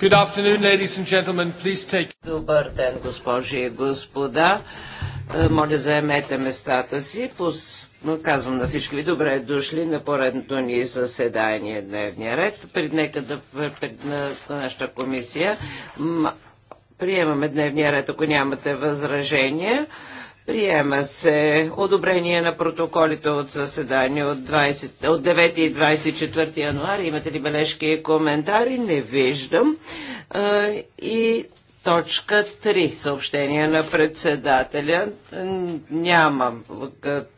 Good afternoon, ladies and gentlemen. Please take... Добър ден, госпожи и господа. Е, моля, заемете местата си. Пус... Казвам на всички ви, добре дошли на поредното ни заседание дневния ред. Пред нека да пред на нашата комисия приемаме дневния ред, ако нямате възражения. Приема се одобрение на протоколите от заседание от, 20, от 9 и 24 януари. Имате ли бележки и коментари? Не виждам. И Точка 3. Съобщение на председателя. Нямам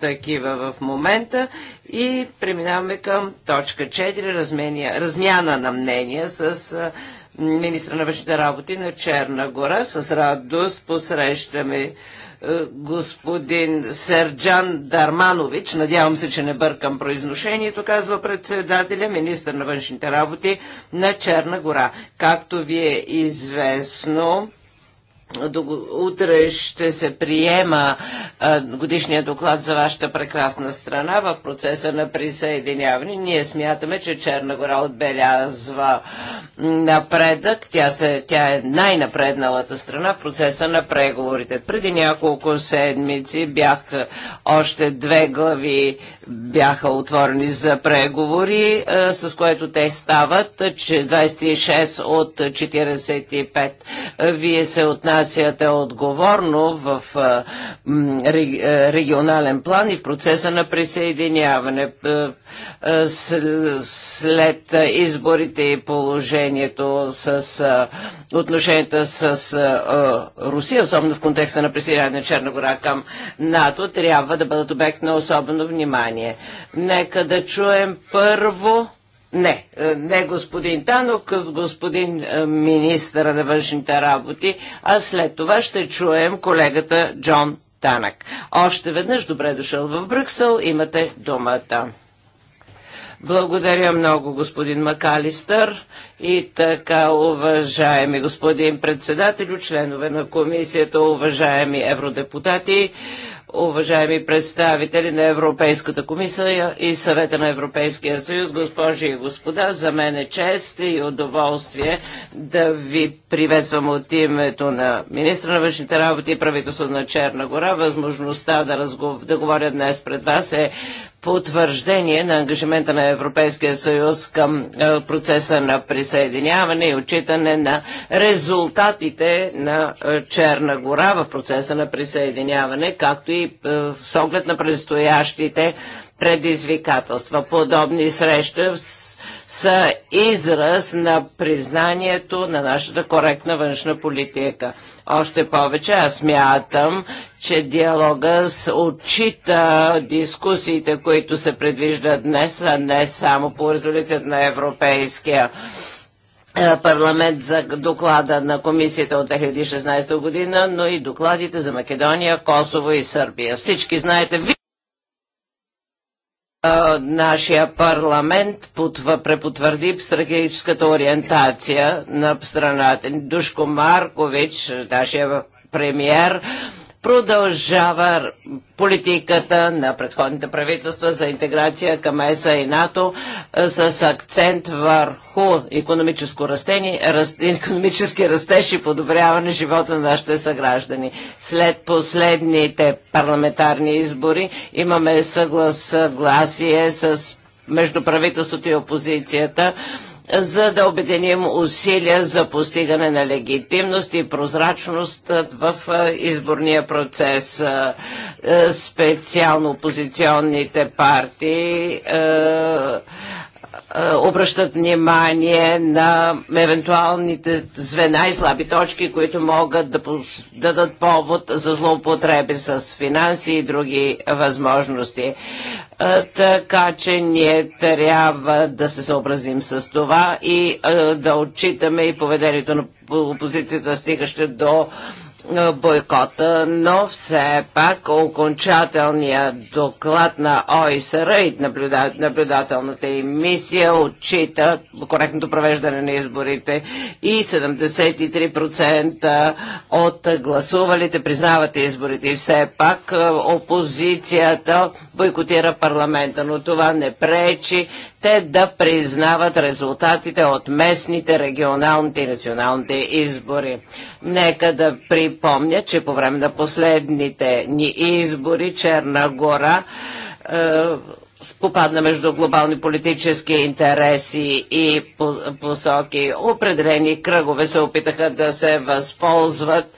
такива в момента. И преминаваме към точка 4. Размения, размяна на мнения с министра на външните работи на Черна гора. С радост посрещаме е, господин Серджан Дарманович, надявам се, че не бъркам произношението, казва председателя, министър на външните работи на Черна гора. Както ви е известно, Утре ще се приема годишния доклад за вашата прекрасна страна в процеса на присъединяване. Ние смятаме, че Черна гора отбелязва напредък. Тя, се, тя е най-напредналата страна в процеса на преговорите. Преди няколко седмици бях още две глави бяха отворени за преговори, с което те стават, че 26 от 45 вие се отнасяте е отговорно в регионален план и в процеса на присъединяване. След изборите и положението с отношенията с Русия, особено в контекста на присъединяване на Черна гора към НАТО, трябва да бъдат обект на особено внимание. Нека да чуем първо не, е, не господин Танок, с господин е, министър на външните работи, а след това ще чуем колегата Джон Танък. Още веднъж добре дошъл в Брюксел, имате думата. Благодаря много, господин Макалистър. И така, уважаеми господин председател, членове на комисията, уважаеми евродепутати, уважаеми представители на Европейската комисия и съвета на Европейския съюз, госпожи и господа, за мен е чест и удоволствие да ви приветствам от името на министра на външните работи и правителство на Черна гора. Възможността да, разгов... да говоря днес пред вас е потвърждение на ангажимента на Европейския съюз към е, процеса на присъединяване и отчитане на резултатите на е, Черна гора в процеса на присъединяване, както и е, с оглед на предстоящите предизвикателства. Подобни срещи са израз на признанието на нашата коректна външна политика. Още повече аз мятам, че диалога с отчита дискусиите, които се предвиждат днес, а не само по резолюцията на Европейския е, парламент за доклада на комисията от 2016 година, но и докладите за Македония, Косово и Сърбия. Всички знаете, нашия парламент потва, препотвърди стратегическата ориентация на страната. Душко Маркович, нашия премьер, продължава политиката на предходните правителства за интеграция към ЕСА и НАТО е, с акцент върху економическо растение, економически растеж и подобряване живота на нашите съграждани. След последните парламентарни избори имаме съглас, съгласие с между правителството и опозицията за да обединим усилия за постигане на легитимност и прозрачност в изборния процес. Специално опозиционните партии е, обръщат внимание на евентуалните звена и слаби точки, които могат да дадат повод за злоупотреби с финанси и други възможности. Е, така че ние трябва да се съобразим с това и е, да отчитаме и поведението на опозицията, стигаща до бойкота, но все пак окончателният доклад на ОИСР и наблюдателната им мисия отчита коректното провеждане на изборите и 73% от гласувалите признават изборите и все пак е, опозицията бойкотира парламента, но това не пречи те да признават резултатите от местните, регионалните и националните избори. Нека да припомня, че по време на последните ни избори Черна гора е, попадна между глобални политически интереси и посоки. Определени кръгове се опитаха да се възползват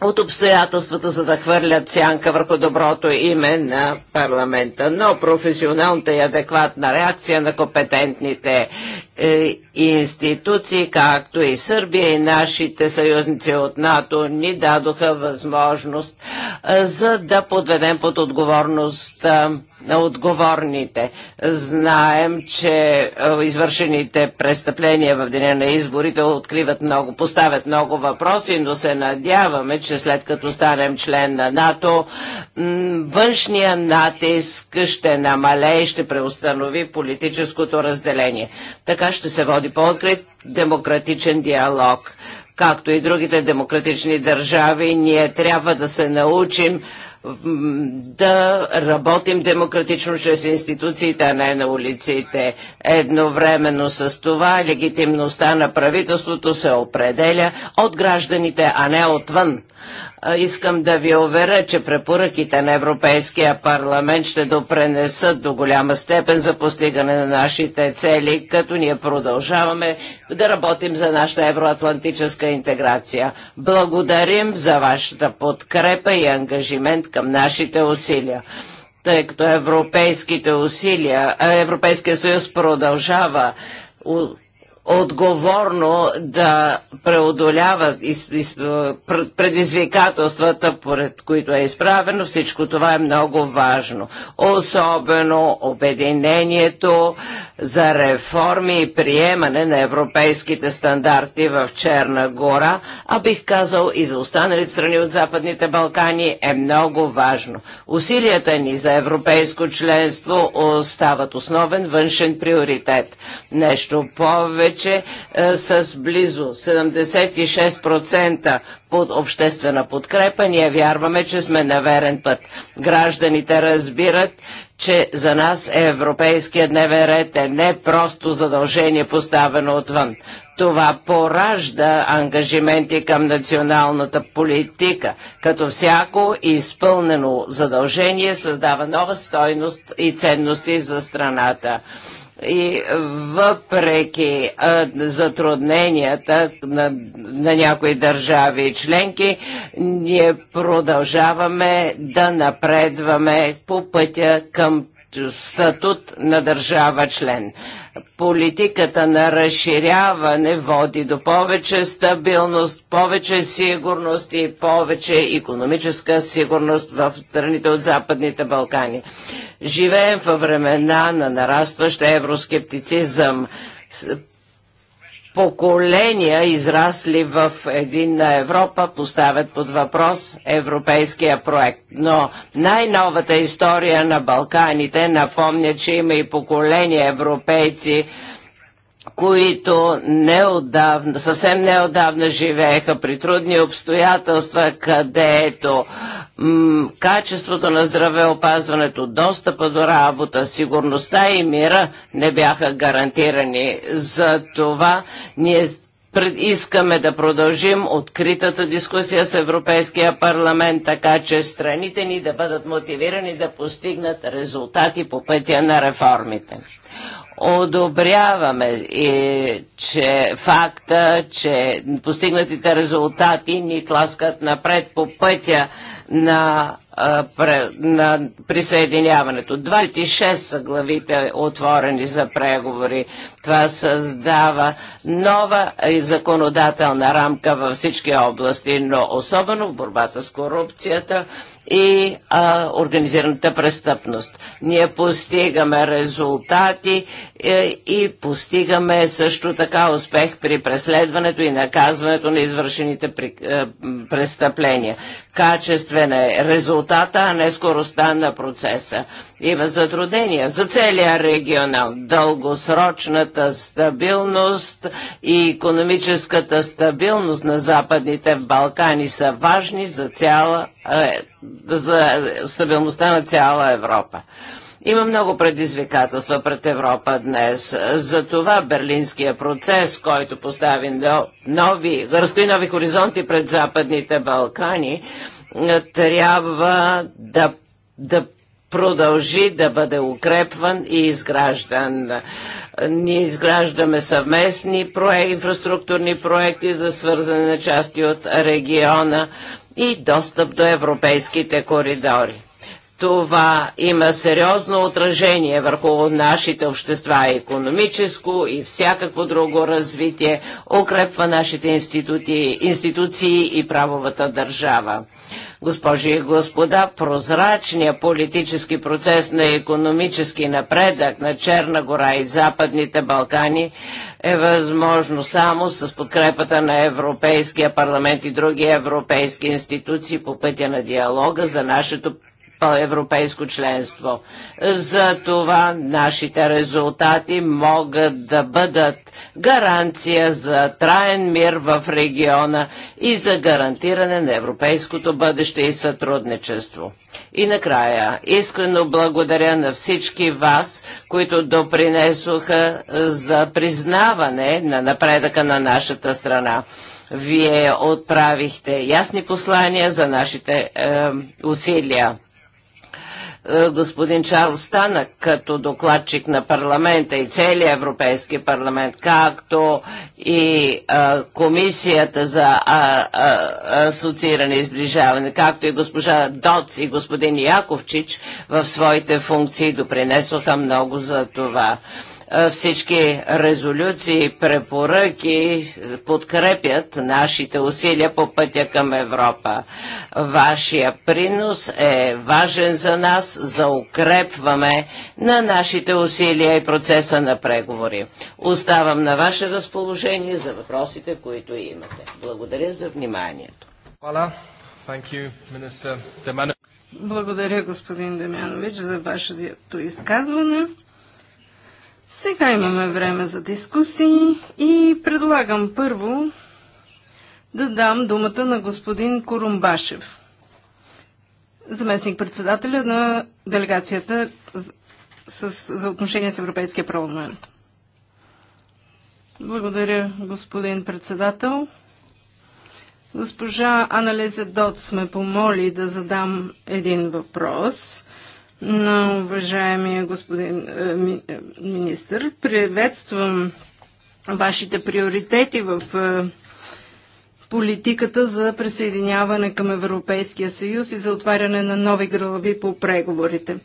от обстоятелствата, за да хвърлят сянка върху доброто име на парламента. Но професионалната и адекватна реакция на компетентните е, институции, както и Сърбия и нашите съюзници от НАТО, ни дадоха възможност е, за да подведем под отговорност е, на отговорните. Знаем, че е, извършените престъпления в деня на изборите откриват много, поставят много въпроси, но се надяваме, че след като станем член на НАТО, външния натиск ще намалее и ще преустанови политическото разделение. Така ще се води по-открит демократичен диалог. Както и другите демократични държави, ние трябва да се научим да работим демократично чрез институциите, а не на улиците. Едновременно с това легитимността на правителството се определя от гражданите, а не отвън. Искам да ви уверя, че препоръките на Европейския парламент ще допренесат до голяма степен за постигане на нашите цели, като ние продължаваме да работим за нашата евроатлантическа интеграция. Благодарим за вашата подкрепа и ангажимент към нашите усилия тъй като европейските усилия, Европейския съюз продължава отговорно да преодоляват из, из, е, предизвикателствата, поред които е изправено. Всичко това е много важно. Особено обединението за реформи и приемане на европейските стандарти в Черна гора, а бих казал и за останалите страни от Западните Балкани е много важно. Усилията ни за европейско членство остават основен външен приоритет. Нещо повече вече е, с близо 76% под обществена подкрепа. Ние вярваме, че сме на верен път. Гражданите разбират, че за нас европейския дневен ред е не просто задължение поставено отвън. Това поражда ангажименти към националната политика, като всяко изпълнено задължение създава нова стойност и ценности за страната и въпреки затрудненията на, на някои държави и членки, ние продължаваме да напредваме по пътя към статут на държава член. Политиката на разширяване води до повече стабилност, повече сигурност и повече економическа сигурност в страните от Западните Балкани. Живеем във времена на нарастващ евроскептицизъм поколения, израсли в единна Европа, поставят под въпрос европейския проект. Но най-новата история на Балканите напомня, че има и поколения европейци, които неодавна, съвсем неодавна живееха при трудни обстоятелства, където м- качеството на здравеопазването, достъпа до работа, сигурността и мира не бяха гарантирани. За това ние искаме да продължим откритата дискусия с Европейския парламент, така че страните ни да бъдат мотивирани да постигнат резултати по пътя на реформите. Одобряваме и, че факта, че постигнатите резултати ни тласкат напред по пътя на на присъединяването. 26 са главите отворени за преговори. Това създава нова законодателна рамка във всички области, но особено в борбата с корупцията и а, организираната престъпност. Ние постигаме резултати и, е, и постигаме също така успех при преследването и наказването на извършените при, а, е, престъпления. Качествен е резултата, а не скоростта на процеса. Има затруднения за целия регионал. Дългосрочната стабилност и економическата стабилност на Западните Балкани са важни за, цяла, е, за стабилността на цяла Европа. Има много предизвикателства пред Европа днес. За това берлинския процес, който постави нови, разкри нови хоризонти пред Западните Балкани, е, трябва да, да продължи да бъде укрепван и изграждан. Ние изграждаме съвместни проекти, инфраструктурни проекти за свързане на части от региона и достъп до европейските коридори. Това има сериозно отражение върху нашите общества, економическо и всякакво друго развитие, укрепва нашите институти, институции и правовата държава. Госпожи и господа, прозрачният политически процес на економически напредък на Черна гора и Западните Балкани е възможно само с подкрепата на Европейския парламент и други европейски институции по пътя на диалога за нашето европейско членство. За това нашите резултати могат да бъдат гаранция за траен мир в региона и за гарантиране на европейското бъдеще и сътрудничество. И накрая, искрено благодаря на всички вас, които допринесоха за признаване на напредъка на нашата страна вие отправихте ясни послания за нашите е, усилия. Е, господин Чарлз Станък като докладчик на парламента и целият Европейски парламент, както и а, е, Комисията за а, е, а, асоцииране и сближаване, както и госпожа Доц и господин Яковчич в своите функции допринесоха много за това. Е, всички резолюции, препоръки подкрепят нашите усилия по пътя към Европа. Вашия принос е важен за нас, за укрепваме на нашите усилия и процеса на преговори. Оставам на ваше разположение за въпросите, които имате. Благодаря за вниманието. Благодаря, господин Демянович, за вашето изказване. Сега имаме време за дискусии и предлагам първо да дам думата на господин Корумбашев, заместник-председателя на делегацията с, за отношение с Европейския парламент. Благодаря, господин председател. Госпожа Анализа Дот ме помоли да задам един въпрос – на уважаемия господин е, е министр. Приветствам вашите приоритети в е, политиката за присъединяване към Европейския съюз и за отваряне на нови гралави по преговорите.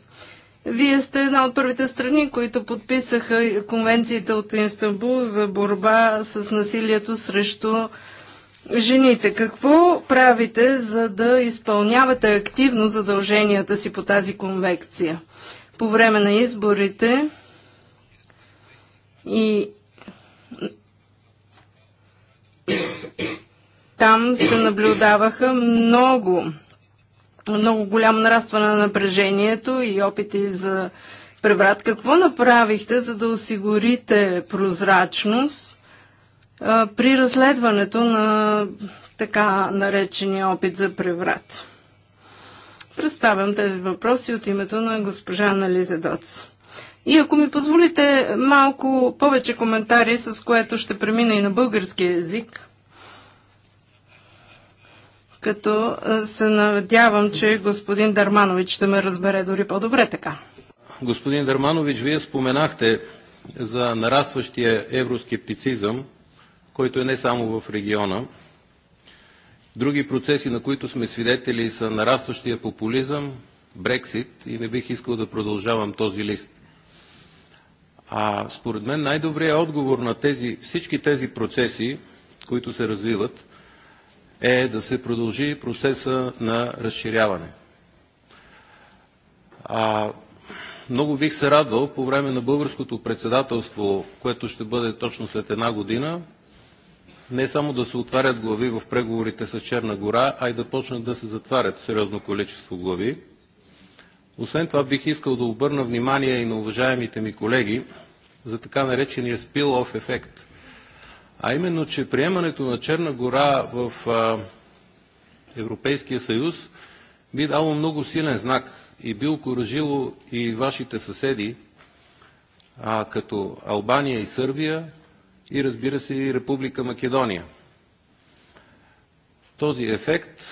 Вие сте една от първите страни, които подписаха конвенциите от Инстанбул за борба с насилието срещу жените. Какво правите, за да изпълнявате активно задълженията си по тази конвекция? По време на изборите и там се наблюдаваха много, много голямо нарастване на напрежението и опити за преврат. Какво направихте, за да осигурите прозрачност при разследването на така наречения опит за преврат. Представям тези въпроси от името на госпожа Анализа Доц. И ако ми позволите малко повече коментари, с което ще премина и на български язик, като се надявам, че господин Дарманович ще ме разбере дори по-добре така. Господин Дарманович, вие споменахте за нарастващия евроскептицизъм който е не само в региона. Други процеси, на които сме свидетели, са нарастващия популизъм, Брексит и не бих искал да продължавам този лист. А според мен най-добрият отговор на тези, всички тези процеси, които се развиват, е да се продължи процеса на разширяване. А, много бих се радвал по време на българското председателство, което ще бъде точно след една година, не само да се отварят глави в преговорите с Черна гора, а и да почнат да се затварят сериозно количество глави. Освен това бих искал да обърна внимание и на уважаемите ми колеги за така наречения спил-оф ефект, а именно, че приемането на Черна гора в Европейския съюз би дало много силен знак и би окоръжило и вашите съседи, а, като Албания и Сърбия, и разбира се и Република Македония. Този ефект,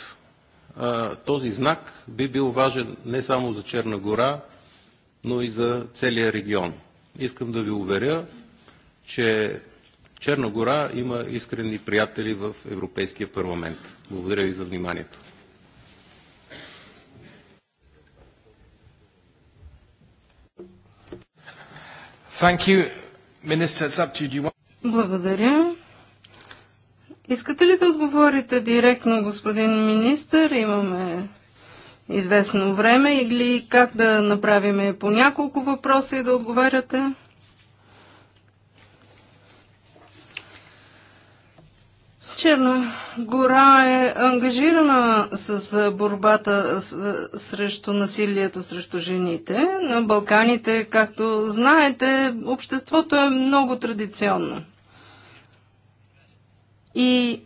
този знак би бил важен не само за Черна гора, но и за целия регион. Искам да ви уверя, че Черна гора има искрени приятели в Европейския парламент. Благодаря ви за вниманието. Thank you, Minister. It's up to you. Do you want благодаря. Искате ли да отговорите директно, господин министр? Имаме известно време или как да направим по няколко въпроса и да отговаряте? Черна гора е ангажирана с борбата срещу насилието срещу жените. На Балканите, както знаете, обществото е много традиционно. И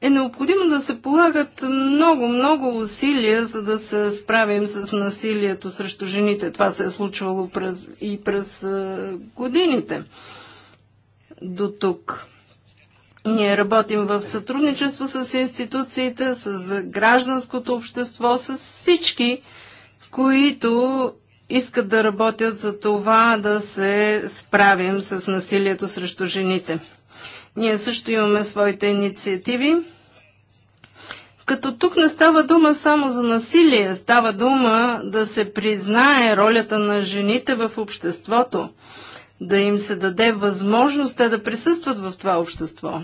е необходимо да се полагат много, много усилия, за да се справим с насилието срещу жените. Това се е случвало през, и през годините до тук. Ние работим в сътрудничество с институциите, с гражданското общество, с всички, които искат да работят за това да се справим с насилието срещу жените. Ние също имаме своите инициативи. Като тук не става дума само за насилие, става дума да се признае ролята на жените в обществото, да им се даде възможност те да присъстват в това общество.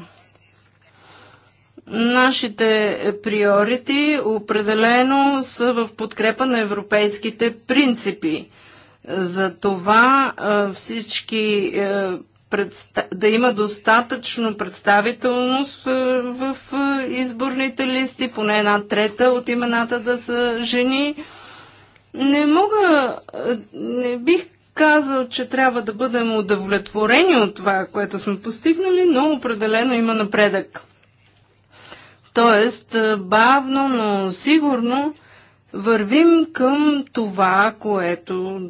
Нашите приорити определено са в подкрепа на европейските принципи. За това всички да има достатъчно представителност е, в е, изборните листи, поне една трета от имената да са жени. Не мога, е, не бих казал, че трябва да бъдем удовлетворени от това, което сме постигнали, но определено има напредък. Тоест, бавно, но сигурно вървим към това, което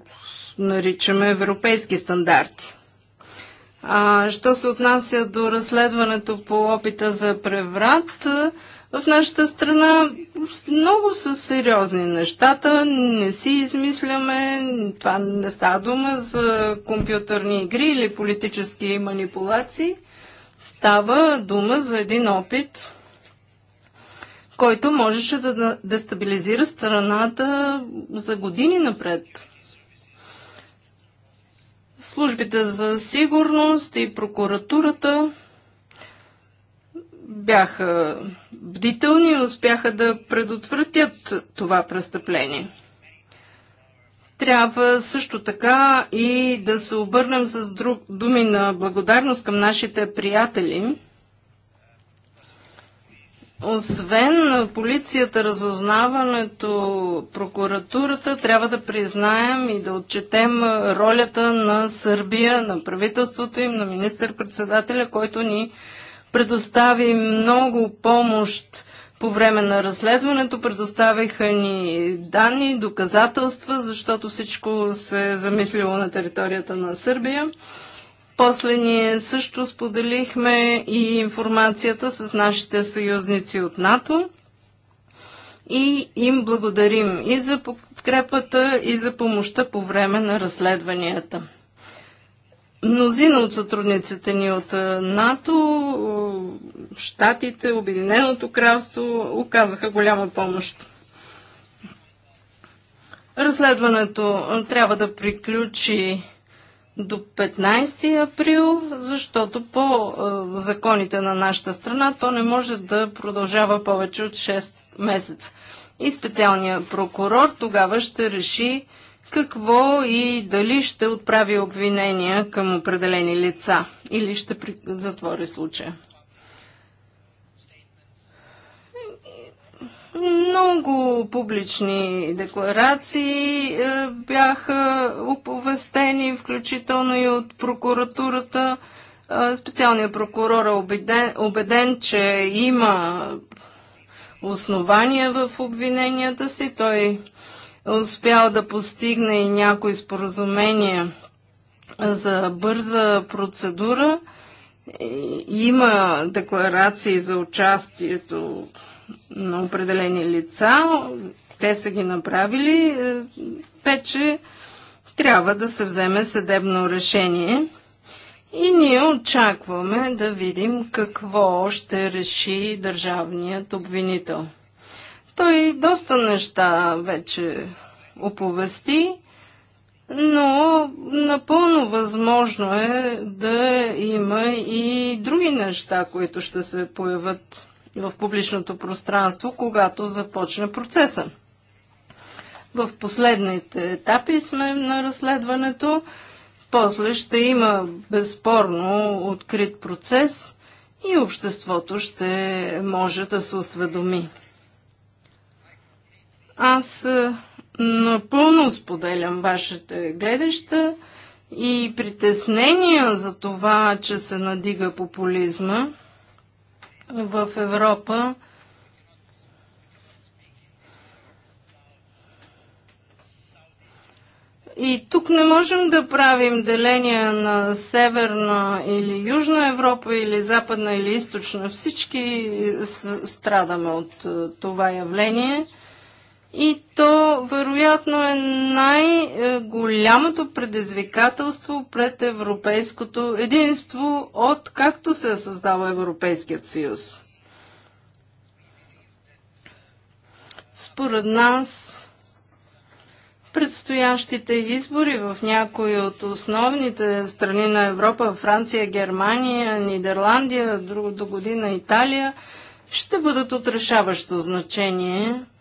наричаме европейски стандарти. А, що се отнася до разследването по опита за преврат, в нашата страна много са сериозни нещата, не си измисляме, това не става дума за компютърни игри или политически манипулации, става дума за един опит, който можеше да дестабилизира страната за години напред. Службите за сигурност и прокуратурата бяха бдителни и успяха да предотвратят това престъпление. Трябва също така и да се обърнем с друг думи на благодарност към нашите приятели, освен полицията, разузнаването, прокуратурата, трябва да признаем и да отчетем ролята на Сърбия, на правителството им, на министър-председателя, който ни предостави много помощ по време на разследването. Предоставиха ни данни, доказателства, защото всичко се е замислило на територията на Сърбия. После ние също споделихме и информацията с нашите съюзници от НАТО и им благодарим и за подкрепата, и за помощта по време на разследванията. Мнозина от сътрудниците ни от НАТО, Штатите, Обединеното кралство оказаха голяма помощ. Разследването трябва да приключи до 15 април, защото по е, законите на нашата страна то не може да продължава повече от 6 месеца. И специалният прокурор тогава ще реши какво и дали ще отправи обвинения към определени лица или ще затвори случая. Много публични декларации е, бяха оповестени, включително и от прокуратурата. Е, специалният прокурор е убеден, убеден че има основания в обвиненията си. Той е успял да постигне и някои споразумения за бърза процедура. Е, има декларации за участието на определени лица, те са ги направили, вече е, трябва да се вземе съдебно решение. И ние очакваме да видим какво ще реши държавният обвинител. Той доста неща вече оповести, но напълно възможно е да има и други неща, които ще се появят в публичното пространство, когато започне процеса. В последните етапи сме на разследването. После ще има безспорно открит процес и обществото ще може да се осведоми. Аз е, напълно споделям вашите гледаща и притеснения за това, че се надига популизма в Европа И тук не можем да правим деление на Северна или Южна Европа, или Западна или Източна. Всички страдаме от е, това явление и то вероятно е най-голямото предизвикателство пред европейското единство от както се е създава Европейският съюз. Според нас предстоящите избори в някои от основните страни на Европа, Франция, Германия, Нидерландия, друго до година Италия, ще бъдат от решаващо значение –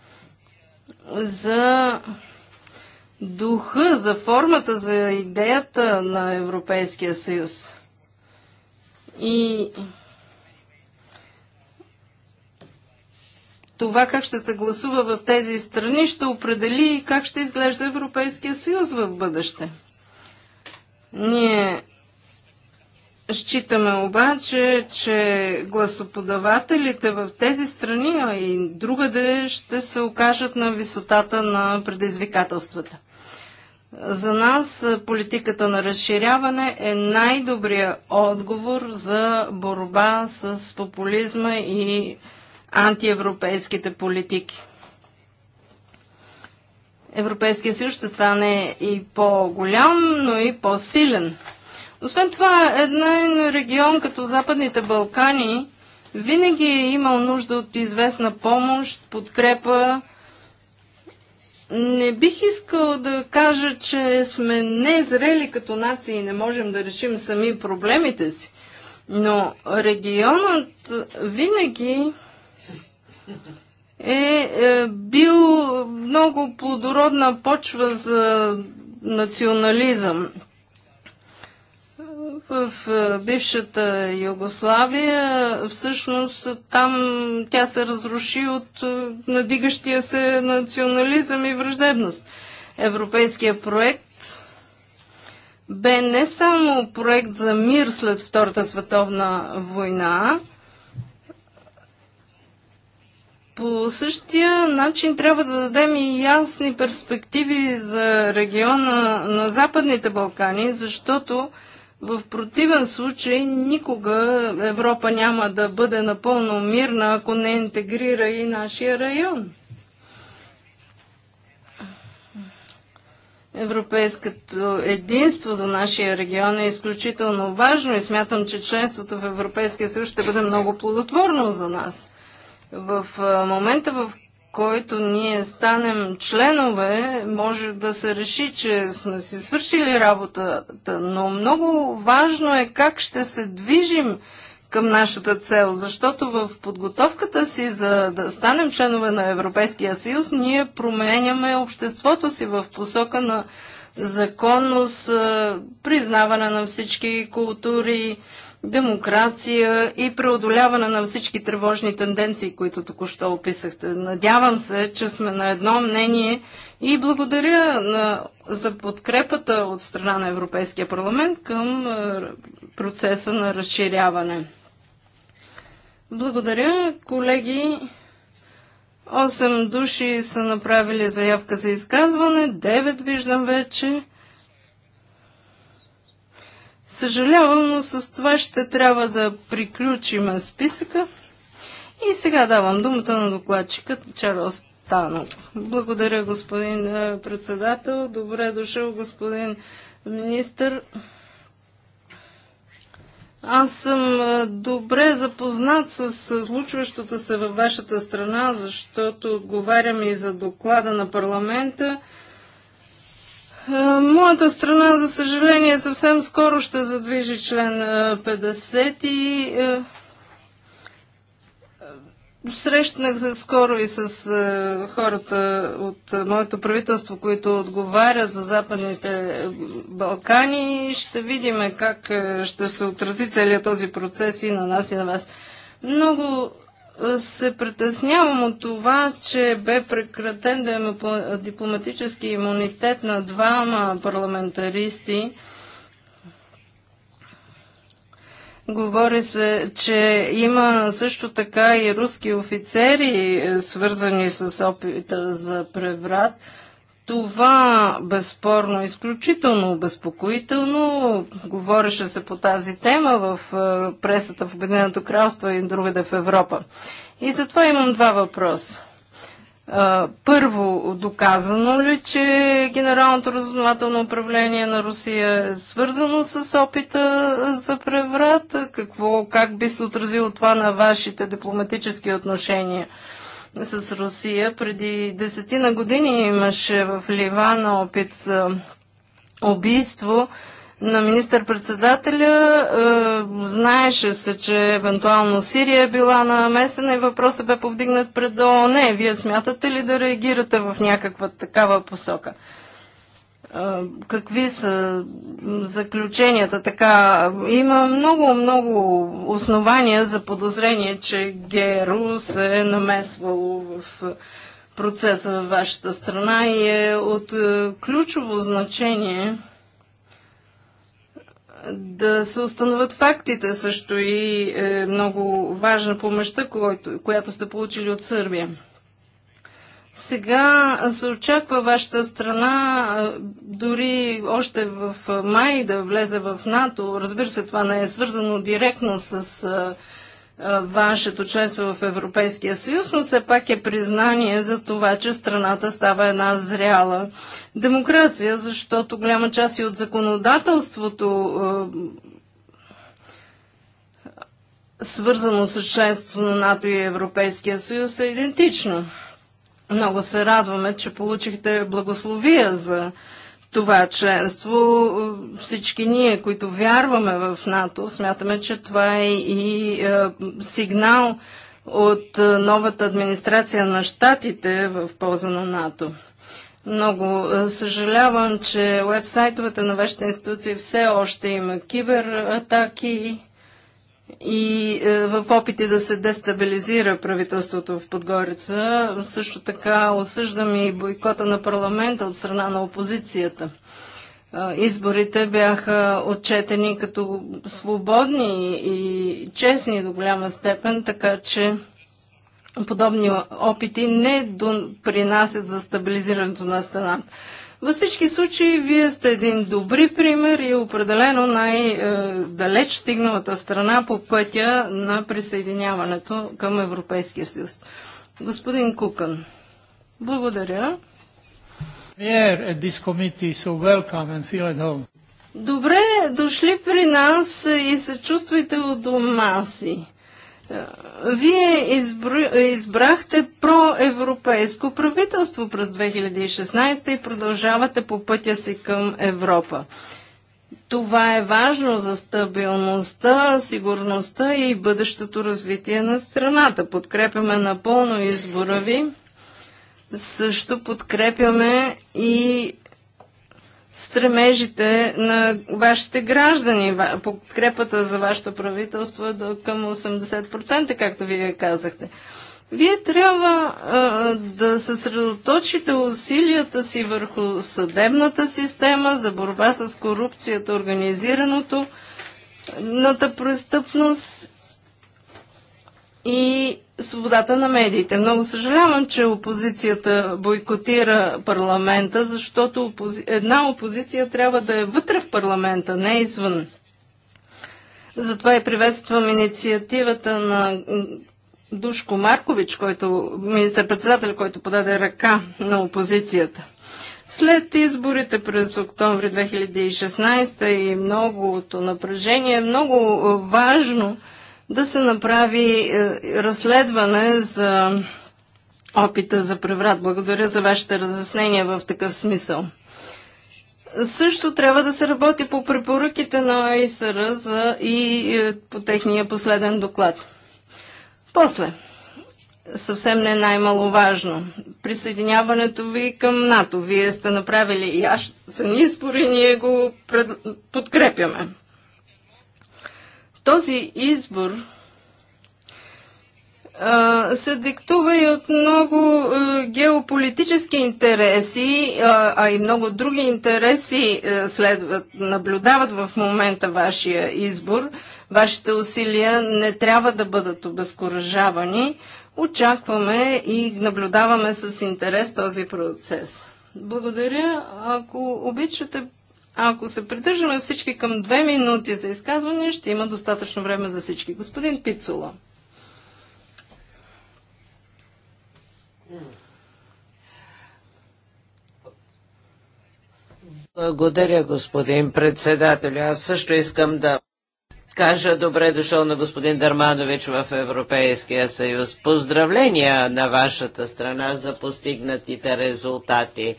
за духа, за формата, за идеята на Европейския съюз. И това как ще се гласува в тези страни ще определи как ще изглежда Европейския съюз в бъдеще. Ние Считаме обаче, че гласоподавателите в тези страни, а и другаде, ще се окажат на висотата на предизвикателствата. За нас политиката на разширяване е най-добрият отговор за борба с популизма и антиевропейските политики. Европейския съюз ще стане и по-голям, но и по-силен. Освен това, един регион като Западните Балкани винаги е имал нужда от известна помощ, подкрепа. Не бих искал да кажа, че сме незрели като нации и не можем да решим сами проблемите си, но регионът винаги е, е бил много плодородна почва за национализъм в е, бившата Югославия, всъщност там тя се разруши от е, надигащия се национализъм и враждебност. Европейския проект бе не само проект за мир след Втората световна война, по същия начин трябва да дадем и ясни перспективи за региона на Западните Балкани, защото в противен случай никога Европа няма да бъде напълно мирна, ако не интегрира и нашия район. Европейското единство за нашия регион е изключително важно и смятам, че членството в Европейския съюз ще бъде много плодотворно за нас. В момента, в който ние станем членове, може да се реши, че сме си свършили работата, но много важно е как ще се движим към нашата цел, защото в подготовката си за да станем членове на Европейския съюз, ние променяме обществото си в посока на законност, е, признаване на всички култури, демокрация и преодоляване на всички тревожни тенденции, които току-що описахте. Надявам се, че сме на едно мнение и благодаря на, за подкрепата от страна на Европейския парламент към е, процеса на разширяване. Благодаря, колеги. 8 души са направили заявка за изказване, 9 виждам вече. Съжалявам, но с това ще трябва да приключим списъка. И сега давам думата на докладчика Чарлз Танов. Благодаря, господин е, председател. Добре дошъл, господин министър. Аз съм е, добре запознат с случващото се във вашата страна, защото отговарям и за доклада на парламента е, моята страна, за съжаление, съвсем скоро ще задвижи член 50 е, и е, срещнах се скоро и с хората от моето правителство, които отговарят за Западните Балкани. Ще видим как ще се отрази целият този процес и на нас и на вас. Много се притеснявам от това, че бе прекратен дипломатически имунитет на двама парламентаристи. Говори се, че има също така и руски офицери, е, свързани с опита за преврат. Това безспорно е изключително обезпокоително. Говореше се по тази тема в е, пресата в Обединеното кралство и другаде в Европа. И затова имам два въпроса. Е, първо, доказано ли, че Генералното разузнавателно управление на Русия е свързано с опита за преврат? Какво, как би се отразило това на вашите дипломатически отношения? с Русия. Преди десетина години имаше в Ливана опит за убийство на министър-председателя. Е, знаеше се, че евентуално Сирия е била намесена и въпросът бе повдигнат пред ООН. Вие смятате ли да реагирате в някаква такава посока? какви са заключенията. Така, има много, много основания за подозрение, че ГРУ се е намесвало в процеса във вашата страна и е от е, ключово значение да се установят фактите също и е много важна помощта, която, която сте получили от Сърбия. Сега се очаква вашата страна дори още в май да влезе в НАТО. Разбира се, това не е свързано директно с вашето членство в Европейския съюз, но все пак е признание за това, че страната става една зряла демокрация, защото голяма част и от законодателството свързано с членството на НАТО и Европейския съюз е идентично. Много се радваме, че получихте благословия за това членство. Всички ние, които вярваме в НАТО, смятаме, че това е и е, сигнал от е, новата администрация на щатите в полза на НАТО. Много е, съжалявам, че вебсайтовете на вашите институции все още има кибератаки и е, в опити да се дестабилизира правителството в Подгорица. Също така осъждам и бойкота на парламента от страна на опозицията. Е, изборите бяха отчетени като свободни и честни до голяма степен, така че подобни опити не принасят за стабилизирането на страната. Във всички случаи, вие сте един добри пример и определено най-далеч стигналата страна по пътя на присъединяването към Европейския съюз. Господин Кукън, благодаря. Добре, дошли при нас и се чувствайте у дома си. Вие избрахте проевропейско правителство през 2016 и продължавате по пътя си към Европа. Това е важно за стабилността, сигурността и бъдещото развитие на страната. Подкрепяме напълно избора ви. Също подкрепяме и стремежите на вашите граждани, подкрепата за вашето правителство е до към 80%, както вие казахте. Вие трябва а, да съсредоточите усилията си върху съдебната система за борба с корупцията, организираното ната престъпност и свободата на медиите. Много съжалявам, че опозицията бойкотира парламента, защото опози... една опозиция трябва да е вътре в парламента, не извън. Затова и приветствам инициативата на Душко Маркович, който, министър-председател, който подаде ръка на опозицията. След изборите през октомври 2016 и многото напрежение много важно – да се направи е, разследване за опита за преврат. Благодаря за вашите разяснения в такъв смисъл. Също трябва да се работи по препоръките на ИСР за и е, по техния последен доклад. После, съвсем не най-маловажно, присъединяването ви към НАТО. Вие сте направили и аз са ни спори, ние го пред... подкрепяме. Този избор се диктува и от много геополитически интереси, а и много други интереси следват, наблюдават в момента вашия избор. Вашите усилия не трябва да бъдат обезкуражавани. Очакваме и наблюдаваме с интерес този процес. Благодаря. Ако обичате, ако се придържаме всички към две минути за изказване, ще има достатъчно време за всички. Господин Пицула. Благодаря, господин председател. Аз също искам да кажа добре дошъл на господин Дърманович в Европейския съюз. Поздравления на вашата страна за постигнатите резултати.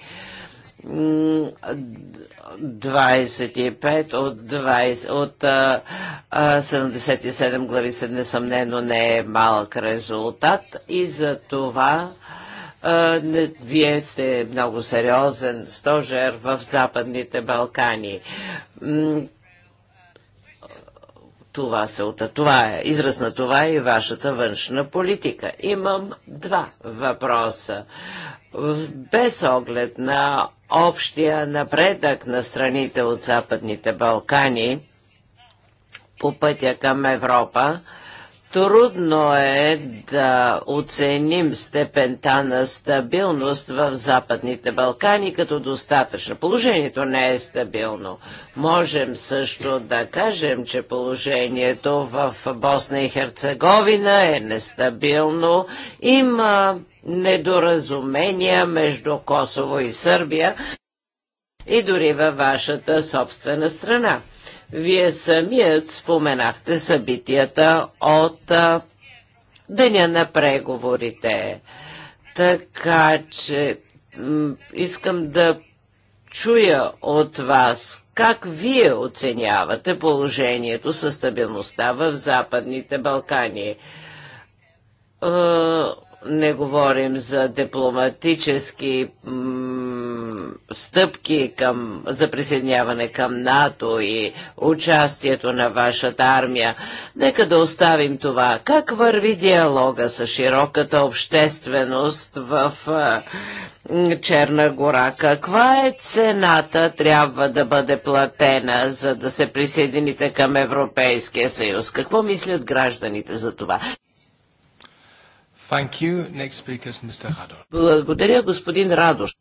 25 от, 20, от а, 77 глави се несъмнено не е малък резултат и за това а, не, вие сте много сериозен стожер в Западните Балкани. Това, се, това е израз на това е и вашата външна политика. Имам два въпроса без оглед на общия напредък на страните от Западните Балкани по пътя към Европа Трудно е да оценим степента на стабилност в Западните Балкани като достатъчно. Положението не е стабилно. Можем също да кажем, че положението в Босна и Херцеговина е нестабилно. Има недоразумения между Косово и Сърбия и дори във вашата собствена страна. Вие самият споменахте събитията от а, деня на преговорите. Така че искам да чуя от вас как вие оценявате положението със стабилността в Западните Балкани. Е, не говорим за дипломатически стъпки към, за присъединяване към НАТО и участието на вашата армия. Нека да оставим това. Как върви диалога с широката общественост в е, Черна гора. Каква е цената трябва да бъде платена, за да се присъедините към Европейския съюз? Какво мислят гражданите за това? Thank you. Next speaker is Mr. Благодаря, господин Радош.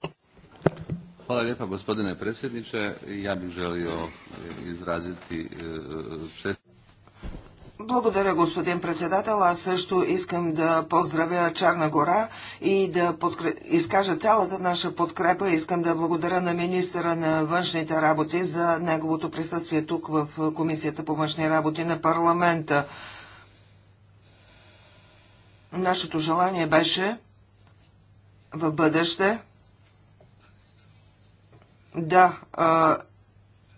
Hvala lijepa gospodine predsjedniče. Ja bih želio eh, izraziti eh, čest... Благодаря, господин председател. Аз също искам да поздравя Чарна гора и да подкреп... изкажа цялата наша подкрепа. Искам да благодаря на министъра на външните работи за неговото присъствие тук в Комисията по външни работи на парламента. Нашето желание беше в бъдеще да а,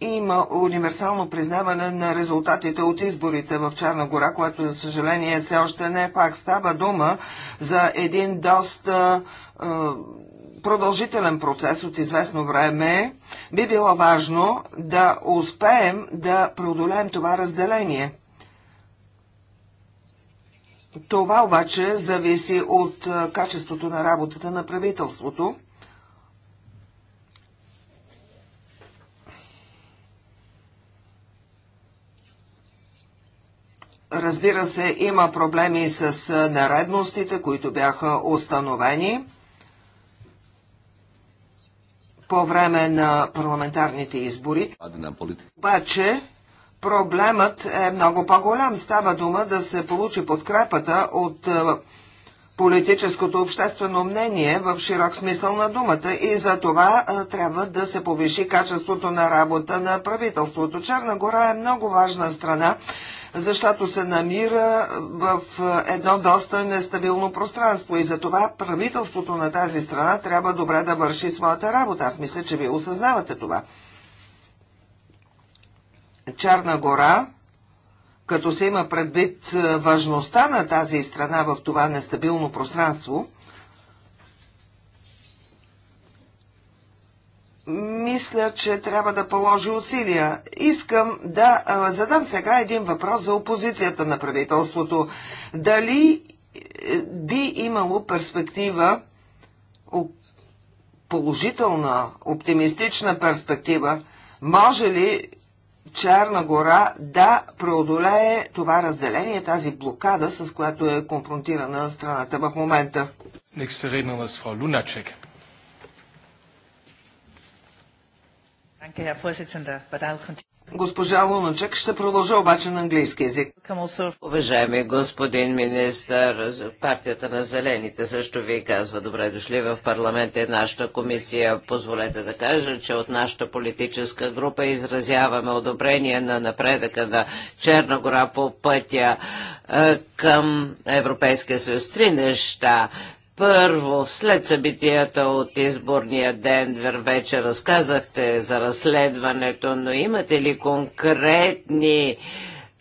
има универсално признаване на резултатите от изборите в Черна гора, което за съжаление все още не е пак. Става дума за един доста а, продължителен процес от известно време. Би било важно да успеем да преодолеем това разделение. Това обаче зависи от качеството на работата на правителството. Разбира се, има проблеми с нередностите, които бяха установени по време на парламентарните избори. Обаче, проблемът е много по-голям. Става дума да се получи подкрепата от политическото обществено мнение в широк смисъл на думата и за това трябва да се повиши качеството на работа на правителството. Черна гора е много важна страна защото се намира в едно доста нестабилно пространство и затова правителството на тази страна трябва добре да върши своята работа. Аз мисля, че вие осъзнавате това. Чарна гора, като се има предвид важността на тази страна в това нестабилно пространство – мисля, че трябва да положи усилия. Искам да задам сега един въпрос за опозицията на правителството. Дали е, би имало перспектива, положителна, оптимистична перспектива, може ли Черна гора да преодолее това разделение, тази блокада, с която е конфронтирана страната в момента? Nächste Rednerin с Frau Lunacek. Госпожа Луначек ще продължа обаче на английски язик. Уважаеми господин министър, партията на Зелените също ви казва добре дошли в парламент и нашата комисия. Позволете да кажа, че от нашата политическа група изразяваме одобрение на напредъка на Черна гора по пътя е, към Европейския съюз. Три неща първо, след събитията от изборния ден, вече разказахте за разследването, но имате ли конкретни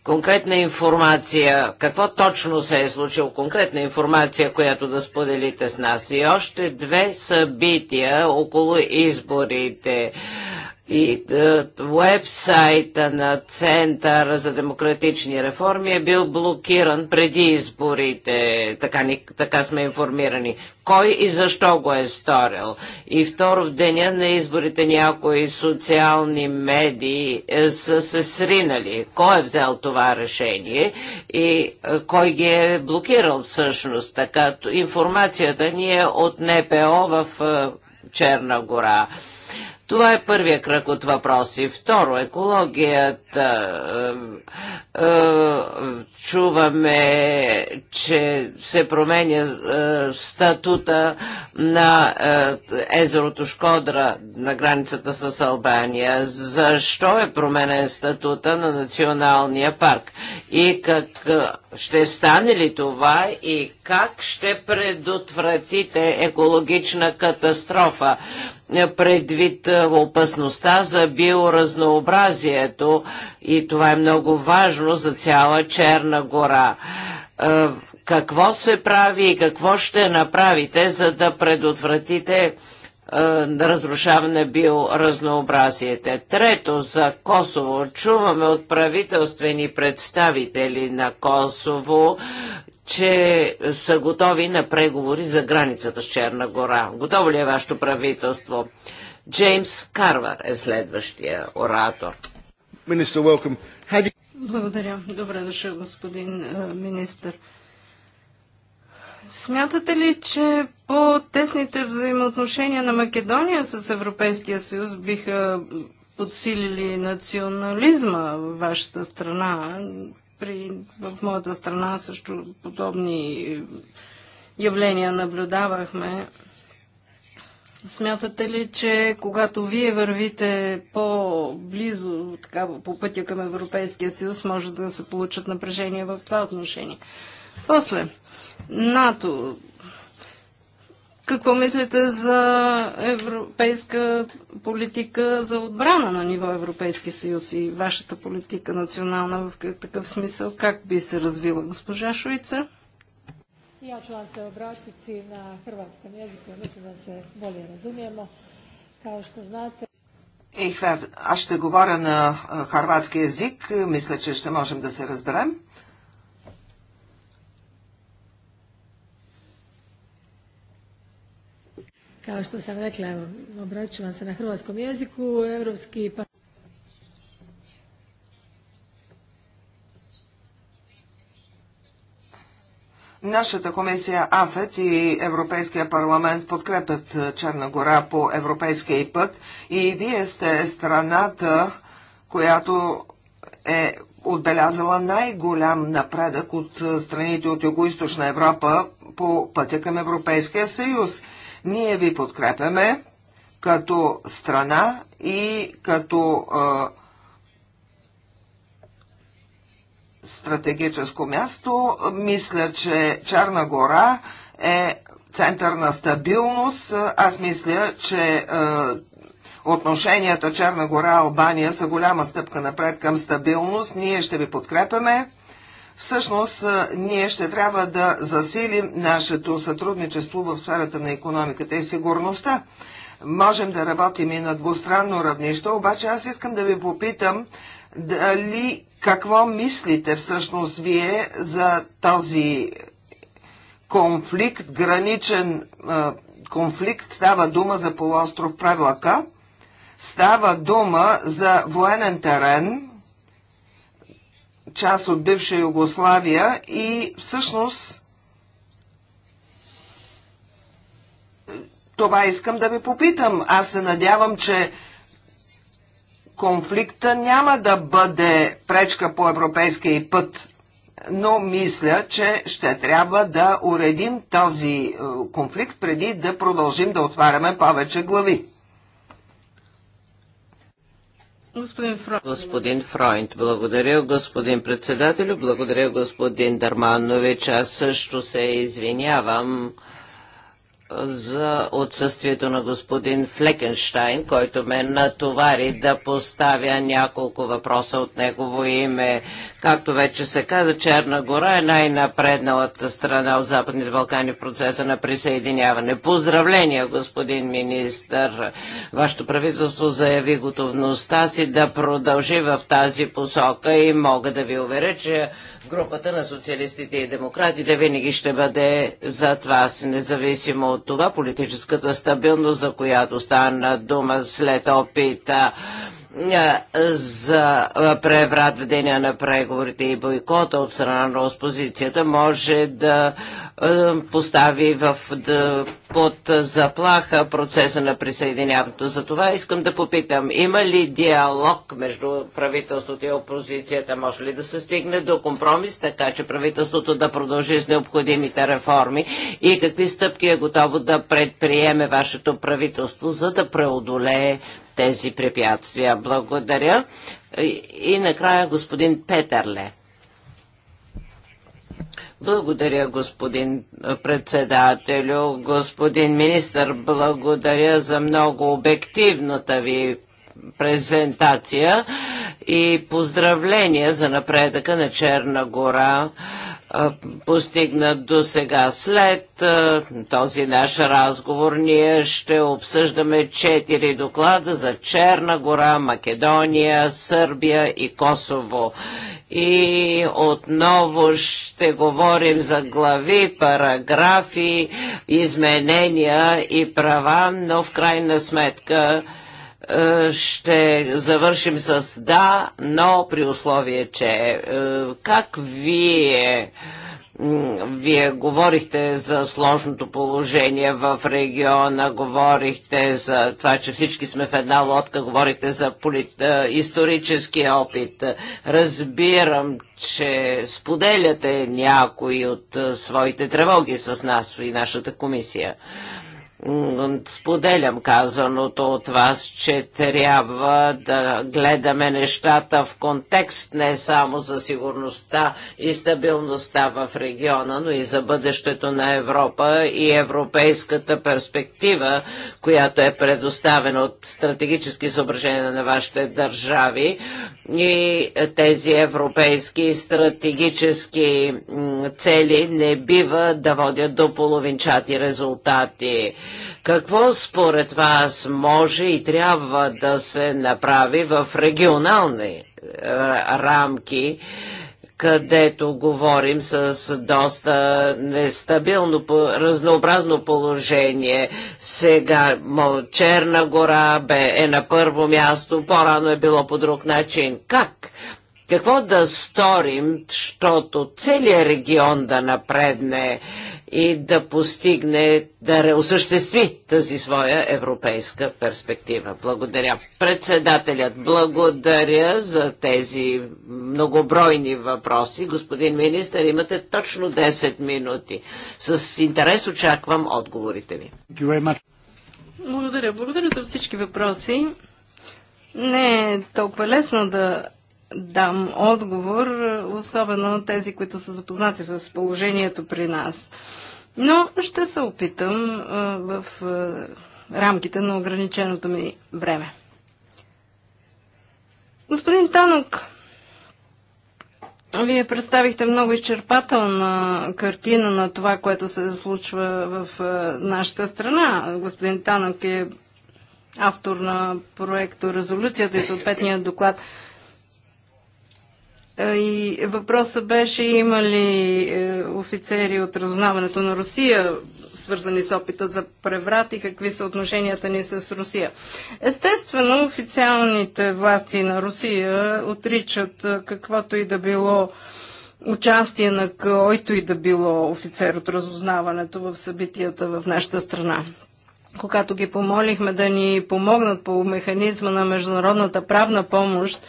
конкретна информация, какво точно се е случило, конкретна информация, която да споделите с нас. И още две събития около изборите и вебсайта е, на Центъра за демократични реформи е бил блокиран преди изборите, така, ни, така сме информирани. Кой и защо го е сторил? И второ, в деня на изборите някои социални медии е, са се сринали. Кой е взел това решение и е, кой ги е блокирал всъщност? Така, информацията ни е от НПО в Черна гора. Това е първия кръг от въпроси. Второ, екологията. Е, е, чуваме, че се променя е, статута на езерото Шкодра на границата с Албания. Защо е променен статута на националния парк? И как ще стане ли това и как ще предотвратите екологична катастрофа предвид опасността за биоразнообразието и това е много важно за цяла Черна гора е, какво се прави и какво ще направите, за да предотвратите е, разрушаване биоразнообразието. Трето, за Косово. Чуваме от правителствени представители на Косово, че са готови на преговори за границата с Черна гора. Готово ли е вашето правителство? Джеймс Карвар е следващия оратор. Министър, welcome. You... Благодаря. Добре дошъл, господин е, министър. Смятате ли, че по-тесните взаимоотношения на Македония с Европейския съюз биха подсилили национализма в вашата страна? При, в моята страна също подобни явления наблюдавахме. Смятате ли, че когато вие вървите по-близо така, по пътя към Европейския съюз, може да се получат напрежения в това отношение? После, НАТО. Какво мислите за европейска политика за отбрана на ниво Европейски съюз и вашата политика национална в такъв смисъл? Как би се развила госпожа Шуица? Ja ću vam se obratiti na hrvatskom jeziku, mislim da se bolje razumijemo. Kao što знате. Ейхвер, аз ще говоря на харватски язик. Мисля, че ще можем да се разберем. Kao što sam rekla, evo, obratit vam se na hrvatskom jeziku. evropski Нашата комисия АФЕТ и Европейския парламент подкрепят е, Черна гора по европейския път и вие сте страната, която е отбелязала най-голям напредък от е, страните от Юго-Источна Европа по пътя към Европейския съюз. Ние ви подкрепяме като страна и като а, е, стратегическо място. Мисля, че Черна гора е център на стабилност. Аз мисля, че е, отношенията Черна гора-Албания са голяма стъпка напред към стабилност. Ние ще ви подкрепяме. Всъщност, е, ние ще трябва да засилим нашето сътрудничество в сферата на економиката и сигурността. Можем да работим и на двустранно равнище, обаче аз искам да ви попитам дали какво мислите всъщност вие за този конфликт, граничен конфликт? Става дума за полуостров Правилака, става дума за военен терен, част от бивша Югославия и всъщност това искам да ви попитам. Аз се надявам, че конфликта няма да бъде пречка по европейския път, но мисля, че ще трябва да уредим този е, конфликт преди да продължим да отваряме повече глави. Господин Фройнт, Господин благодаря господин председателю, благодаря господин Дарманович. Аз също се извинявам за отсъствието на господин Флекенштайн, който ме натовари да поставя няколко въпроса от негово име. Както вече се каза, Черна гора е най-напредналата страна от Западните Балкани в процеса на присъединяване. Поздравления, господин министр! Вашето правителство заяви готовността си да продължи в тази посока и мога да ви уверя, че групата на социалистите и демократите винаги ще бъде за това. Независимо от това, политическата стабилност, за която стана дума след опита е, за преврат в деня на преговорите и бойкота от страна на опозицията може да е, постави в, да, под заплаха процеса на присъединяването. За това искам да попитам, има ли диалог между правителството и опозицията? Може ли да се стигне до компромис, така че правителството да продължи с необходимите реформи? И какви стъпки е готово да предприеме вашето правителство, за да преодолее тези препятствия. Благодаря. И накрая господин Петърле. Благодаря, господин председателю. Господин министр, благодаря за много обективната ви презентация и поздравления за напредъка на Черна гора постигнат до сега. След този наш разговор ние ще обсъждаме четири доклада за Черна гора, Македония, Сърбия и Косово. И отново ще говорим за глави, параграфи, изменения и права, но в крайна сметка е, ще завършим с да, но при условие, че е, как вие вие говорихте за сложното положение в региона, говорихте за това, че всички сме в една лодка, говорихте за полит... Е, исторически опит. Разбирам, че споделяте някои от своите тревоги с нас и нашата комисия споделям казаното от вас, че трябва да гледаме нещата в контекст не само за сигурността и стабилността в региона, но и за бъдещето на Европа и европейската перспектива, която е предоставена от стратегически съображения на вашите държави и тези европейски стратегически цели не бива да водят до половинчати резултати какво според вас може и трябва да се направи в регионални е, рамки, където говорим с доста нестабилно, разнообразно положение. Сега Черна гора бе, е на първо място, по-рано е било по друг начин. Как какво да сторим, защото целият регион да напредне и да постигне, да осъществи тази своя европейска перспектива? Благодаря. Председателят, благодаря за тези многобройни въпроси. Господин министр, имате точно 10 минути. С интерес очаквам отговорите ви. Благодаря. Благодаря за всички въпроси. Не е толкова лесно да дам отговор, особено на тези, които са запознати с положението при нас. Но ще се опитам в рамките на ограниченото ми време. Господин Танок, вие представихте много изчерпателна картина на това, което се случва в нашата страна. Господин Танок е автор на проекто Резолюцията и съответния доклад и въпросът беше има ли е, офицери от разузнаването на Русия, свързани с опита за преврат и какви са отношенията ни с Русия. Естествено, официалните власти на Русия отричат е, каквото и да било участие на който и да било офицер от разузнаването в събитията в нашата страна когато ги помолихме да ни помогнат по механизма на международната правна помощ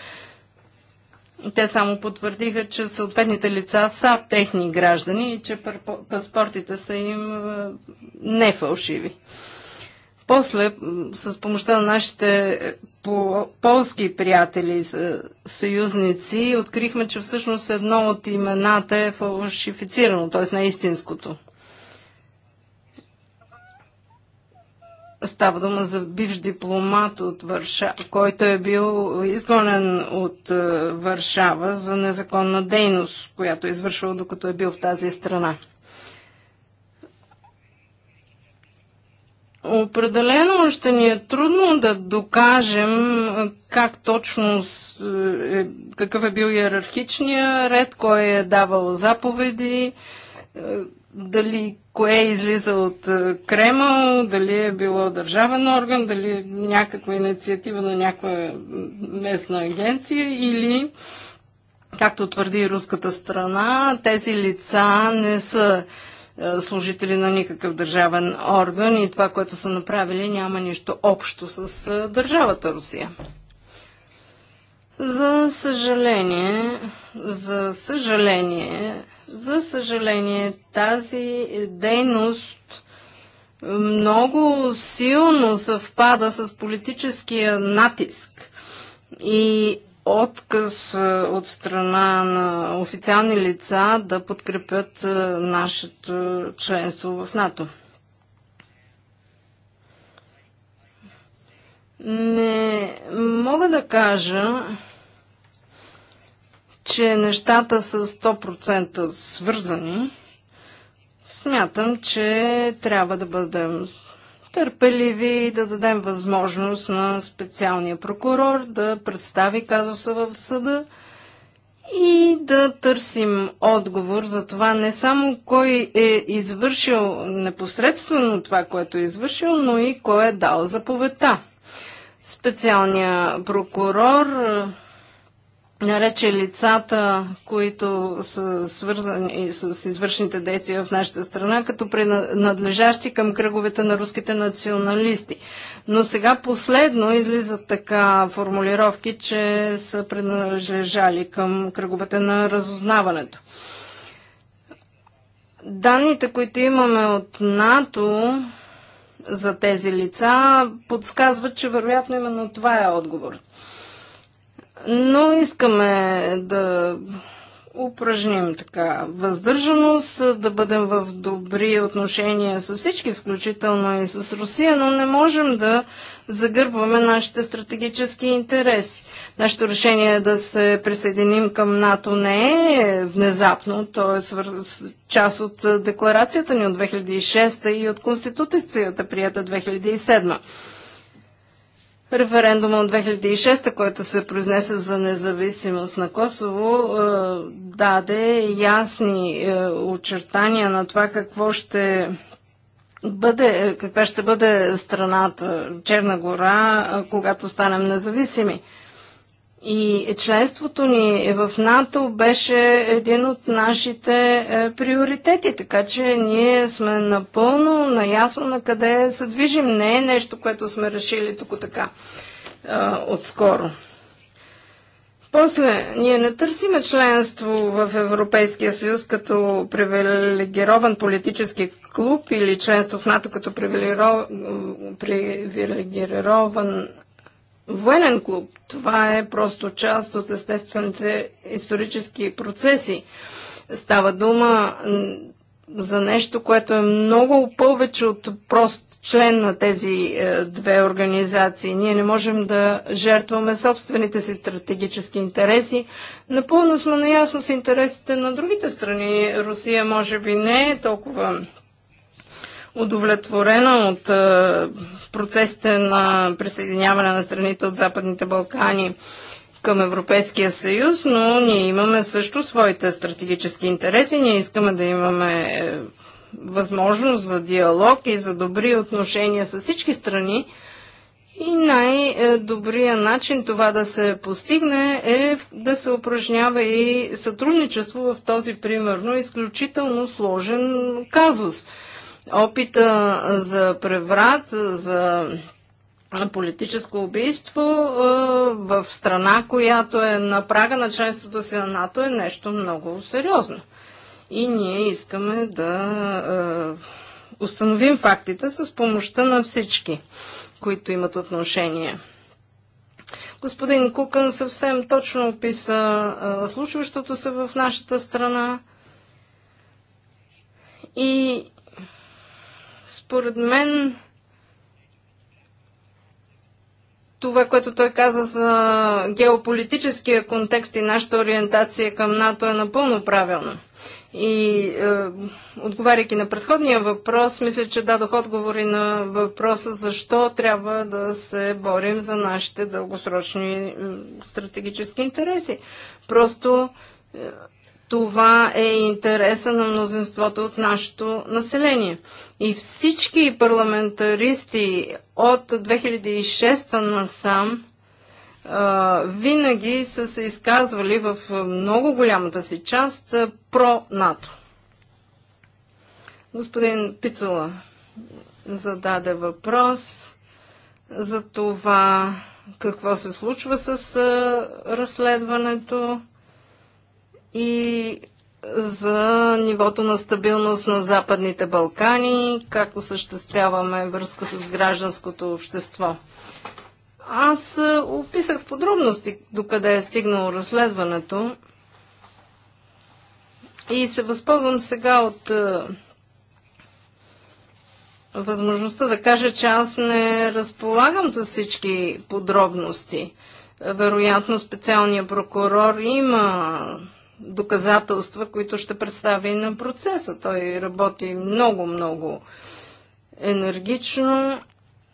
те само потвърдиха, че съответните лица са техни граждани и че паспортите са им е, не фалшиви. После, с помощта на нашите е, полски приятели, е, съюзници, открихме, че всъщност едно от имената е фалшифицирано, т.е. на истинското. Става дума за бивш дипломат от Варшава, който е бил изгонен от е, Варшава за незаконна дейност, която е извършвал докато е бил в тази страна. Определено ще ни е трудно да докажем е, как точно, е, какъв е бил иерархичния ред, кой е давал заповеди, дали кое е излиза от е, Крема, дали е било държавен орган, дали някаква инициатива на някаква местна агенция или, както твърди руската страна, тези лица не са е, служители на никакъв държавен орган и това, което са направили, няма нищо общо с е, държавата Русия. За съжаление, за съжаление, за съжаление, тази дейност много силно съвпада с политическия натиск и отказ е, от страна на официални лица да подкрепят е, нашето членство в НАТО. Не мога да кажа, че нещата са 100% свързани, смятам, че трябва да бъдем търпеливи и да дадем възможност на специалния прокурор да представи казуса в съда и да търсим отговор за това не само кой е извършил непосредствено това, което е извършил, но и кой е дал заповедта. Специалният прокурор нарече лицата, които са свързани с извършните действия в нашата страна, като принадлежащи към кръговете на руските националисти. Но сега последно излизат така формулировки, че са принадлежали към кръговете на разузнаването. Данните, които имаме от НАТО за тези лица, подсказват, че вероятно именно това е отговорът но искаме да упражним така въздържаност, да бъдем в добри отношения с всички, включително и с Русия, но не можем да загърбваме нашите стратегически интереси. Нашето решение да се присъединим към НАТО не е внезапно, то е част от декларацията ни от 2006 и от Конституцията, прията 2007 референдума от 2006, който се произнесе за независимост на Косово, е, даде ясни е, очертания на това какво ще бъде, е, каква ще бъде страната Черна гора, когато станем независими. И членството ни в НАТО беше един от нашите е, приоритети, така че ние сме напълно наясно на къде се движим. Не е нещо, което сме решили тук така е, отскоро. После, ние не търсиме членство в Европейския съюз като привилегирован политически клуб или членство в НАТО като привилегирован военен клуб. Това е просто част от естествените исторически процеси. Става дума за нещо, което е много повече от прост член на тези е, две организации. Ние не можем да жертваме собствените си стратегически интереси. Напълно сме наясно с интересите на другите страни. Русия може би не е толкова удовлетворена от е, процесите на присъединяване на страните от Западните Балкани към Европейския съюз, но ние имаме също своите стратегически интереси. Ние искаме да имаме е, възможност за диалог и за добри отношения с всички страни. И най добрият начин това да се постигне е да се упражнява и сътрудничество в този, примерно, изключително сложен казус – опита за преврат, за политическо убийство в страна, която е на прага на членството си на НАТО е нещо много сериозно. И ние искаме да установим фактите с помощта на всички, които имат отношение. Господин Кукън съвсем точно описа случващото се в нашата страна и според мен това, което той каза за геополитическия контекст и нашата ориентация към НАТО е напълно правилно. И е, отговаряйки на предходния въпрос, мисля, че дадох отговори на въпроса защо трябва да се борим за нашите дългосрочни стратегически интереси. Просто е, това е интереса на мнозинството от нашето население. И всички парламентаристи от 2006 насам винаги са се изказвали в много голямата си част про НАТО. Господин Пицула зададе въпрос за това какво се случва с разследването и за нивото на стабилност на Западните Балкани, как осъществяваме връзка с гражданското общество. Аз е, описах подробности докъде е стигнало разследването и се възползвам сега от е, възможността да кажа, че аз не разполагам за всички подробности. Вероятно специалният прокурор има доказателства, които ще представи на процеса. Той работи много, много енергично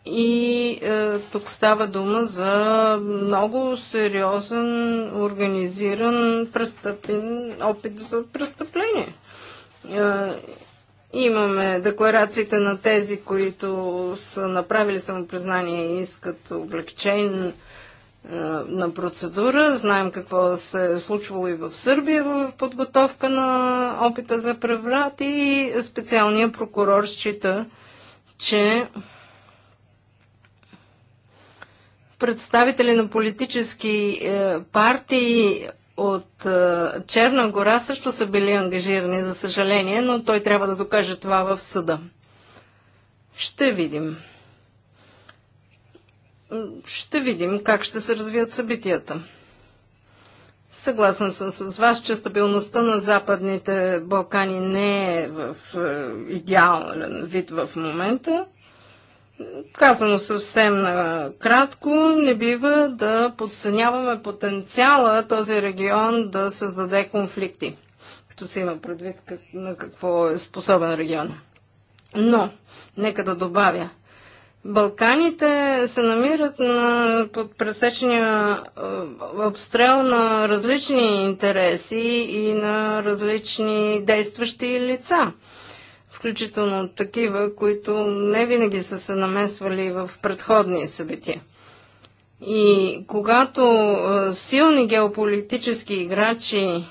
и е, тук става дума за много сериозен, организиран престъпен опит за престъпление. Е, имаме декларациите на тези, които са направили самопризнание и искат облегчение е, на процедура. Знаем какво се е случвало и в Сърбия в подготовка на опита за преврат и специалният прокурор счита, че представители на политически е, партии от е, Черна гора също са били ангажирани, за съжаление, но той трябва да докаже това в съда. Ще видим ще видим как ще се развият събитията. Съгласен съм с вас, че стабилността на Западните Балкани не е в е, идеален вид в момента. Казано съвсем кратко, не бива да подценяваме потенциала този регион да създаде конфликти, като се има предвид на какво е способен регион. Но, нека да добавя – Балканите се намират на, под пресечния е, обстрел на различни интереси и на различни действащи лица, включително такива, които не винаги са се намесвали в предходни събития. И когато е, силни геополитически играчи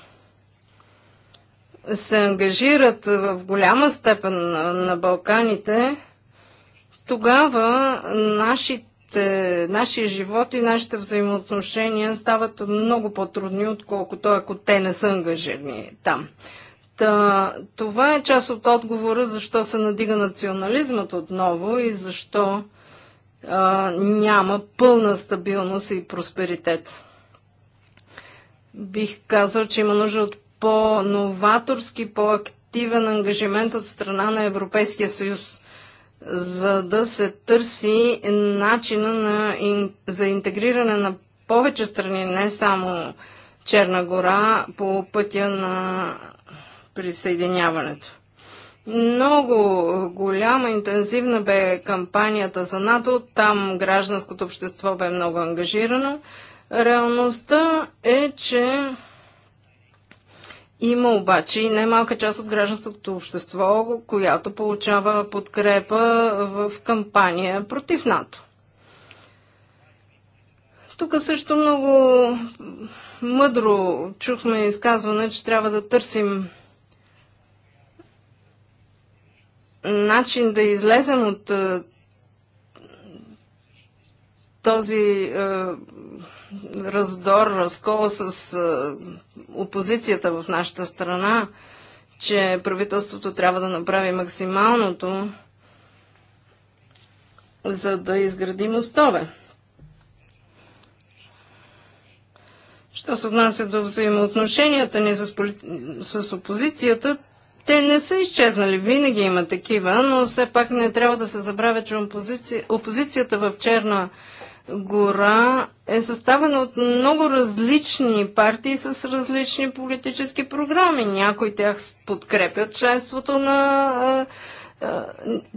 се ангажират в голяма степен на Балканите, тогава нашите, нашия живот и нашите взаимоотношения стават много по-трудни, отколкото ако те не са ангажирани там. Та, това е част от отговора, защо се надига национализмът отново и защо а, няма пълна стабилност и просперитет. Бих казал, че има нужда от по-новаторски, по-активен ангажимент от страна на Европейския съюз за да се търси начина на, за интегриране на повече страни, не само Черна гора, по пътя на присъединяването. Много голяма, интензивна бе кампанията за НАТО. Там гражданското общество бе много ангажирано. Реалността е, че има обаче и немалка част от гражданското общество, която получава подкрепа в кампания против НАТО. Тук също много мъдро чухме изказване, че трябва да търсим начин да излезем от е, този е, раздор, разкол с а, опозицията в нашата страна, че правителството трябва да направи максималното, за да изгради мостове. Що се отнася до взаимоотношенията ни с, поли... с опозицията, те не са изчезнали. Винаги има такива, но все пак не трябва да се забравя, че опозиция... опозицията в Черна гора е съставена от много различни партии с различни политически програми. Някои тях подкрепят членството на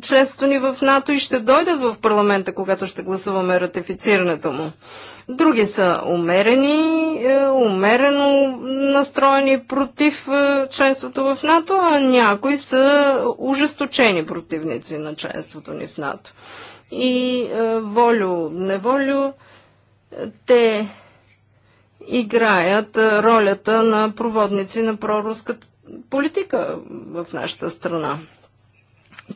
членството ни в НАТО и ще дойдат в парламента, когато ще гласуваме ратифицирането му. Други са умерени, е, умерено настроени против е, членството в НАТО, а някои са ужесточени противници на членството ни в НАТО и е, волю-неволю те играят е, ролята на проводници на проруската политика в нашата страна.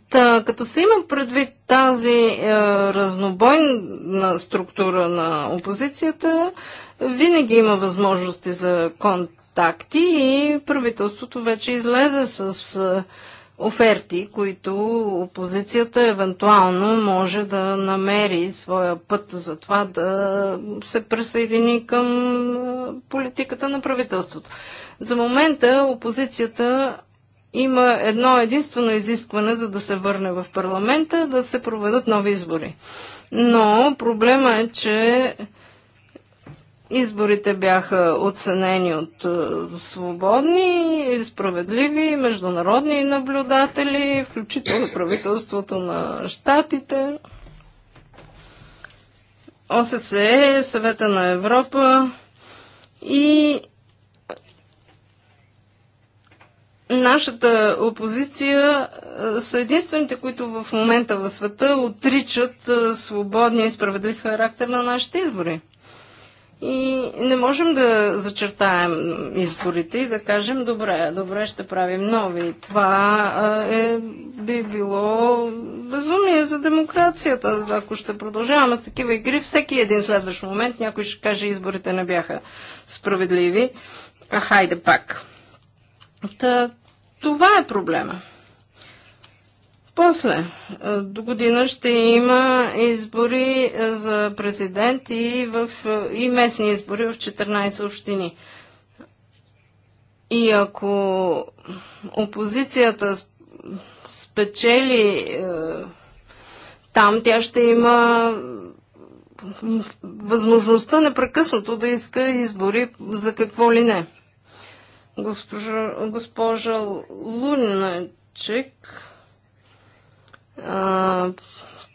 Та, като се има предвид тази е, разнобойна структура на опозицията, винаги има възможности за контакти и правителството вече излезе с е, оферти, които опозицията евентуално може да намери своя път за това да се присъедини към политиката на правителството. За момента опозицията има едно единствено изискване, за да се върне в парламента, да се проведат нови избори. Но проблема е, че Изборите бяха оценени от е, свободни, справедливи, международни наблюдатели, включително правителството на щатите. ОССЕ, Съвета на Европа и нашата опозиция е, са единствените, които в момента в света отричат е, свободния и справедлив характер на нашите избори. И не можем да зачертаем изборите и да кажем, добре, добре, ще правим нови. Това е, би било безумие за демокрацията. Ако ще продължаваме с такива игри, всеки един следващ момент някой ще каже, изборите не бяха справедливи. А хайде пак. Та, това е проблема. После, до година ще има избори за президент и, в, и местни избори в 14 общини. И ако опозицията спечели там, тя ще има възможността непрекъснато да иска избори за какво ли не. Госпожа, госпожа Луначек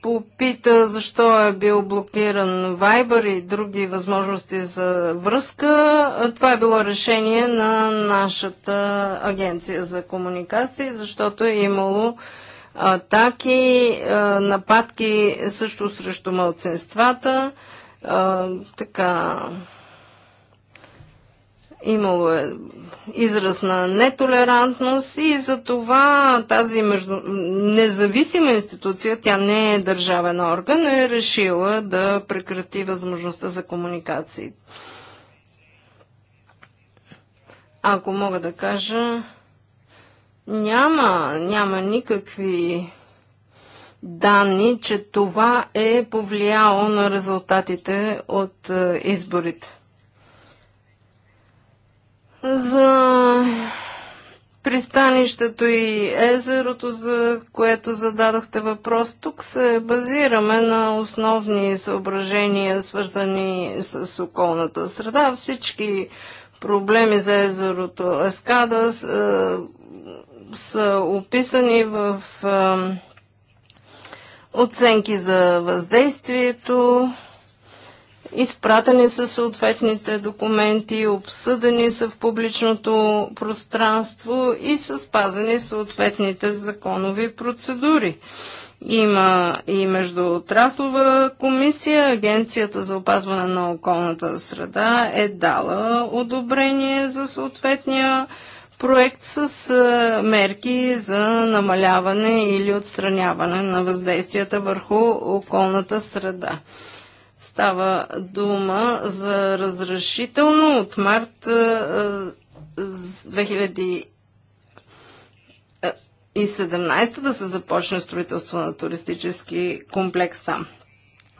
попита защо е бил блокиран Viber и други възможности за връзка. Това е било решение на нашата агенция за комуникации, защото е имало атаки, нападки също срещу мълценствата. Така, Имало е израз на нетолерантност и за това тази между... независима институция, тя не е държавен орган, е решила да прекрати възможността за комуникации. Ако мога да кажа, няма, няма никакви данни, че това е повлияло на резултатите от е, изборите. За пристанището и езерото, за което зададохте въпрос, тук се базираме на основни съображения, свързани с околната среда. Всички проблеми за езерото Ескада са, е, са описани в е, оценки за въздействието Изпратени са съответните документи, обсъдени са в публичното пространство и са спазени съответните законови процедури. Има и междуотраслова комисия, Агенцията за опазване на околната среда е дала одобрение за съответния проект с мерки за намаляване или отстраняване на въздействията върху околната среда. Става дума за разрешително от март 2017 е, е, е, да се започне строителство на туристически комплекс там.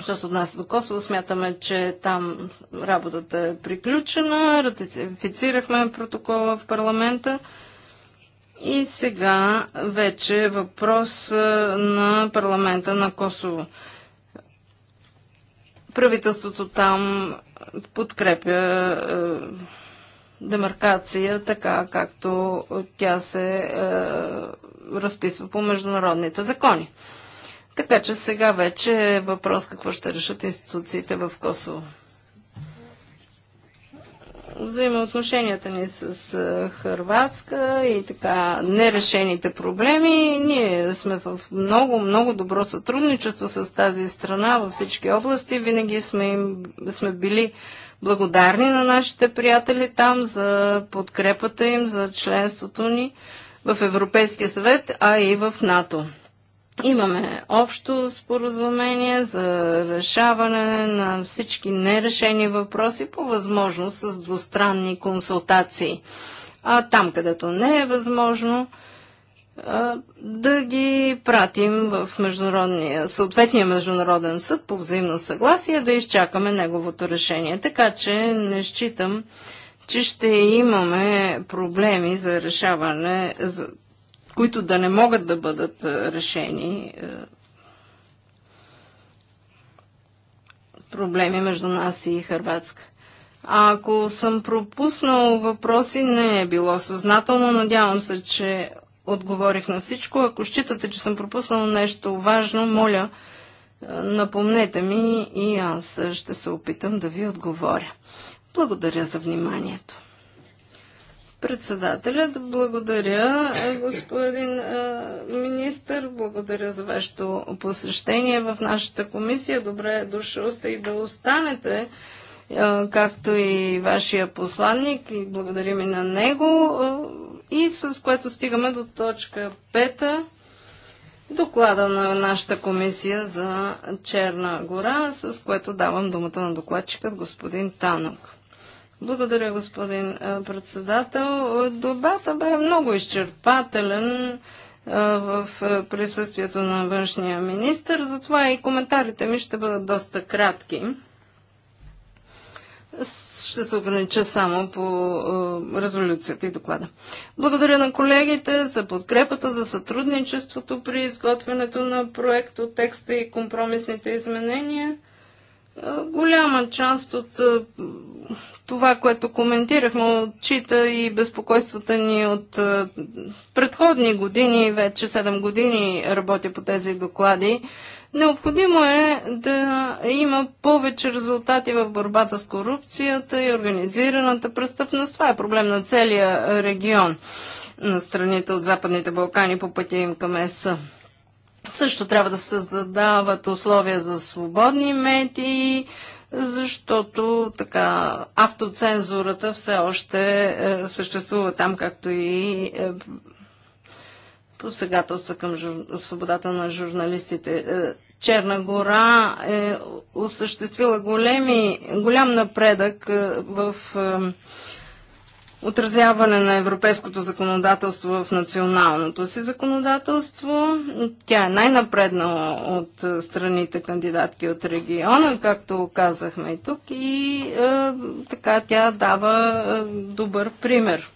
Що се отнася до Косово, смятаме, че там работата е приключена, ратифицирахме протокола в парламента и сега вече е въпрос на парламента на Косово. Правителството там подкрепя е, демаркация, така както тя се е, разписва по международните закони. Така че сега вече е въпрос какво ще решат институциите в Косово взаимоотношенията ни с Хрватска и така нерешените проблеми. Ние сме в много, много добро сътрудничество с тази страна във всички области. Винаги сме, им, сме били благодарни на нашите приятели там за подкрепата им, за членството ни в Европейския съвет, а и в НАТО. Имаме общо споразумение за решаване на всички нерешени въпроси по възможност с двустранни консултации. А там, където не е възможно, да ги пратим в международния, съответния международен съд по взаимно съгласие, да изчакаме неговото решение. Така че не считам, че ще имаме проблеми за решаване които да не могат да бъдат е, решени е, проблеми между нас и Харватска. А ако съм пропуснал въпроси, не е било съзнателно. Надявам се, че отговорих на всичко. Ако считате, че съм пропуснал нещо важно, моля, е, напомнете ми и аз ще се опитам да ви отговоря. Благодаря за вниманието. Председателят, благодаря, е, господин е, министр, благодаря за вашето посещение в нашата комисия. Добре е дошъл сте и да останете както и вашия посланник и благодарим и на него. И с което стигаме до точка пета, доклада на нашата комисия за Черна гора, с което давам думата на докладчикът господин Танок. Благодаря, господин председател. Дебата бе много изчерпателен в присъствието на външния министр, затова и коментарите ми ще бъдат доста кратки. Ще се огранича само по резолюцията и доклада. Благодаря на колегите за подкрепата, за сътрудничеството при изготвянето на проекто, текста и компромисните изменения. Е, голяма част от е, това, което коментирахме, отчита и безпокойствата ни от е, предходни години, вече 7 години работя по тези доклади. Необходимо е да има повече резултати в борбата с корупцията и организираната престъпност. Това е проблем на целия регион на страните от Западните Балкани по пътя им към ЕС. Също трябва да създадават условия за свободни медии, защото така автоцензурата все още е, съществува там, както и е, посегателства към жур... свободата на журналистите. Е, Черна гора е осъществила големи, голям напредък е, в е, отразяване на европейското законодателство в националното си законодателство. Тя е най-напреднала от е, страните кандидатки от региона, както казахме и тук, и е, така тя дава е, добър пример.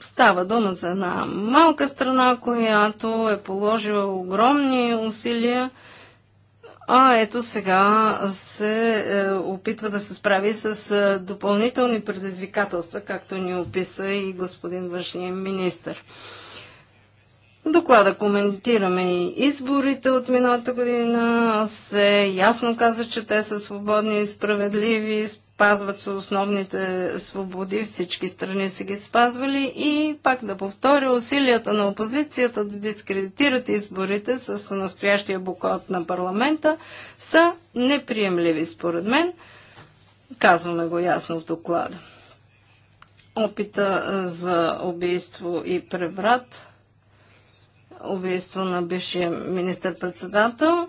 Става дума за една малка страна, която е положила огромни усилия а ето сега се е, опитва да се справи с е, допълнителни предизвикателства, както ни описа и господин външния министр доклада коментираме и изборите от миналата година. Се ясно каза, че те са свободни и справедливи, спазват се основните свободи, всички страни са ги спазвали и пак да повторя усилията на опозицията да дискредитират изборите с настоящия бокот на парламента са неприемливи според мен. Казваме го ясно в доклада. Опита за убийство и преврат убийство на бившия министр-председател.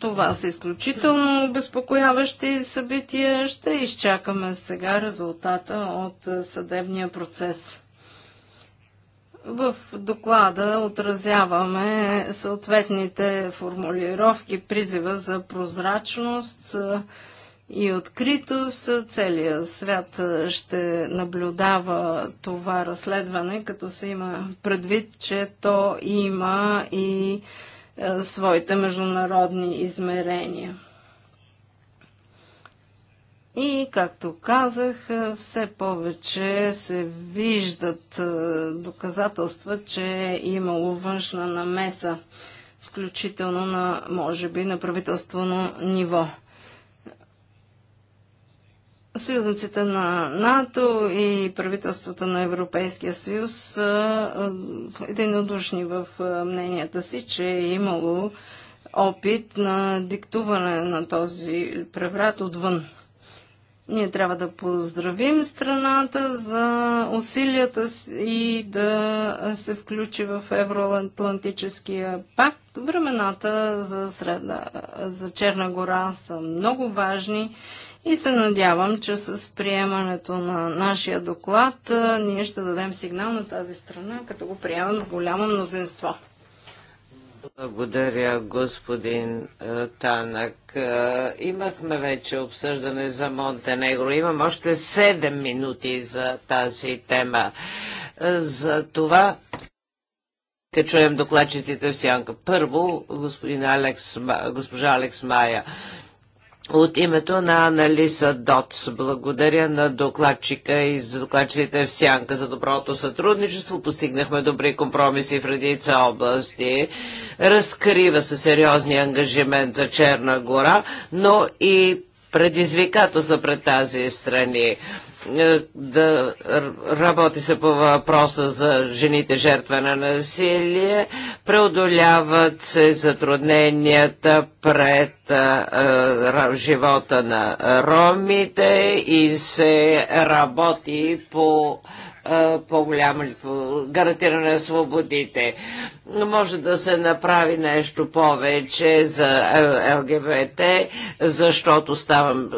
Това са изключително обезпокояващи събития. Ще изчакаме сега резултата от съдебния процес. В доклада отразяваме съответните формулировки, призива за прозрачност, и откритост. Целият свят ще наблюдава това разследване, като се има предвид, че то има и своите международни измерения. И, както казах, все повече се виждат доказателства, че е имало външна намеса, включително на, може би, на правителствено ниво съюзниците на НАТО и правителствата на Европейския съюз са единодушни в мненията си, че е имало опит на диктуване на този преврат отвън. Ние трябва да поздравим страната за усилията и да се включи в Евроатлантическия пакт. Времената за, средна, за Черна гора са много важни и се надявам, че с приемането на нашия доклад ние ще дадем сигнал на тази страна, като го приемам с голямо мнозинство. Благодаря, господин Танък. Имахме вече обсъждане за Монтенегро. Имам още 7 минути за тази тема. За това Ка чуем докладчиците в сянка. Първо, господин Алекс, госпожа Алекс Майя, от името на Аналиса Дотс. Благодаря на докладчика и за докладчиците в Сянка за доброто сътрудничество. Постигнахме добри компромиси в редица области. Разкрива се сериозни ангажимент за Черна гора, но и предизвикателства пред тази страни. Е, да работи се по въпроса за жените жертва на насилие, преодоляват се затрудненията пред е, живота на ромите и се работи по по-голямо гарантиране на свободите. Може да се направи нещо повече за ЛГБТ, защото става,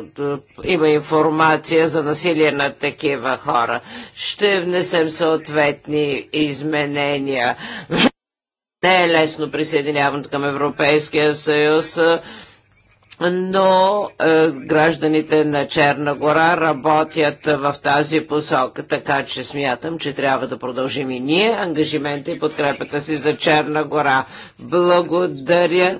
има информация за насилие на такива хора. Ще внесем съответни изменения. Не е лесно присъединяването към Европейския съюз но е, гражданите на Черна гора работят в тази посока, така че смятам, че трябва да продължим и ние ангажимента и подкрепата си за Черна гора. Благодаря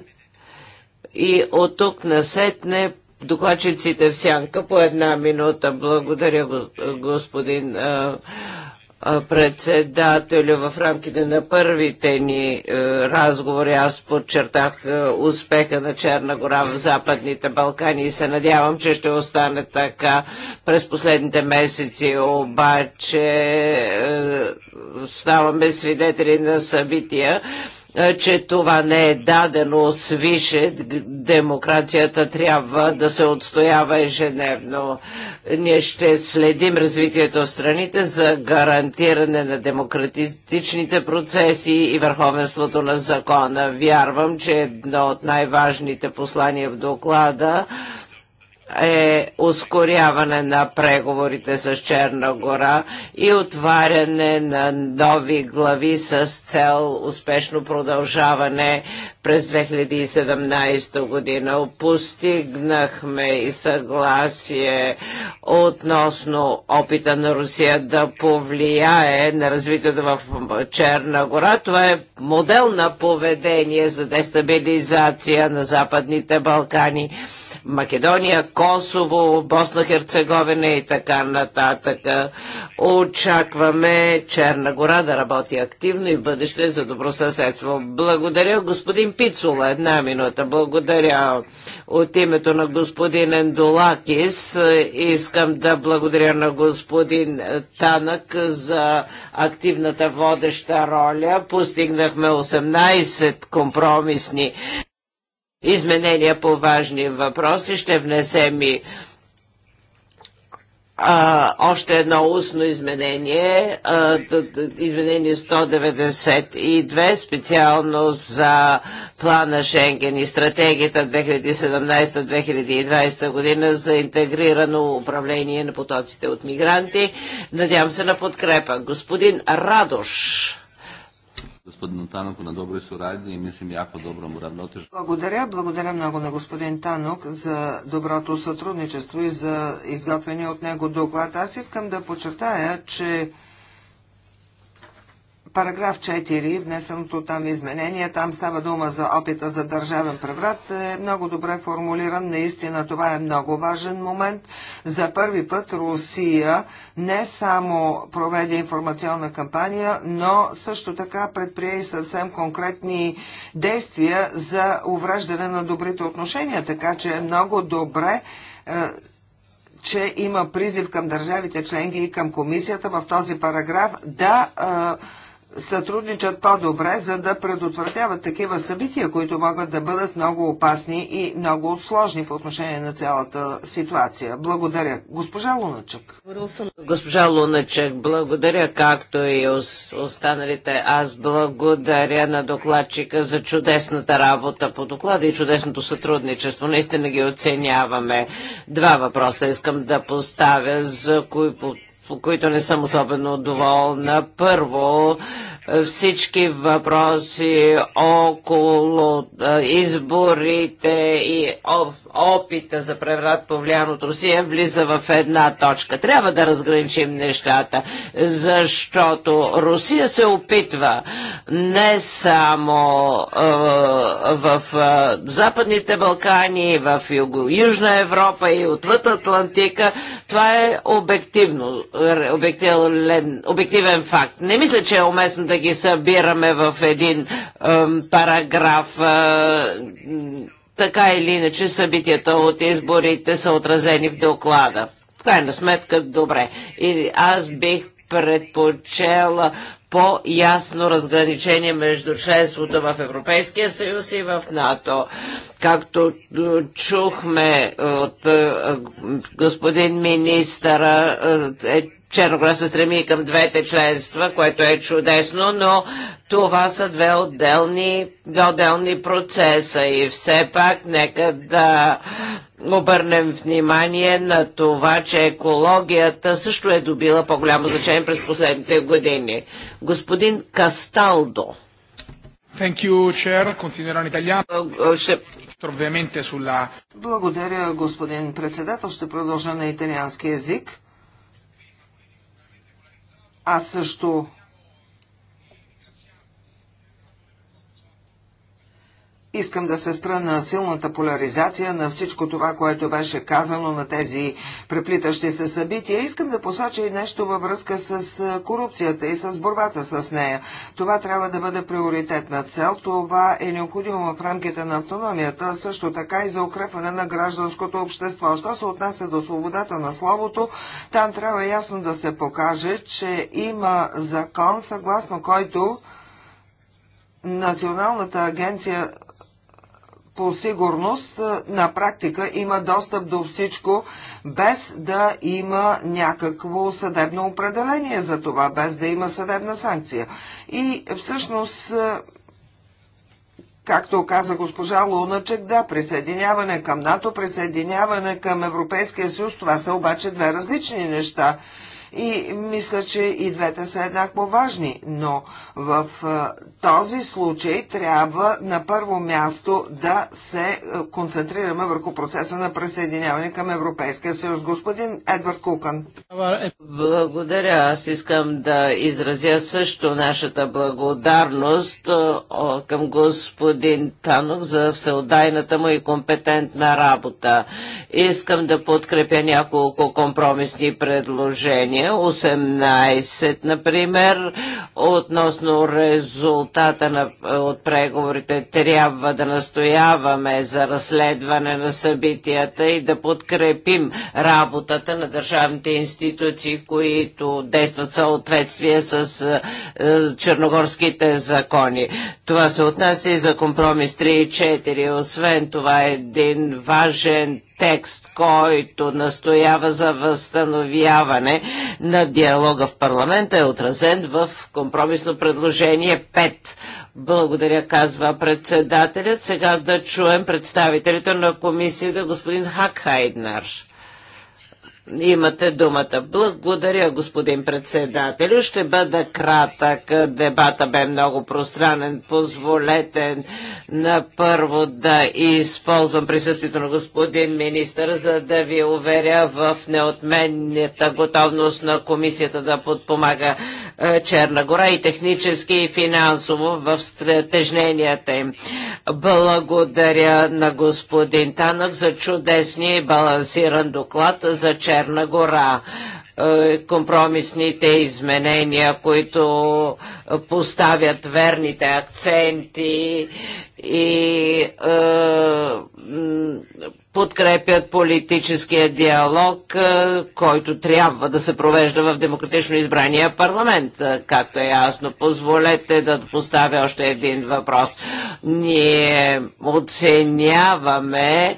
и от тук насетне докладчиците в сянка по една минута. Благодаря, господин. Е, председателю в рамките на първите ни е, разговори. Аз подчертах е, успеха на Черна гора в Западните Балкани и се надявам, че ще остане така през последните месеци. Обаче е, ставаме свидетели на събития, е, че това не е дадено свише. Демокрацията трябва да се отстоява ежедневно. Ние ще следим развитието в страните за гарантиране на демократичните процеси и върховенството на закона. Вярвам, че едно от най-важните послания в доклада е ускоряване на преговорите с Черна гора и отваряне на нови глави с цел успешно продължаване през 2017 година. Постигнахме и съгласие относно опита на Русия да повлияе на развитието в Черна гора. Това е модел на поведение за дестабилизация на Западните Балкани Македония, Косово, Босна, Херцеговина и така нататък. Очакваме Черна гора да работи активно и в бъдеще за добросъседство. Благодаря господин Пицула. Една минута. Благодаря от името на господин Ендолакис. Искам да благодаря на господин Танък за активната водеща роля. Постигнахме 18 компромисни изменения по важни въпроси. Ще внесем и а, още едно устно изменение, а, изменение 192, специално за плана Шенген и стратегията 2017-2020 година за интегрирано управление на потоците от мигранти. Надявам се на подкрепа. Господин Радош gospodinu Tanoku на доброй сурадни и мислим яко добро му равнотеж. Благодаря, благодаря много на господин Танок за доброто сътрудничество и за изготвения от него доклад. Аз искам да подчертая, че Параграф 4, внесеното там изменение, там става дума за опита за държавен преврат, е много добре формулиран. Наистина това е много важен момент. За първи път Русия не само проведе информационна кампания, но също така предприе и съвсем конкретни действия за увреждане на добрите отношения, така че е много добре е, че има призив към държавите членки и към комисията в този параграф да е, сътрудничат по-добре, за да предотвратяват такива събития, които могат да бъдат много опасни и много сложни по отношение на цялата ситуация. Благодаря. Госпожа Луначък. Госпожа Луначък, благодаря, както и останалите. Аз благодаря на докладчика за чудесната работа по доклада и чудесното сътрудничество. Наистина ги оценяваме. Два въпроса искам да поставя, за кои по които не съм особено доволна. Първо, всички въпроси около изборите и опита за преврат повлиян от Русия влиза в една точка. Трябва да разграничим нещата, защото Русия се опитва не само е, в е, Западните Балкани, в Юго, Южна Европа и отвъд Атлантика. Това е обективно, обективен, обективен факт. Не мисля, че е уместно да ги събираме в един е, параграф. Е, така или иначе събитията от изборите са отразени в доклада. В крайна сметка, добре. И аз бих предпочела по-ясно разграничение между членството в Европейския съюз и в НАТО. Както е, чухме от е, е, господин министъра, е Черногора се стреми към двете членства, което е чудесно, но това са две отделни, две отделни процеса и все пак нека да обърнем внимание на това, че екологията също е добила по-голямо значение през последните години. Господин Касталдо. Thank you, Chair. in italiano. Ще... Благодаря, господин председател. Ще продължа на италиански язик. Аз също Искам да се спра на силната поляризация на всичко това, което беше казано на тези преплитащи се събития. Искам да посоча и нещо във връзка с корупцията и с борбата с нея. Това трябва да бъде приоритетна цел. Това е необходимо в рамките на автономията, също така и за укрепване на гражданското общество. Що се отнася до свободата на словото, там трябва ясно да се покаже, че има закон, съгласно който Националната агенция по сигурност на практика има достъп до всичко, без да има някакво съдебно определение за това, без да има съдебна санкция. И всъщност Както каза госпожа Луначек, да, присъединяване към НАТО, присъединяване към Европейския съюз, това са обаче две различни неща и мисля, че и двете са еднакво важни, но в е, този случай трябва на първо място да се е, концентрираме върху процеса на присъединяване към Европейския съюз. Господин Едвард Кукан. Благодаря. Аз искам да изразя също нашата благодарност е, към господин Танов за всеодайната му и компетентна работа. Искам да подкрепя няколко компромисни предложения изменения, 18, например, относно резултата на, от преговорите, трябва да настояваме за разследване на събитията и да подкрепим работата на държавните институции, които действат в съответствие с е, черногорските закони. Това се отнася и за компромис 3 и 4. Освен това е един важен текст, който настоява за възстановяване на диалога в парламента е отразен в компромисно предложение 5. Благодаря, казва председателят. Сега да чуем представителите на комисията господин Хакхайднар. Имате думата. Благодаря, господин председател. Ще бъда кратък. Дебата бе много пространен. Позволете на първо да използвам присъствието на господин министър, за да ви уверя в неотменната готовност на комисията да подпомага е, Черна гора и технически и финансово в стратежненията им. Благодаря на господин Танов за чудесния и балансиран доклад за Черна гора е, компромисните изменения, които поставят верните акценти и е, подкрепят политическия диалог, който трябва да се провежда в демократично избрания парламент. Както е ясно, позволете да поставя още един въпрос. Ние оценяваме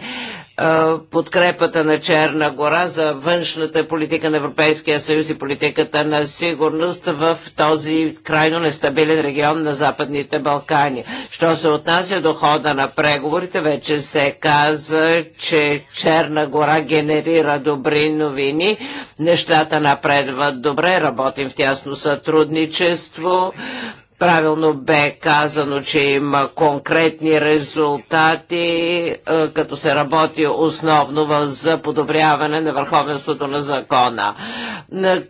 подкрепата на Черна гора за външната политика на Европейския съюз и политиката на сигурност в този крайно нестабилен регион на Западните Балкани. Що се отнася до хода на преговорите, вече се каза, че Черна гора генерира добри новини, нещата напредват добре, работим в тясно сътрудничество Правилно бе казано, че има конкретни резултати, е, като се работи основно за подобряване на върховенството на закона. На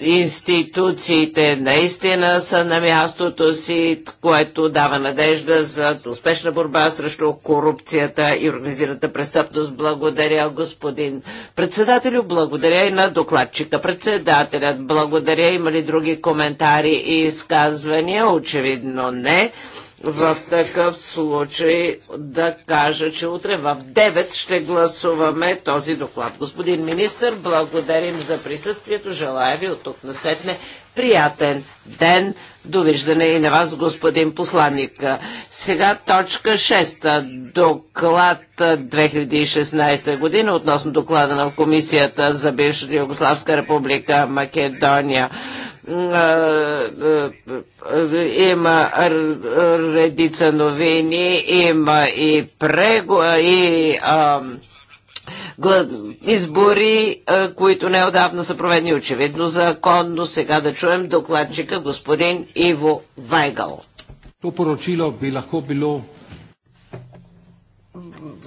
институциите наистина са на мястото си, което дава надежда за успешна борба срещу корупцията и организираната престъпност. Благодаря, господин председателю, благодаря и на докладчика председателят. Благодаря. Има ли други коментари и изказвания? решение? Очевидно не. В такъв случай да кажа, че утре в 9 ще гласуваме този доклад. Господин министр, благодарим за присъствието. Желая ви от тук насетне приятен ден. Довиждане и на вас, господин посланник. Сега точка 6. Доклад 2016 година относно доклада на Комисията за бившата Югославска република Македония. Има редица новини, има и, прего... и гла... избори, които неодавна са проведени очевидно законно. Сега да чуем докладчика господин Иво Вайгал. То поручило би лахо било.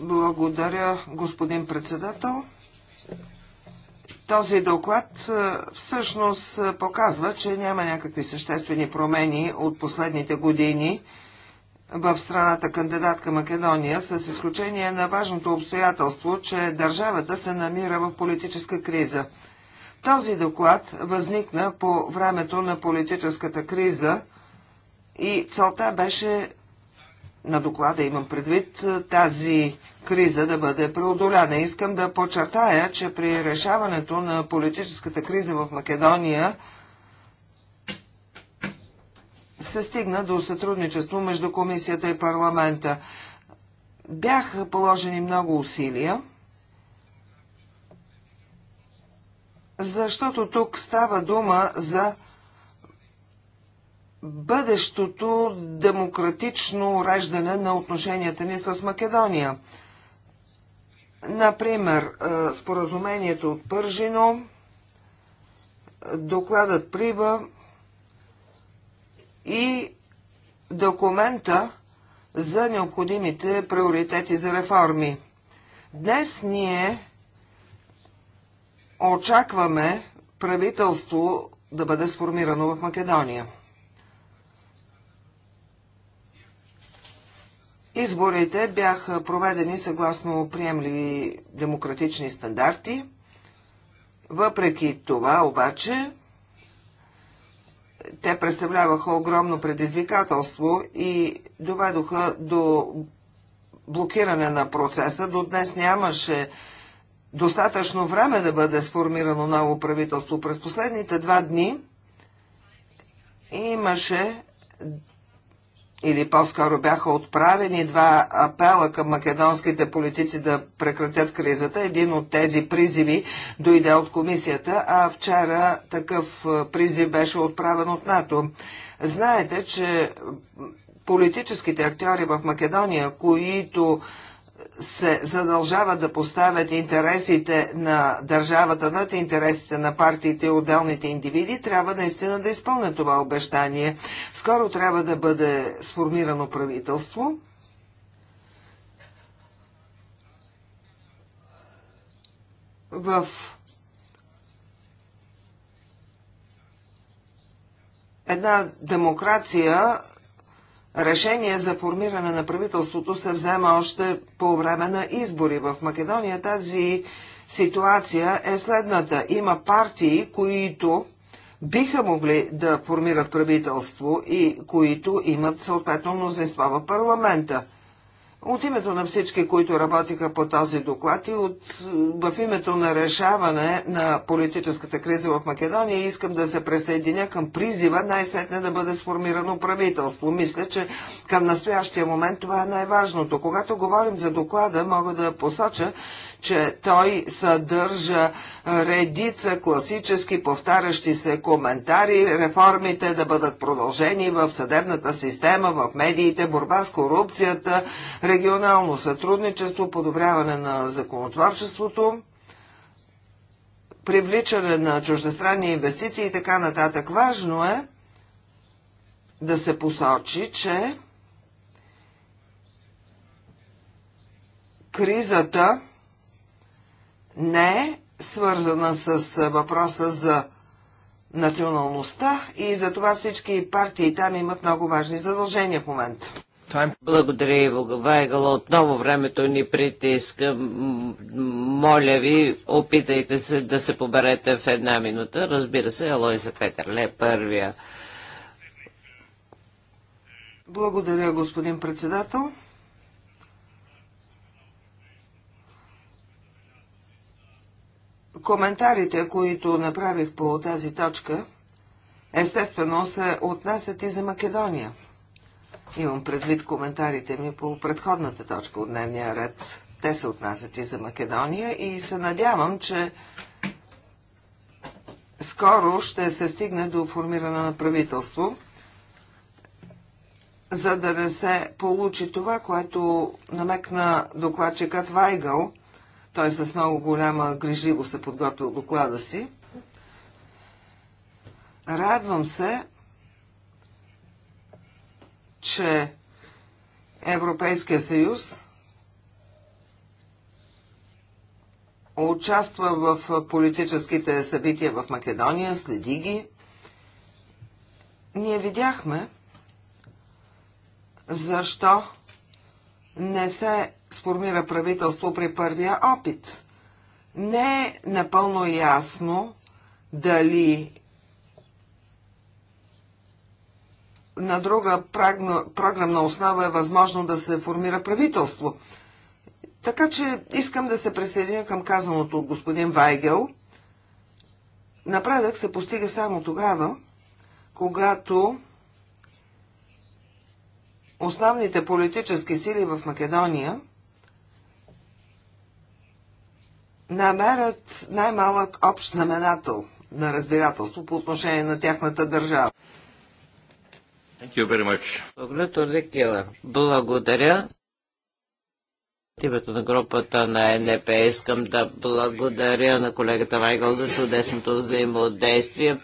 Благодаря, господин председател. Този доклад всъщност показва, че няма някакви съществени промени от последните години в страната кандидатка Македония, с изключение на важното обстоятелство, че държавата се намира в политическа криза. Този доклад възникна по времето на политическата криза и целта беше на доклада имам предвид тази криза да бъде преодоляна. Искам да подчертая, че при решаването на политическата криза в Македония се стигна до сътрудничество между комисията и парламента. Бяха положени много усилия, защото тук става дума за бъдещото демократично уреждане на отношенията ни с Македония. Например, е, споразумението от Пържино, докладът Приба, и документа за необходимите приоритети за реформи. Днес ние очакваме правителство да бъде сформирано в Македония. Изборите бяха проведени съгласно приемливи демократични стандарти. Въпреки това обаче те представляваха огромно предизвикателство и доведоха до блокиране на процеса. До днес нямаше достатъчно време да бъде сформирано ново правителство. През последните два дни имаше или по-скоро бяха отправени два апела към македонските политици да прекратят кризата. Един от тези призиви дойде от комисията, а вчера такъв призив беше отправен от НАТО. Знаете, че политическите актьори в Македония, които се задължава да поставят интересите на държавата над интересите на партиите и отделните индивиди, трябва наистина да изпълнят това обещание. Скоро трябва да бъде сформирано правителство. В една демокрация решение за формиране на правителството се взема още по време на избори. В Македония тази ситуация е следната. Има партии, които биха могли да формират правителство и които имат съответно мнозинство в парламента. От името на всички, които работиха по този доклад и от, в името на решаване на политическата криза в Македония, искам да се присъединя към призива най-сетне да бъде сформирано правителство. Мисля, че към настоящия момент това е най-важното. Когато говорим за доклада, мога да посоча, че той съдържа редица класически повтарящи се коментари, реформите да бъдат продължени в съдебната система, в медиите, борба с корупцията, регионално сътрудничество, подобряване на законотворчеството привличане на чуждестранни инвестиции и така нататък. Важно е да се посочи, че кризата не е свързана с въпроса за националността и за това всички партии там имат много важни задължения в момента. Благодаря, Иво Гавайгало. Отново времето ни притиска. Моля ви, опитайте се да се поберете в една минута. Разбира се, Алойса Петърле е първия. Благодаря, господин председател. Коментарите, които направих по тази точка, естествено се отнасят и за Македония. Имам предвид коментарите ми по предходната точка от дневния ред. Те се отнасят и за Македония и се надявам, че скоро ще се стигне до формиране на правителство, за да не се получи това, което намекна докладчикът Вайгъл – той с много голяма грижливост е подготвил доклада си. Радвам се, че Европейския съюз участва в политическите събития в Македония, следи ги. Ние видяхме защо не се сформира правителство при първия опит. Не е напълно ясно дали на друга програмна основа е възможно да се формира правителство. Така че искам да се присъединя към казаното от господин Вайгел. Напредък се постига само тогава, когато основните политически сили в Македония – намерят най-малък общ знаменател на разбирателство по отношение на тяхната държава. Благодаря. Благодаря. От името на групата на НП искам да благодаря на колегата Майкъл за чудесното взаимодействие.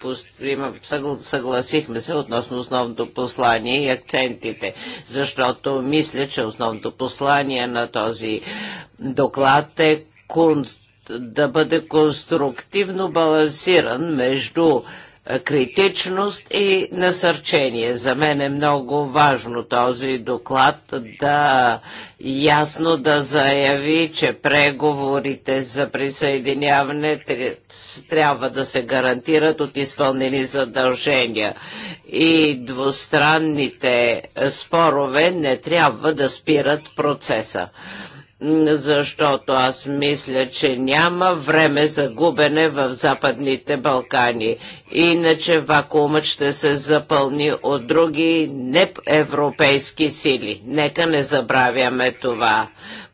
съгласихме се относно основното послание и акцентите, защото мисля, че основното послание на този доклад е да бъде конструктивно балансиран между е, критичност и насърчение. За мен е много важно този доклад да ясно да заяви, че преговорите за присъединяване трябва да се гарантират от изпълнени задължения и двустранните е, спорове не трябва да спират процеса защото аз мисля, че няма време за губене в Западните Балкани. Иначе вакуумът ще се запълни от други неевропейски сили. Нека не забравяме това.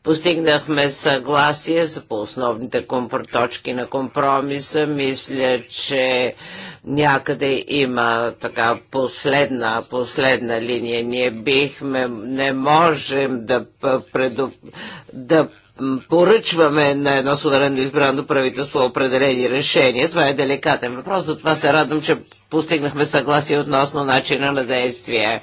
Постигнахме съгласие за по основните точки на компромиса. Мисля, че някъде има така последна, последна линия. Ние бихме, не можем да, предо, да поръчваме на едно суверенно избрано правителство определени решения. Това е деликатен въпрос, затова се радвам, че постигнахме съгласие относно начина на действие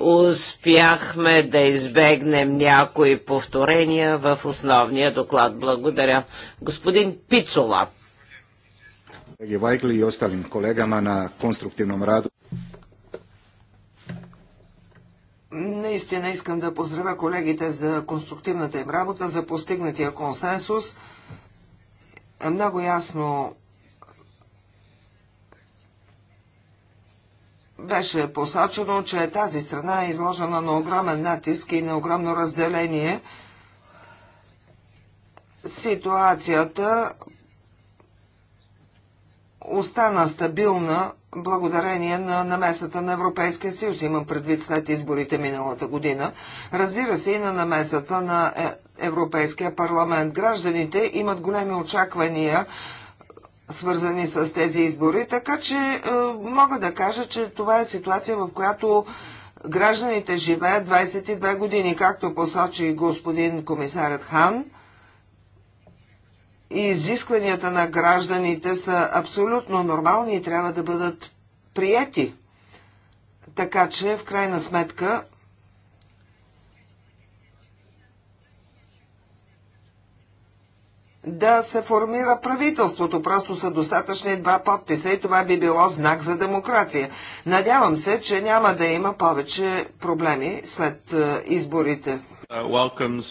успяхме да избегнем някои повторения в основния доклад. Благодаря. Господин Пицола. Колеги Вайкли и осталим колегама на конструктивном раду. Наистина искам да поздравя колегите за конструктивната им работа, за постигнатия консенсус. Много ясно беше посочено, че тази страна е изложена на огромен натиск и на огромно разделение. Ситуацията остана стабилна благодарение на намесата на Европейския съюз, имам предвид след изборите миналата година, разбира се и на намесата на е, Европейския парламент. Гражданите имат големи очаквания свързани с тези избори, така че е, мога да кажа, че това е ситуация, в която гражданите живеят 22 години, както посочи господин комисарът Хан. И изискванията на гражданите са абсолютно нормални и трябва да бъдат приети. Така че, в крайна сметка, да се формира правителството. Просто са достатъчни два подписа и това би било знак за демокрация. Надявам се, че няма да има повече проблеми след е, изборите. Uh,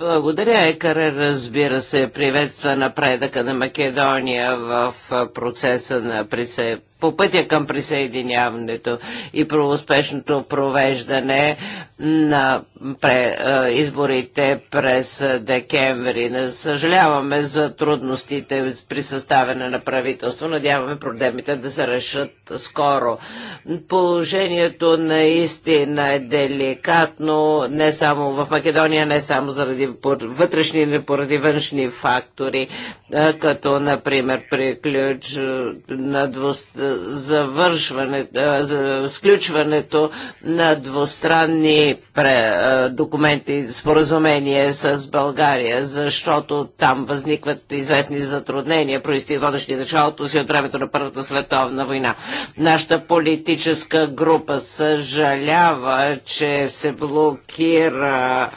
Благодаря, Екаре. Разбира се, приветства напредъка на Македония в е, процеса на присъединяване по пътя към присъединяването и про успешното провеждане на пре, изборите през декември. Не съжаляваме за трудностите при съставяне на правителство. Надяваме проблемите да се решат скоро. Положението наистина е деликатно не само в Македония, не само заради вътрешни или поради външни фактори, като например приключ на двустранно завършване, за сключването на двустранни документи, споразумение с България, защото там възникват известни затруднения, проистиводащи началото си от времето на Първата световна война. Нашата политическа група съжалява, че се блокира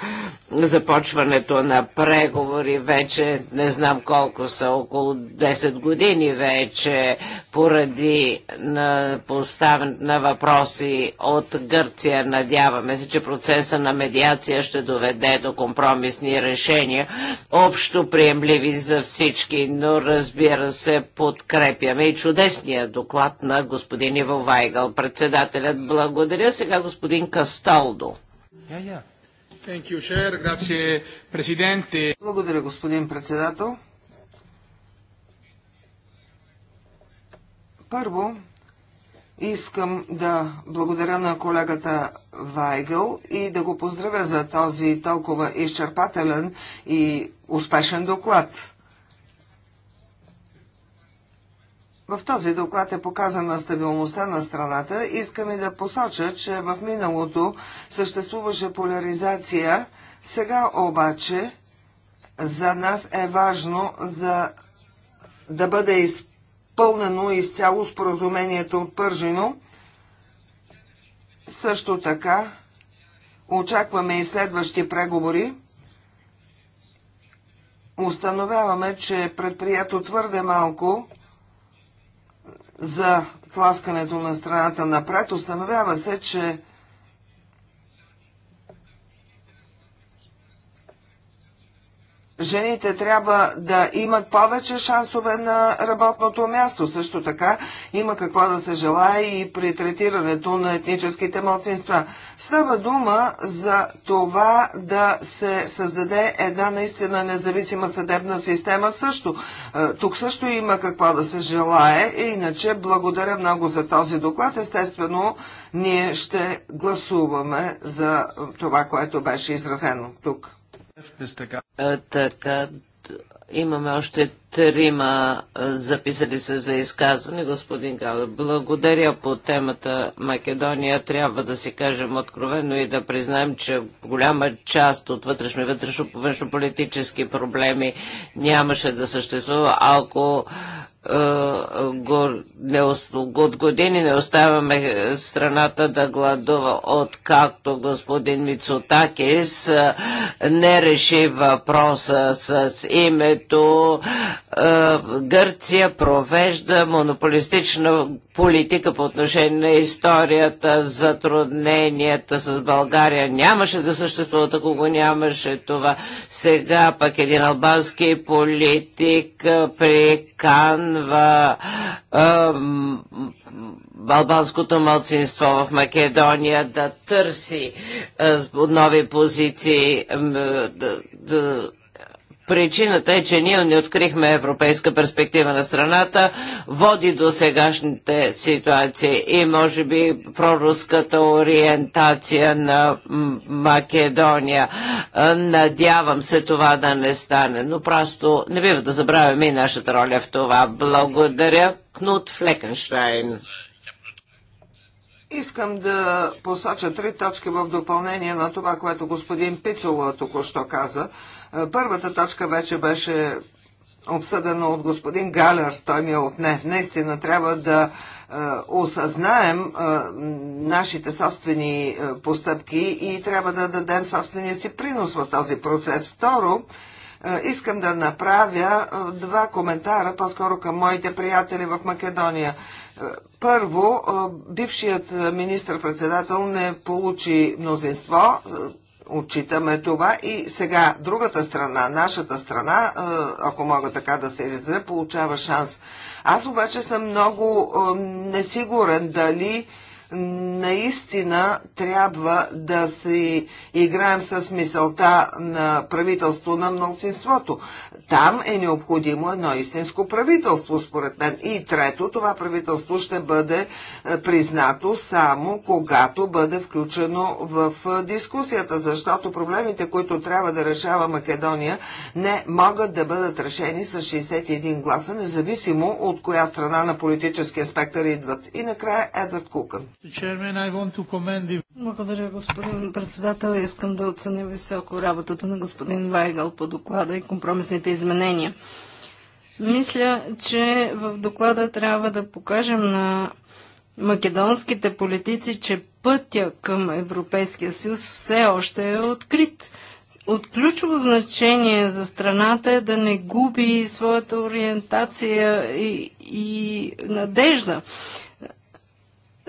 започването на преговори вече не знам колко са, около 10 години вече, поради на поставен на въпроси от Гърция. Надяваме се, че процеса на медиация ще доведе до компромисни решения, общо приемливи за всички, но разбира се, подкрепяме и чудесния доклад на господин Иво Вайгъл. Председателят благодаря. Сега господин Касталдо. Благодаря, господин председател. Първо, искам да благодаря на колегата Вайгъл и да го поздравя за този толкова изчерпателен и успешен доклад. В този доклад е показана стабилността на страната. Искам и да посоча, че в миналото съществуваше поляризация, сега обаче за нас е важно за да бъде изпълнено изпълнено изцяло споразумението от Пържино. Също така очакваме и следващи преговори. Установяваме, че е твърде малко за тласкането на страната напред. Установява се, че Жените трябва да имат повече шансове на работното място. Също така има какво да се желая и при третирането на етническите младсинства. Става дума за това да се създаде една наистина независима съдебна система също. Е, тук също има какво да се желае. Иначе благодаря много за този доклад. Естествено, ние ще гласуваме за това, което беше изразено тук. Е, така, имаме още трима е, записали се за изказване. Господин Гала, благодаря по темата Македония. Трябва да си кажем откровено и да признаем, че голяма част от вътрешно и вътрешно-политически проблеми нямаше да съществува, ако от години не оставяме е, страната да гладува, откакто господин Мицотакис не реши въпроса с името. Гърция провежда монополистична политика по отношение на историята, затрудненията с България. Нямаше да съществува, ако го нямаше това. Сега пък един албански политик приканва ам, албанското мълцинство в Македония да търси ам, нови позиции. да, да, Причината е, че ние не открихме европейска перспектива на страната, води до сегашните ситуации и може би проруската ориентация на Македония. Надявам се това да не стане, но просто не бива да забравяме и нашата роля в това. Благодаря. Кнут Флекенштайн. Искам да посоча три точки в допълнение на това, което господин Пицело току-що каза. Е, първата точка вече беше обсъдена от господин Галер. Той ми е отне. Наистина трябва да е, осъзнаем е, нашите собствени постъпки и трябва да дадем собствения си принос в този процес. Второ, искам да направя два коментара, по-скоро към моите приятели в Македония. Първо, бившият министр-председател не получи мнозинство, отчитаме това. И сега другата страна, нашата страна, ако мога така да се изразя, получава шанс. Аз обаче съм много несигурен дали наистина трябва да си играем с мисълта на правителство на мнозинството. Там е необходимо едно истинско правителство, според мен. И трето, това правителство ще бъде е, признато само когато бъде включено в е, дискусията, защото проблемите, които трябва да решава Македония, не могат да бъдат решени с 61 гласа, независимо от коя страна на политическия спектър идват. И накрая Едвард Кукън. Благодаря, господин председател искам да оценя високо работата на господин Вайгъл по доклада и компромисните изменения. Мисля, че в доклада трябва да покажем на македонските политици, че пътя към Европейския съюз все още е открит. От ключово значение за страната е да не губи своята ориентация и, и надежда.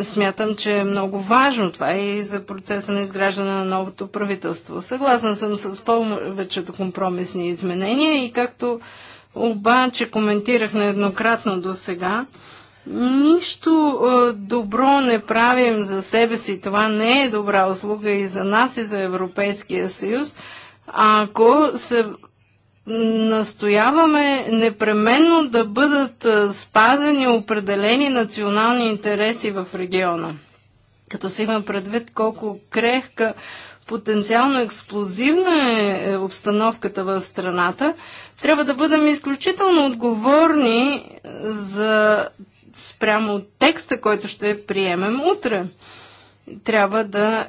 Смятам, че е много важно това и за процеса на изграждане на новото правителство. Съгласна съм с повечето компромисни изменения и както обаче коментирах нееднократно до сега, нищо е, добро не правим за себе си. Това не е добра услуга и за нас, и за Европейския съюз, ако се настояваме непременно да бъдат спазени определени национални интереси в региона. Като се има предвид колко крехка, потенциално експлозивна е, е обстановката в страната, трябва да бъдем изключително отговорни за спрямо текста, който ще приемем утре. Трябва да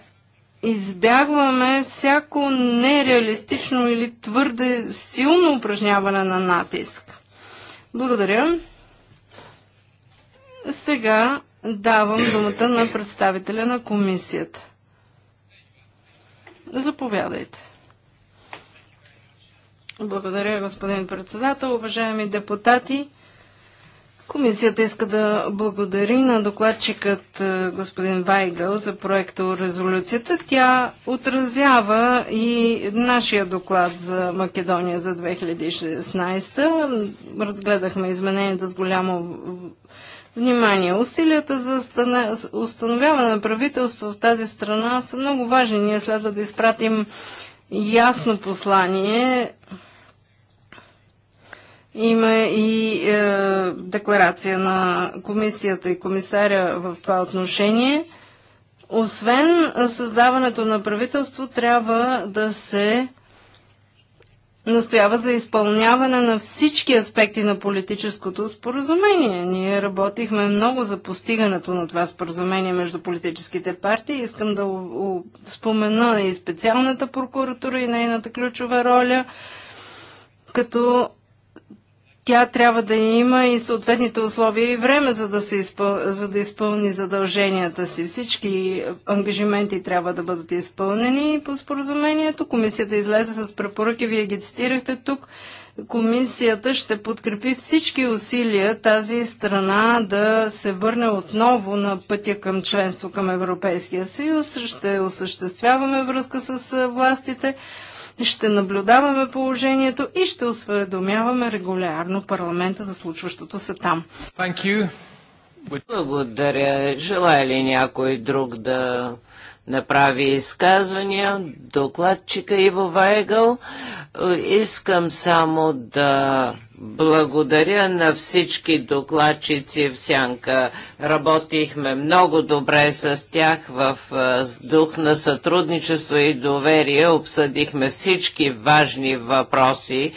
избягваме всяко нереалистично или твърде силно упражняване на натиск. Благодаря. Сега давам думата на представителя на комисията. Заповядайте. Благодаря, господин председател, уважаеми депутати. Комисията иска да благодари на докладчикът е, господин Вайгъл за проекта резолюцията. Тя отразява и нашия доклад за Македония за 2016. Разгледахме измененията с голямо внимание. Усилията за установяване на правителство в тази страна са много важни. Ние следва да изпратим ясно послание има и е, декларация на комисията и комисаря в това отношение. Освен е, създаването на правителство, трябва да се настоява за изпълняване на всички аспекти на политическото споразумение. Ние работихме много за постигането на това споразумение между политическите партии. Искам да спомена и специалната прокуратура и нейната ключова роля, като тя трябва да има и съответните условия и време, за да, се изпъл... за да изпълни задълженията си. Всички ангажименти трябва да бъдат изпълнени по споразумението. Комисията излезе с препоръки, вие ги цитирахте тук. Комисията ще подкрепи всички усилия тази страна да се върне отново на пътя към членство към Европейския съюз. Ще осъществяваме връзка с властите ще наблюдаваме положението и ще осведомяваме регулярно парламента за случващото се там. Благодаря. Желая ли някой друг да направи изказвания. Докладчика Иво Вайгъл. Искам само да благодаря на всички докладчици в Сянка. Работихме много добре с тях в дух на сътрудничество и доверие. Обсъдихме всички важни въпроси,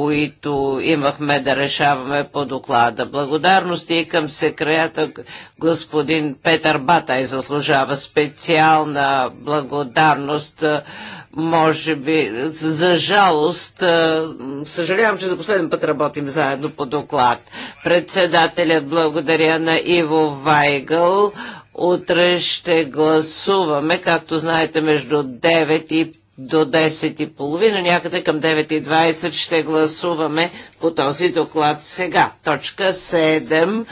които имахме да решаваме по доклада. Благодарности и към секрета господин Петър Батай заслужава специална благодарност. Може би, за жалост, съжалявам, че за последен път работим заедно по доклад. Председателят благодаря на Иво Вайгъл. Утре ще гласуваме, както знаете, между 9 и до 10.30, някъде към 9.20 ще гласуваме по този доклад сега. Точка 7.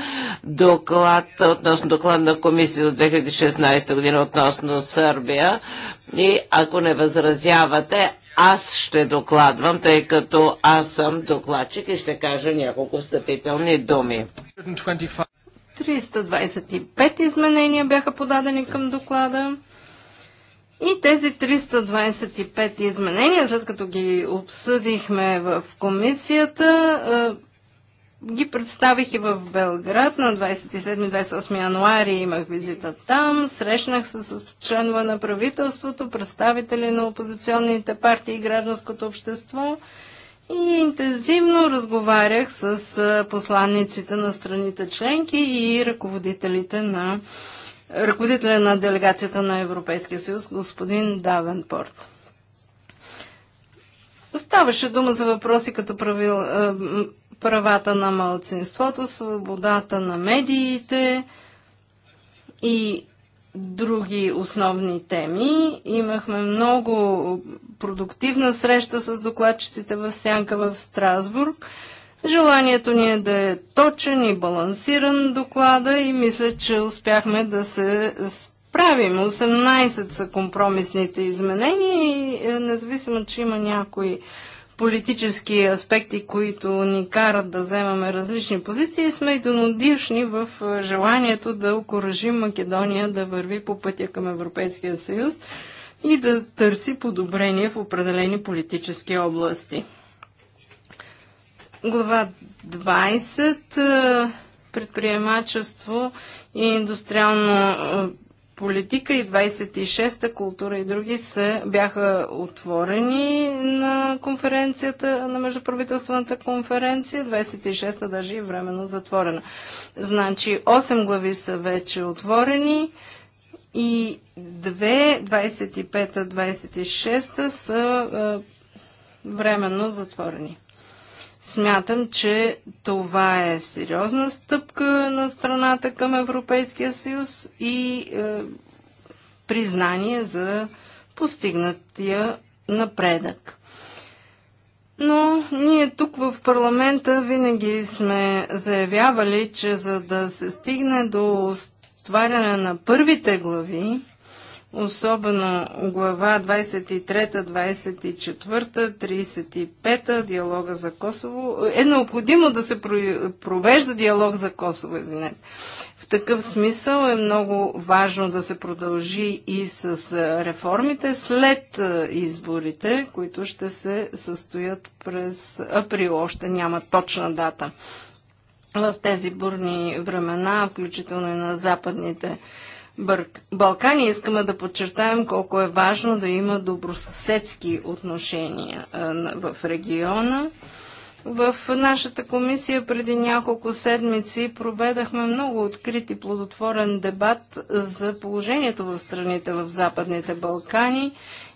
Доклад относно доклад на комисия от 2016 година относно Сърбия. И ако не възразявате, аз ще докладвам, тъй като аз съм докладчик и ще кажа няколко встъпителни думи. 325 изменения бяха подадени към доклада. И тези 325 изменения, след като ги обсъдихме в комисията, ги представих и в Белград на 27-28 януари имах визита там, срещнах се с членове на правителството, представители на опозиционните партии и гражданското общество и интензивно разговарях с посланниците на страните членки и ръководителите на ръководителя на делегацията на Европейския съюз, господин Давенпорт. Ставаше дума за въпроси като правил, е, правата на малцинството, свободата на медиите и други основни теми. Имахме много продуктивна среща с докладчиците в Сянка в Страсбург Желанието ни е да е точен и балансиран доклада и мисля, че успяхме да се справим. 18 са компромисните изменения и е, независимо, че има някои политически аспекти, които ни карат да вземаме различни позиции, сме донодишни в е, желанието да окоръжим Македония да върви по пътя към Европейския съюз и да търси подобрение в определени политически области. Глава 20 е, предприемачество и индустриална е, политика и 26-та култура и други се бяха отворени на конференцията, на междуправителствената конференция, 26-та даже и временно затворена. Значи 8 глави са вече отворени и 2, 25-та, 26-та са е, временно затворени. Смятам, че това е сериозна стъпка на страната към Европейския съюз и е, признание за постигнатия напредък. Но ние тук в парламента винаги сме заявявали, че за да се стигне до стваряне на първите глави, особено глава 23, 24, 35, диалога за Косово. Е необходимо да се провежда диалог за Косово, извинете. В такъв смисъл е много важно да се продължи и с реформите след изборите, които ще се състоят през април. Още няма точна дата. В тези бурни времена, включително и на западните Балкани искаме да подчертаем колко е важно да има добросъседски отношения в региона. В нашата комисия преди няколко седмици проведахме много открит и плодотворен дебат за положението в страните в Западните Балкани.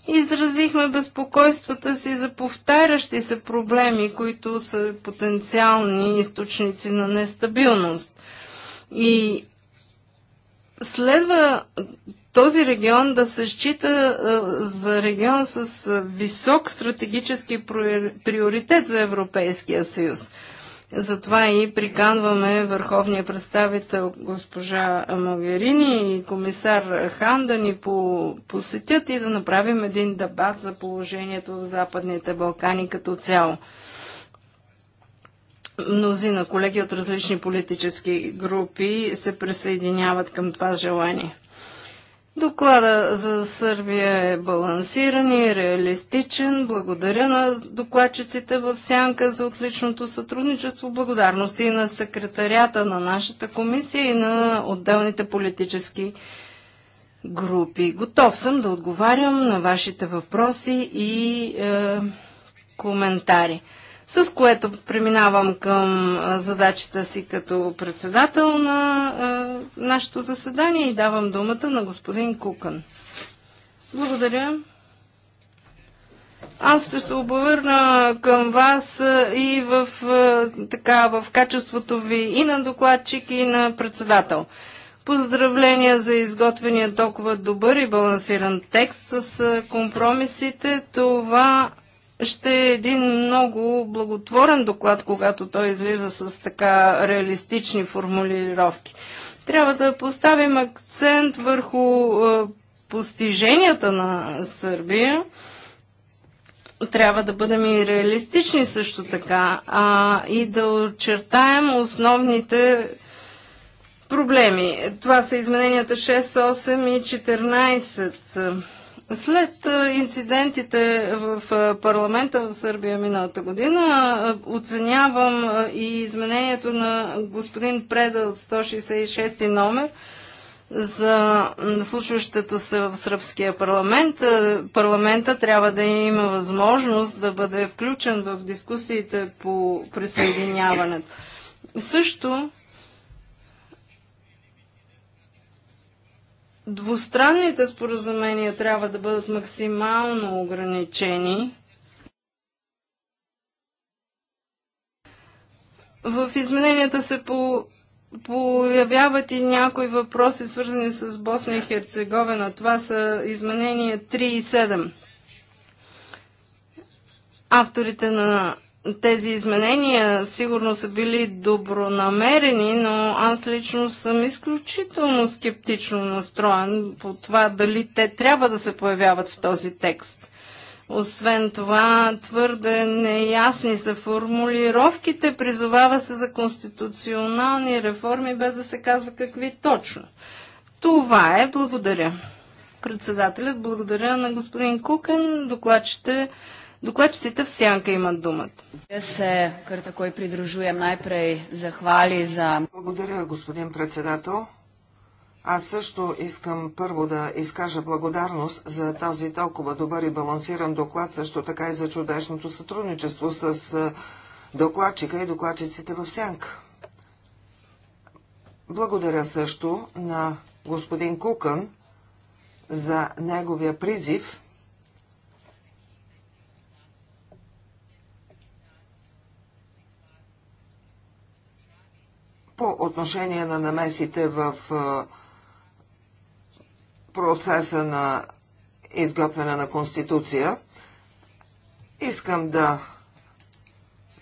Изразихме безпокойствата си за повтарящи се проблеми, които са потенциални източници на нестабилност. И следва този регион да се счита е, за регион с е, висок стратегически приоритет за Европейския съюз. Затова и приканваме върховния представител госпожа Маверини и комисар Хан да ни по посетят и да направим един дебат за положението в Западните Балкани като цяло. Мнозина колеги от различни политически групи се присъединяват към това желание. Доклада за Сърбия е балансиран и реалистичен. Благодаря на докладчиците в Сянка за отличното сътрудничество. Благодарности и на секретарята на нашата комисия и на отделните политически групи. Готов съм да отговарям на вашите въпроси и е, коментари. С което преминавам към задачата си като председател на нашето заседание и давам думата на господин Кукън. Благодаря. Аз ще се обърна към вас и в, така, в качеството ви и на докладчик, и на председател. Поздравления за изготвения толкова добър и балансиран текст с компромисите. Това ще е един много благотворен доклад, когато той излиза с така реалистични формулировки. Трябва да поставим акцент върху е, постиженията на Сърбия. Трябва да бъдем и реалистични също така а, и да очертаем основните проблеми. Това са измененията 6, 8 и 14. След инцидентите в парламента в Сърбия миналата година, оценявам и изменението на господин Преда от 166 номер за случващото се в сръбския парламент. Парламента трябва да има възможност да бъде включен в дискусиите по присъединяването. Също двустранните споразумения трябва да бъдат максимално ограничени. В измененията се по появяват и някои въпроси, свързани с Босния и Херцеговина. Това са изменения 3 и 7. Авторите на тези изменения сигурно са били добронамерени, но аз лично съм изключително скептично настроен по това дали те трябва да се появяват в този текст. Освен това, твърде неясни са формулировките, призовава се за конституционални реформи, без да се казва какви точно. Това е. Благодаря. Председателят благодаря на господин Кукен. Докладчите ще Докладчиците в сянка имат думата. Я се кар такой придружуем най-прей захвали за... Благодаря, господин председател. Аз също искам първо да изкажа благодарност за този толкова добър и балансиран доклад, също така и за чудесното сътрудничество с докладчика и докладчиците в сянка. Благодаря също на господин Кукън за неговия призив по отношение на намесите в процеса на изготвяне на Конституция. Искам да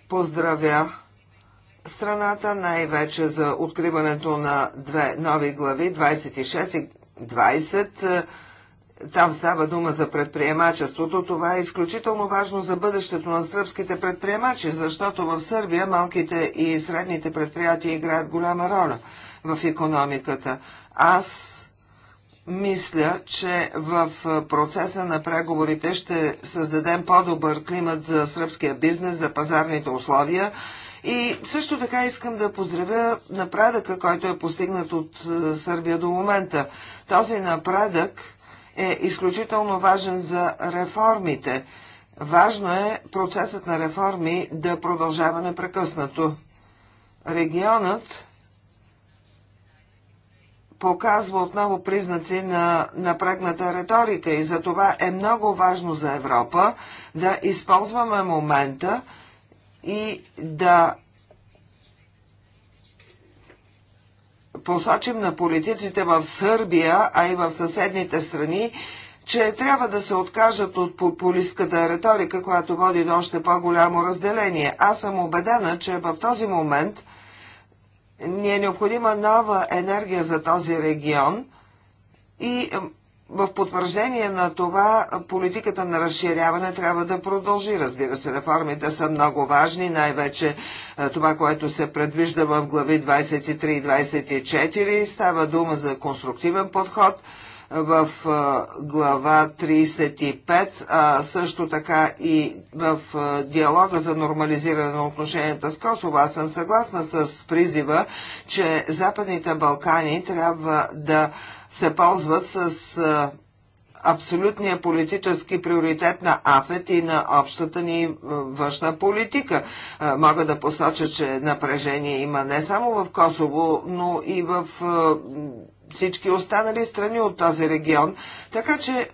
поздравя страната най-вече за откриването на две нови глави, 26 и 20, там става дума за предприемачеството, това е изключително важно за бъдещето на сръбските предприемачи, защото в Сърбия малките и средните предприятия играят голяма роля в економиката. Аз мисля, че в процеса на преговорите ще създадем по-добър климат за сръбския бизнес, за пазарните условия. И също така искам да поздравя напредъка, който е постигнат от е, Сърбия до момента. Този напредък е изключително важен за реформите. Важно е процесът на реформи да продължава непрекъснато. Регионът показва отново признаци на напрегната риторика и за това е много важно за Европа да използваме момента и да посочим на политиците в Сърбия, а и в съседните страни, че трябва да се откажат от популистската риторика, която води до още по-голямо разделение. Аз съм убедена, че в този момент ни е необходима нова енергия за този регион и в потвърждение на това политиката на разширяване трябва да продължи. Разбира се, реформите са много важни, най-вече е, това, което се предвижда в глави 23 и 24. Става дума за конструктивен подход в е, глава 35, а също така и в е, диалога за нормализиране на отношенията с Косово. Аз съм съгласна с призива, че Западните Балкани трябва да се ползват с абсолютния политически приоритет на АФЕТ и на общата ни външна политика. Мога да посоча, че напрежение има не само в Косово, но и в всички останали страни от този регион. Така че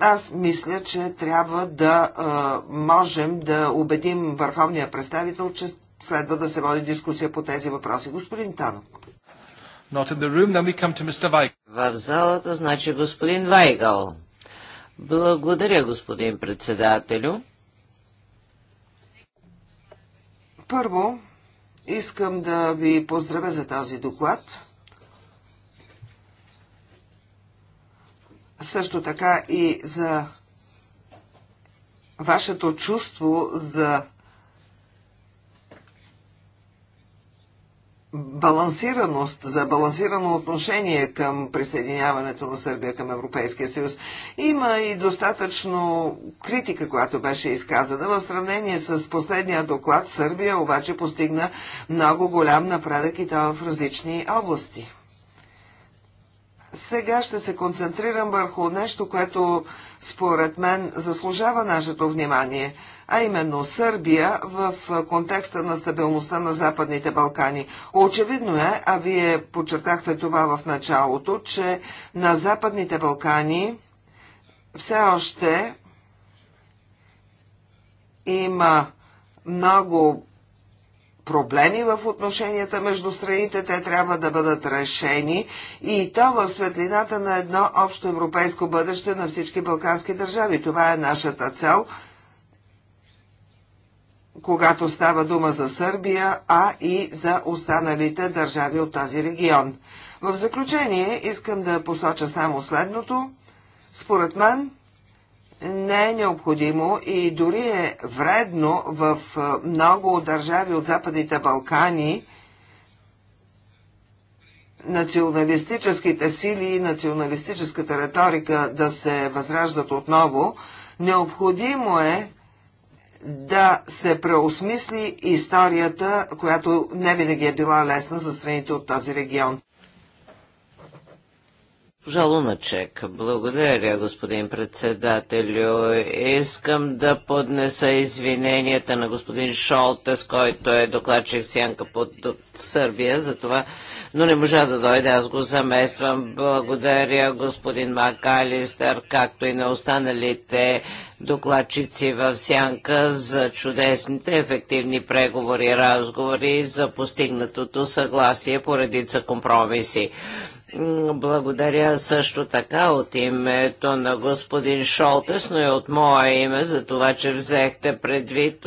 аз мисля, че трябва да можем да убедим върховния представител, че следва да се води дискусия по тези въпроси. Господин Танок room, В залата, значи господин Вайгал. Благодаря, господин председателю. Първо, искам да ви поздравя за този доклад. Също така и за вашето чувство за балансираност, за балансирано отношение към присъединяването на Сърбия към Европейския съюз. Има и достатъчно критика, която беше изказана. В сравнение с последния доклад, Сърбия обаче постигна много голям напредък и то в различни области. Сега ще се концентрирам върху нещо, което според мен заслужава нашето внимание, а именно Сърбия в контекста на стабилността на Западните Балкани. Очевидно е, а вие подчертахте това в началото, че на Западните Балкани все още има много проблеми в отношенията между страните, те трябва да бъдат решени и то в светлината на едно общо европейско бъдеще на всички балкански държави. Това е нашата цел, когато става дума за Сърбия, а и за останалите държави от този регион. В заключение искам да посоча само следното. Според мен, не е необходимо и дори е вредно в много държави от Западните Балкани националистическите сили и националистическата риторика да се възраждат отново. Необходимо е да се преосмисли историята, която не винаги е била лесна за страните от този регион. Госпожа Луначек, благодаря, господин председателю. Искам да поднеса извиненията на господин Шолтес, който е докладчик сянка под Сърбия, за това, но не можа да дойде, аз го замествам. Благодаря, господин Макалистър, както и на останалите докладчици в сянка за чудесните, ефективни преговори и разговори за постигнатото съгласие по редица компромиси. Благодаря също така от името на господин Шолтес, но и от мое име за това, че взехте предвид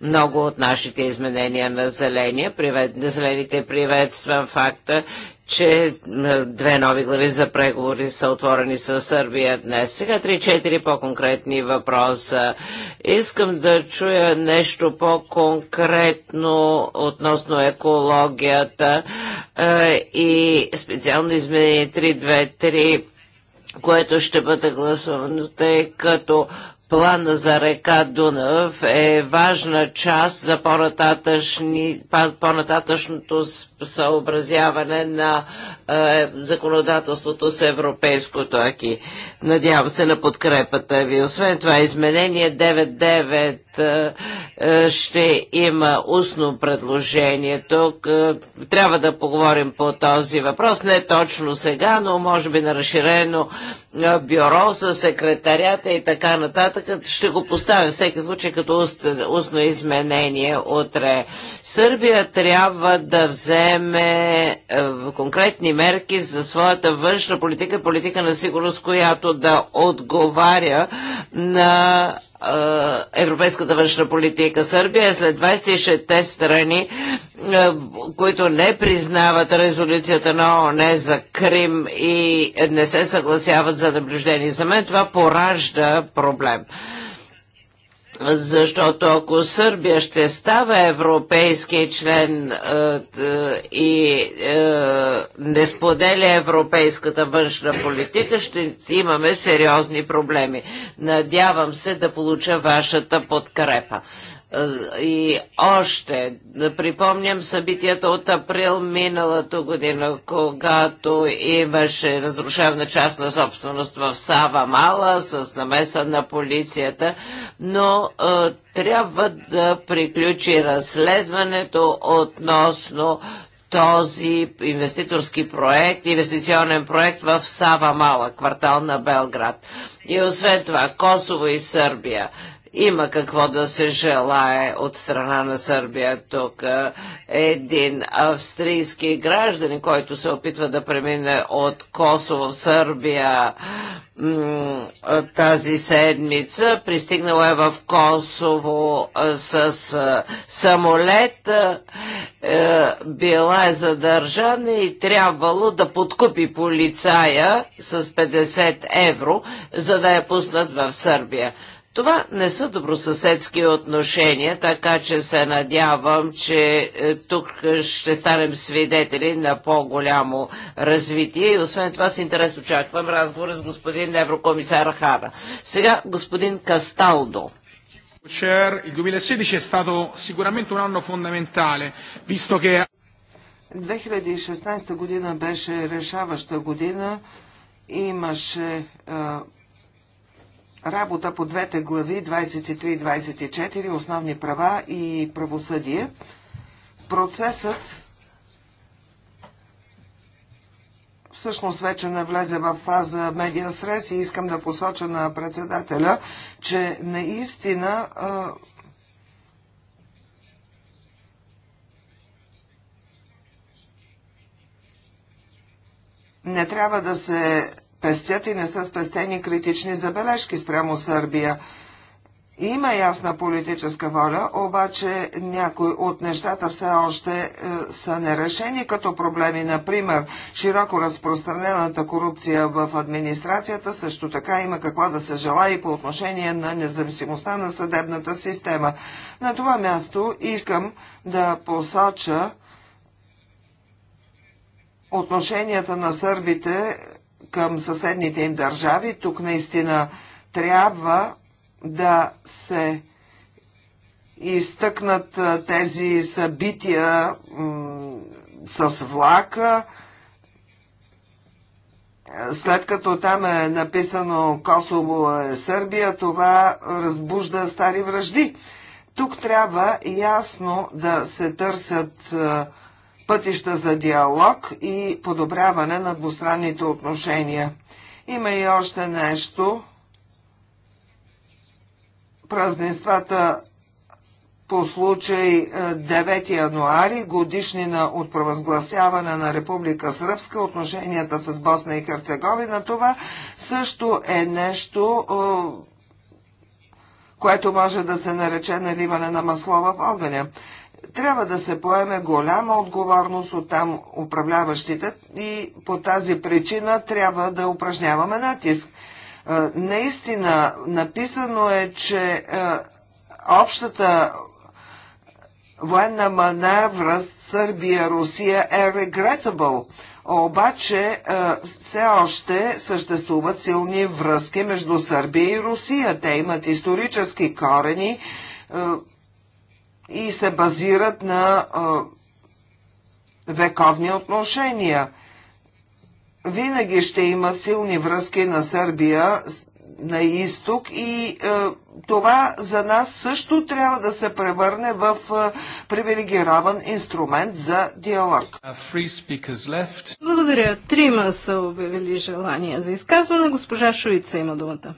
много от нашите изменения на зеления. Привет, на зелените приветствам факта, че е, две нови глави за преговори са отворени с Сърбия днес. Сега 3-4 по-конкретни въпроса. Искам да чуя нещо по-конкретно относно екологията е, и специално изменение 3, 2, 3, което ще бъде гласувано, тъй като Плана за река Дунав е важна част за по-нататъчното съобразяване на е, законодателството с европейското АКИ. Надявам се на подкрепата ви. Освен това, изменение 99 ще има устно предложение тук. Трябва да поговорим по този въпрос. Не точно сега, но може би на разширено бюро с секретарята и така нататък. Ще го поставя всеки случай като устно изменение утре. Сърбия трябва да вземе конкретни мерки за своята външна политика, политика на сигурност, която да отговаря на е, европейската външна политика. Сърбия е след 26-те страни, е, които не признават резолюцията на ООН за Крим и не се съгласяват за наблюдение. За мен това поражда проблем защото ако Сърбия ще става европейски член е, и е, не споделя европейската външна политика, ще имаме сериозни проблеми. Надявам се да получа вашата подкрепа. И още припомням събитията от април миналата година, когато имаше разрушавна част на собственост в Сава Мала с намеса на полицията, но е, трябва да приключи разследването относно този инвеститорски проект, инвестиционен проект в Сава Мала, квартал на Белград. И освен това, Косово и Сърбия. Има какво да се желае от страна на Сърбия тук. Е, един австрийски гражданин, който се опитва да премине от Косово в Сърбия е, тази седмица, пристигнала е в Косово е, с самолет, била е задържана и трябвало да подкупи полицая с 50 евро, за да я пуснат в Сърбия. Това не са добросъседски отношения, така че се надявам, че е, тук ще станем свидетели на по-голямо развитие и освен това с интерес очаквам разговор с господин еврокомисар Хара. Сега господин Касталдо. Il 2016 è stato sicuramente un anno fondamentale, visto che... 2016 година беше решаваща година. Имаше работа по двете глави 23 и 24 основни права и правосъдие. Процесът всъщност вече навлезе в фаза срез и искам да посоча на председателя, че наистина не трябва да се пестят и не са спестени критични забележки спрямо Сърбия. Има ясна политическа воля, обаче някои от нещата все още е, са нерешени като проблеми. Например, широко разпространената корупция в администрацията също така има какво да се желая и по отношение на независимостта на съдебната система. На това място искам да посоча отношенията на сърбите към съседните им държави. Тук наистина трябва да се изтъкнат тези събития с влака, след като там е написано Косово е Сърбия, това разбужда стари връжди. Тук трябва ясно да се търсят пътища за диалог и подобряване на двустранните отношения. Има и още нещо. Празненствата по случай 9 е, януари, годишнина от провъзгласяване на Република Сръбска, отношенията с Босна и Херцеговина, това също е нещо, е, което може да се нарече наливане на масло в огъня трябва да се поеме голяма отговорност от там управляващите и по тази причина трябва да упражняваме натиск. Е, наистина, написано е, че е, общата военна маневра Сърбия-Русия е regrettable. Обаче е, все още съществуват силни връзки между Сърбия и Русия. Те имат исторически корени и се базират на вековни отношения. Винаги ще има силни връзки на Сърбия на изток и е, това за нас също трябва да се превърне в е, привилегирован инструмент за диалог. Uh, Благодаря. Трима са обявили желания за изказване. Госпожа Шуица има думата.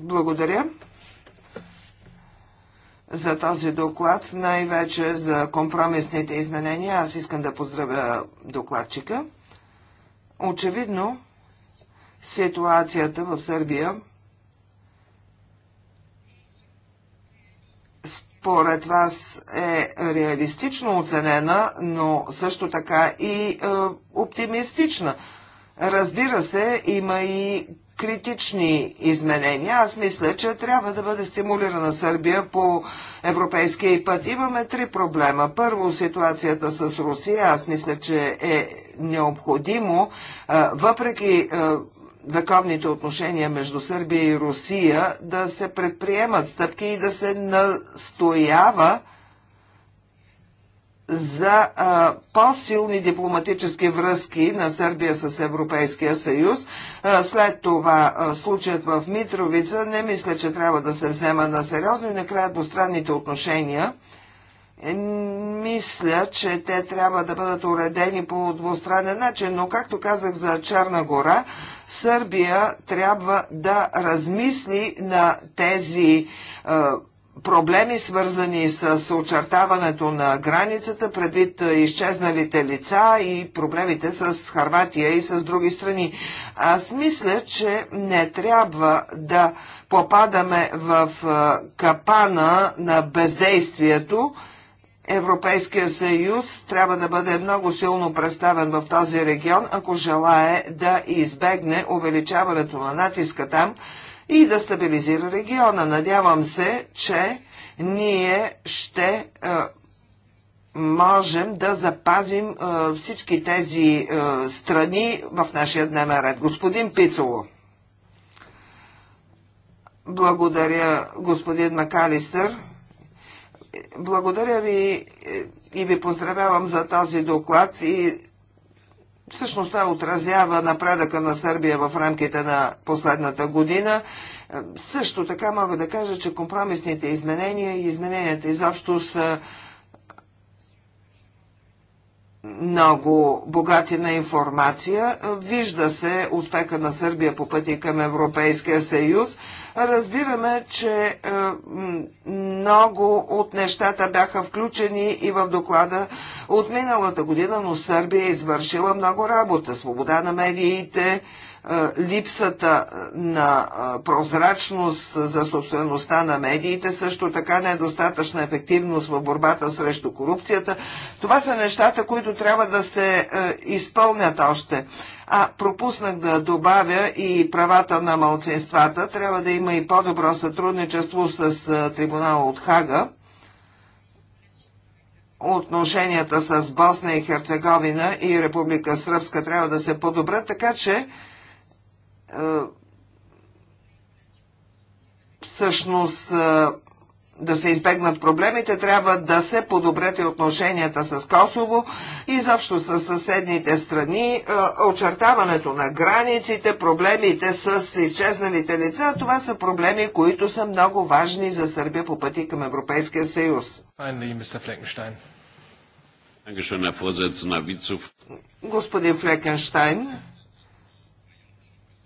Благодаря за този доклад, най-вече за компромисните изменения. Аз искам да поздравя докладчика. Очевидно, ситуацията в Сърбия според вас е реалистично оценена, но също така и е, оптимистична. Разбира се, има и критични изменения. Аз мисля, че трябва да бъде стимулирана Сърбия по европейския път. Имаме три проблема. Първо, ситуацията с Русия. Аз мисля, че е необходимо, въпреки вековните отношения между Сърбия и Русия, да се предприемат стъпки и да се настоява за по-силни дипломатически връзки на Сърбия с Европейския съюз. А, след това а, случаят в Митровица не мисля, че трябва да се взема на сериозно и накрая двустранните отношения. Мисля, че те трябва да бъдат уредени по двустранен начин, но както казах за Черна гора, Сърбия трябва да размисли на тези а, проблеми, свързани с очертаването на границата, предвид изчезналите лица и проблемите с Харватия и с други страни. Аз мисля, че не трябва да попадаме в капана на бездействието. Европейския съюз трябва да бъде много силно представен в този регион, ако желае да избегне увеличаването на натиска там, и да стабилизира региона. Надявам се, че ние ще е, можем да запазим е, всички тези е, страни в нашия дневен ред. Господин Пицово, Благодаря, господин Макалистър. Благодаря ви и ви поздравявам за този доклад и Всъщност той отразява напредъка на Сърбия в рамките на последната година. Е, също така мога да кажа, че компромисните изменения и измененията изобщо са много богати на информация. Вижда се успеха на Сърбия по пъти към Европейския съюз. Разбираме, че е, много от нещата бяха включени и в доклада от миналата година, но Сърбия е извършила много работа. Свобода на медиите, е, липсата на е, прозрачност за собствеността на медиите, също така недостатъчна ефективност в борбата срещу корупцията. Това са нещата, които трябва да се изпълнят още. А пропуснах да добавя и правата на малцинствата. Трябва да има и по-добро сътрудничество с трибунала от Хага. Отношенията с Босна и Херцеговина и Република Сръбска трябва да се подобрят, така че всъщност да се избегнат проблемите, трябва да се подобрят и отношенията с Косово, и заобщо с съседните страни, е, очертаването на границите, проблемите с изчезналите лица. Това са проблеми, които са много важни за Сърбия по пъти към Европейския съюз. Господин Флекенштайн.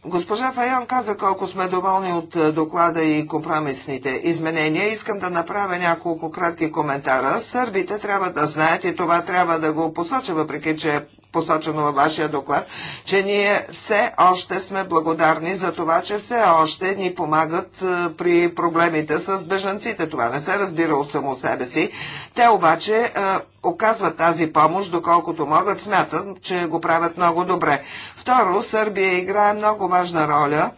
Госпожа Файон каза колко сме доволни от е, доклада и компромисните изменения. Искам да направя няколко кратки коментара. Сърбите трябва да знаят и това трябва да го посоча, въпреки че посочено във вашия доклад, че ние все още сме благодарни за това, че все още ни помагат е, при проблемите с бежанците. Това не се разбира от само себе си. Те обаче е, оказват тази помощ, доколкото могат, смятат, че го правят много добре. Второ, Сърбия играе много важна роля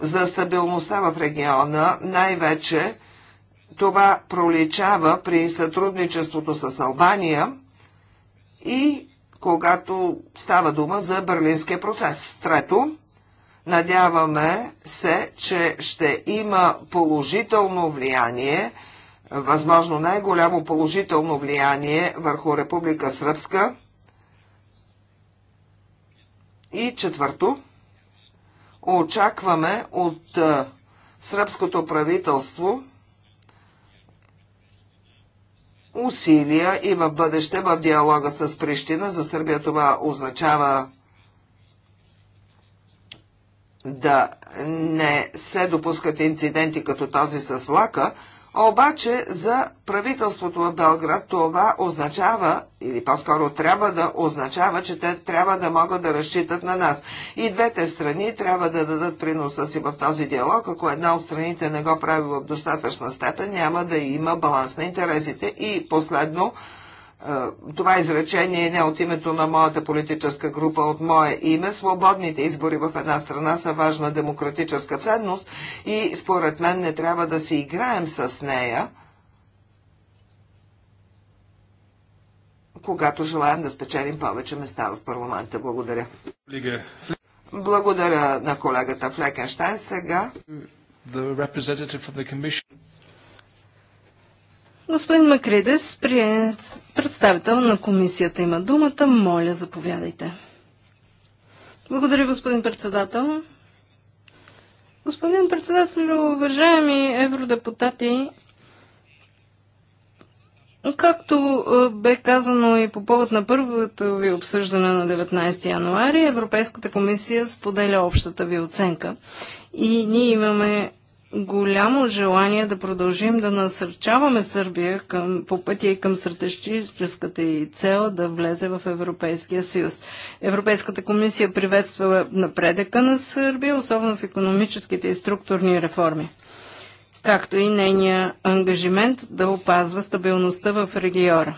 за стабилността в региона, най-вече това проличава при сътрудничеството с Албания и когато става дума за Берлинския процес. Трето, надяваме се, че ще има положително влияние, възможно най-голямо положително влияние върху Република Сръбска. И четвърто, очакваме от сръбското правителство – усилия и в бъдеще в диалога с Прищина. За Сърбия това означава да не се допускат инциденти като този с влака, обаче за правителството в Белград това означава, или по-скоро трябва да означава, че те трябва да могат да разчитат на нас. И двете страни трябва да дадат приноса си в този диалог. Ако една от страните не го прави в достатъчна степен, няма да има баланс на интересите. И последно, това изречение не от името на моята политическа група, от мое име. Свободните избори в една страна са важна демократическа ценност и според мен не трябва да си играем с нея, когато желаем да спечелим повече места в парламента. Благодаря. Благодаря на колегата Флекенштайн. Сега Господин Макридес, представител на комисията има думата. Моля, заповядайте. Благодаря, господин председател. Господин председател, уважаеми евродепутати, Както е, бе казано и по повод на първото ви обсъждане на 19 януари, Европейската комисия споделя общата ви оценка. И ние имаме голямо желание да продължим да насърчаваме Сърбия към, по пътя и към стратегическата и цел да влезе в Европейския съюз. Европейската комисия приветства напредъка на Сърбия, особено в економическите и структурни реформи, както и нейния ангажимент да опазва стабилността в региона.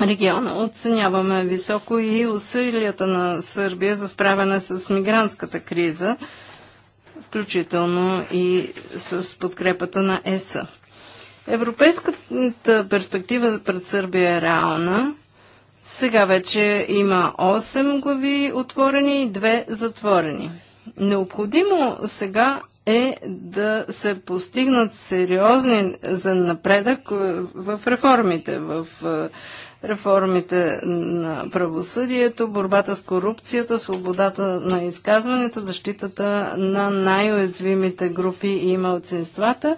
Региона оценяваме високо и усилията на Сърбия за справяне с мигрантската криза – включително и с подкрепата на ЕСА. Европейската перспектива пред Сърбия е реална. Сега вече има 8 глави отворени и 2 затворени. Необходимо сега е да се постигнат сериозни за напредък в реформите, в реформите на правосъдието, борбата с корупцията, свободата на изказването, защитата на най-уязвимите групи и малцинствата,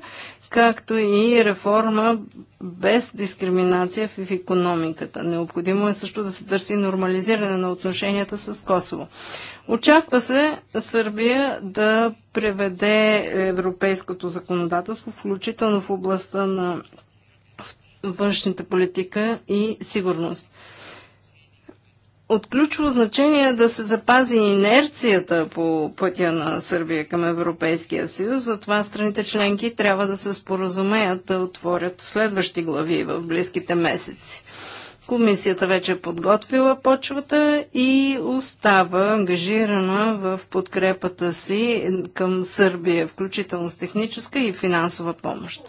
както и реформа без дискриминация в економиката. Необходимо е също да се търси нормализиране на отношенията с Косово. Очаква се Сърбия да преведе европейското законодателство, включително в областта на външната политика и сигурност. От ключово значение е да се запази инерцията по пътя на Сърбия към Европейския съюз, затова страните членки трябва да се споразумеят да отворят следващи глави в близките месеци. Комисията вече е подготвила почвата и остава ангажирана в подкрепата си към Сърбия, включително с техническа и финансова помощ.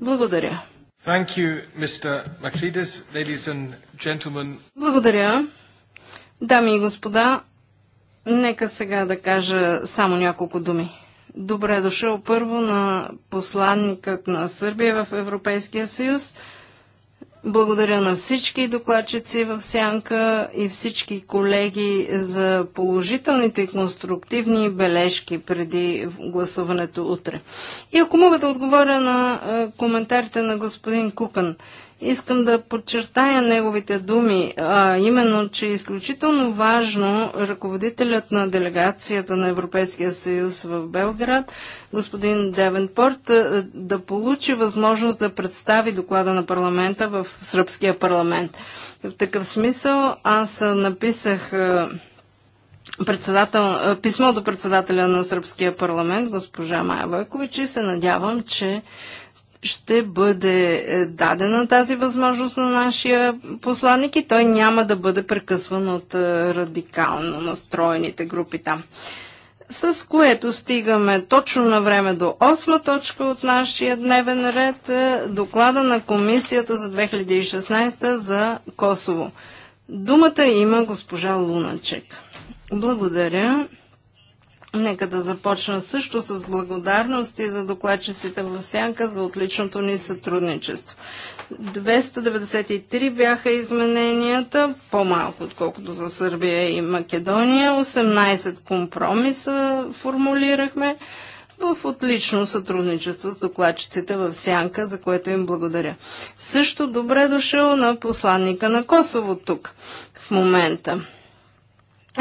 Благодаря. You, Благодаря. Дами и господа, нека сега да кажа само няколко думи. Добре дошъл първо на посланникът на Сърбия в Европейския съюз. Благодаря на всички докладчици в Сянка и всички колеги за положителните и конструктивни бележки преди гласуването утре. И ако мога да отговоря на е, коментарите на господин Кукан. Искам да подчертая неговите думи, а именно, че е изключително важно ръководителят на делегацията на Европейския съюз в Белград, господин Девенпорт, да получи възможност да представи доклада на парламента в Сръбския парламент. В такъв смисъл аз написах председател, писмо до председателя на Сръбския парламент, госпожа Майя Войкович, и се надявам, че ще бъде е, дадена тази възможност на нашия посланник и той няма да бъде прекъсван от е, радикално настроените групи там. С което стигаме точно на време до 8 точка от нашия дневен ред е, доклада на комисията за 2016 за Косово. Думата има госпожа Луначек. Благодаря. Нека да започна също с благодарности за докладчиците в Сянка за отличното ни сътрудничество. 293 бяха измененията, по-малко отколкото за Сърбия и Македония. 18 компромиса формулирахме в отлично сътрудничество с докладчиците в Сянка, за което им благодаря. Също добре дошъл на посланника на Косово тук в момента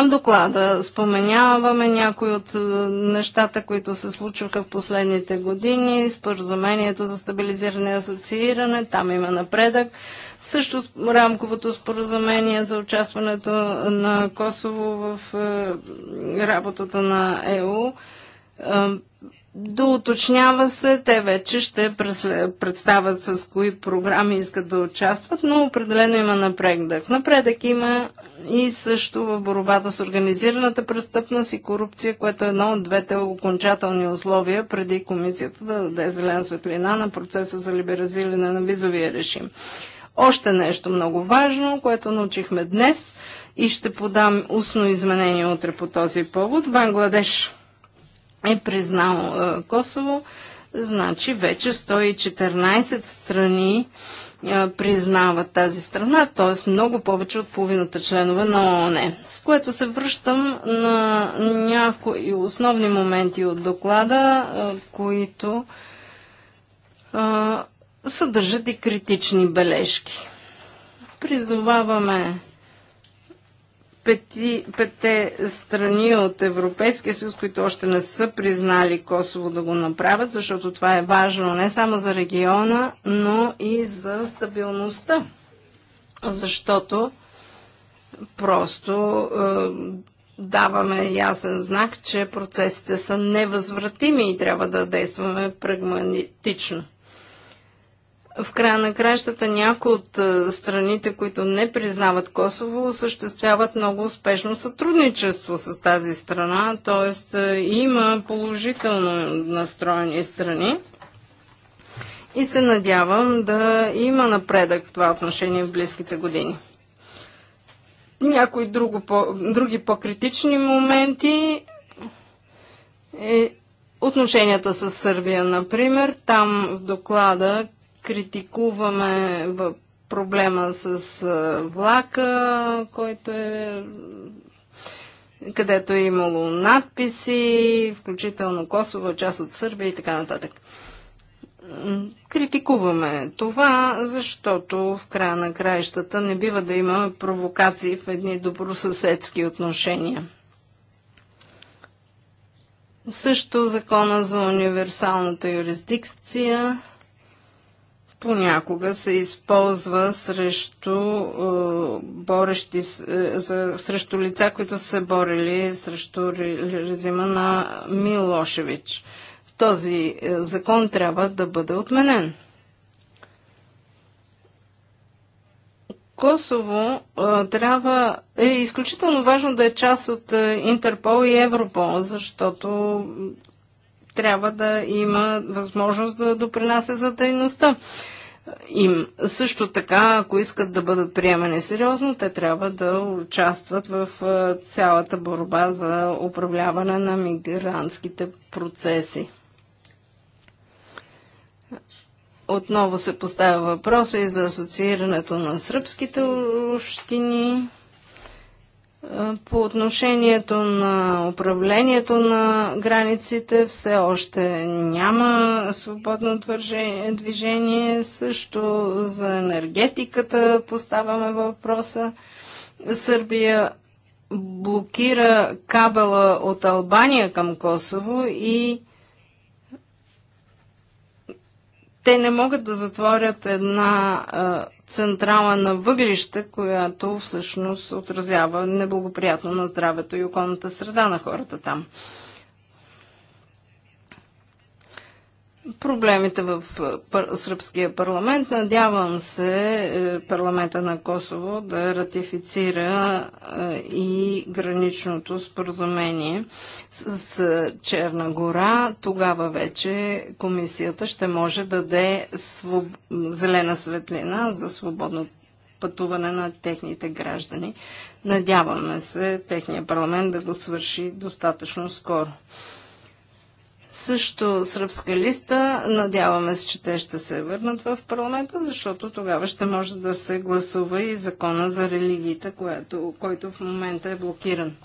доклада споменяваме някои от е, нещата, които се случваха в последните години, споразумението за стабилизиране и асоцииране, там има напредък, също рамковото споразумение за участването на Косово в е, работата на ЕУ. Доуточнява се, те вече ще представят с кои програми искат да участват, но определено има напредък. Напредък има и също в борбата с организираната престъпност и корупция, което е едно от двете окончателни условия преди комисията да даде зелена светлина на процеса за либерализиране на визовия режим. Още нещо много важно, което научихме днес и ще подам устно изменение утре по този повод. Бангладеш е признал е, Косово, значи вече 114 страни е, признават тази страна, т.е. много повече от половината членове на ООН. С което се връщам на някои основни моменти от доклада, е, които съдържат и критични бележки. Призоваваме пети, пете страни от Европейския съюз, които още не са признали Косово да го направят, защото това е важно не само за региона, но и за стабилността. Защото просто е, даваме ясен знак, че процесите са невъзвратими и трябва да действаме прагматично в края на кращата някои от е, страните, които не признават Косово, осъществяват много успешно сътрудничество с тази страна, т.е. има положително настроени страни. И се надявам да има напредък в това отношение в близките години. Някои друго, по, други по-критични моменти е отношенията с Сърбия, например. Там в доклада критикуваме проблема с влака, който е където е имало надписи, включително Косово, част от Сърбия и така нататък. Критикуваме това, защото в края на краищата не бива да имаме провокации в едни добросъседски отношения. Също закона за универсалната юрисдикция – понякога се използва срещу, е, борещи, е, срещу лица, които са борили, срещу режима на Милошевич. Този е, закон трябва да бъде отменен. Косово е, трябва е изключително важно да е част от е, Интерпол и Европол, защото трябва да има възможност да допринася за дейността им. Също така, ако искат да бъдат приемани сериозно, те трябва да участват в цялата борба за управляване на мигрантските процеси. Отново се поставя въпроса и за асоциирането на сръбските общини. По отношението на управлението на границите все още няма свободно движение. Също за енергетиката поставяме въпроса. Сърбия блокира кабела от Албания към Косово и те не могат да затворят една централа на въглища, която всъщност отразява неблагоприятно на здравето и околната среда на хората там. проблемите в е, сръбския парламент. Надявам се е, парламента на Косово да ратифицира е, и граничното споразумение с Черна гора. Тогава вече комисията ще може да даде своб... зелена светлина за свободно пътуване на техните граждани. Надяваме се техния парламент да го свърши достатъчно скоро. Също сръбска листа, надяваме се, че те ще се върнат в парламента, защото тогава ще може да се гласува и закона за религиите, което, който в момента е блокиран.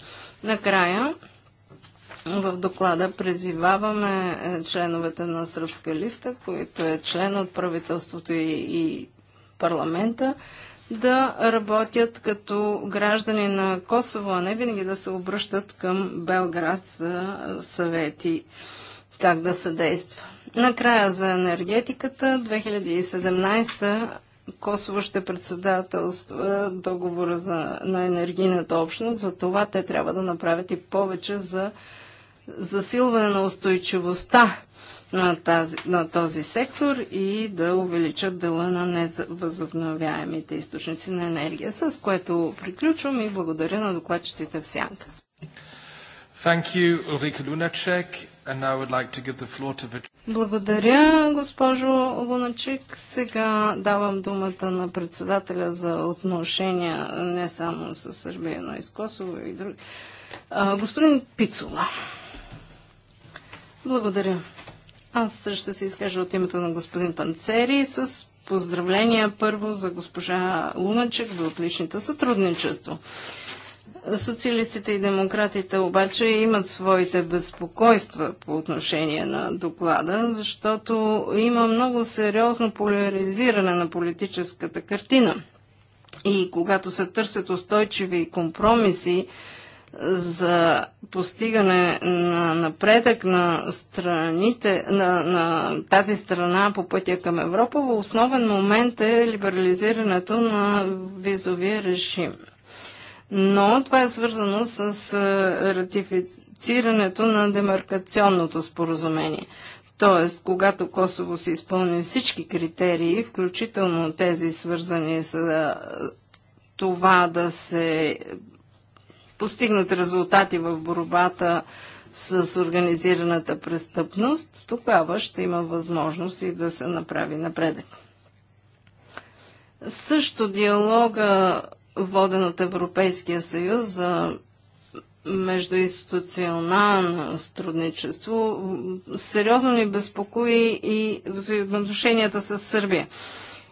Накрая, в доклада призиваваме е, членовете на Сръбска листа, които е член от правителството и, и парламента, да работят като граждани на Косово, а не винаги да се обръщат към Белград за е, съвети как да се действа. Накрая за енергетиката 2017 Косово ще председателства договора за, на енергийната общност, за това те трябва да направят и повече за засилване на устойчивостта на, тази, на този сектор и да увеличат дела на невъзобновяемите източници на енергия, с което приключвам и благодаря на докладчиците в Сянка. Thank you, Ulrike Lunacek. Благодаря, госпожо Луначик. Сега давам думата на председателя за отношения не само с Сърбия, но и с Косово и други. господин Пицова. Благодаря. Аз ще се изкажа от името на господин Панцери с поздравления първо за госпожа Луначек за отличните сътрудничество. Социалистите и демократите обаче имат своите безпокойства по отношение на доклада, защото има много сериозно поляризиране на политическата картина. И когато се търсят устойчиви компромиси за постигане на напредък на страните, на, на тази страна по пътя към Европа, в основен момент е либерализирането на визовия режим но това е свързано с е, ратифицирането на демаркационното споразумение. Тоест, когато Косово се изпълни всички критерии, включително тези свързани с е, това да се постигнат резултати в борбата с организираната престъпност, тогава ще има възможност и да се направи напредък. Също диалога воден от Европейския съюз за междуинституционално сътрудничество, сериозно ни безпокои и взаимоотношенията с Сърбия.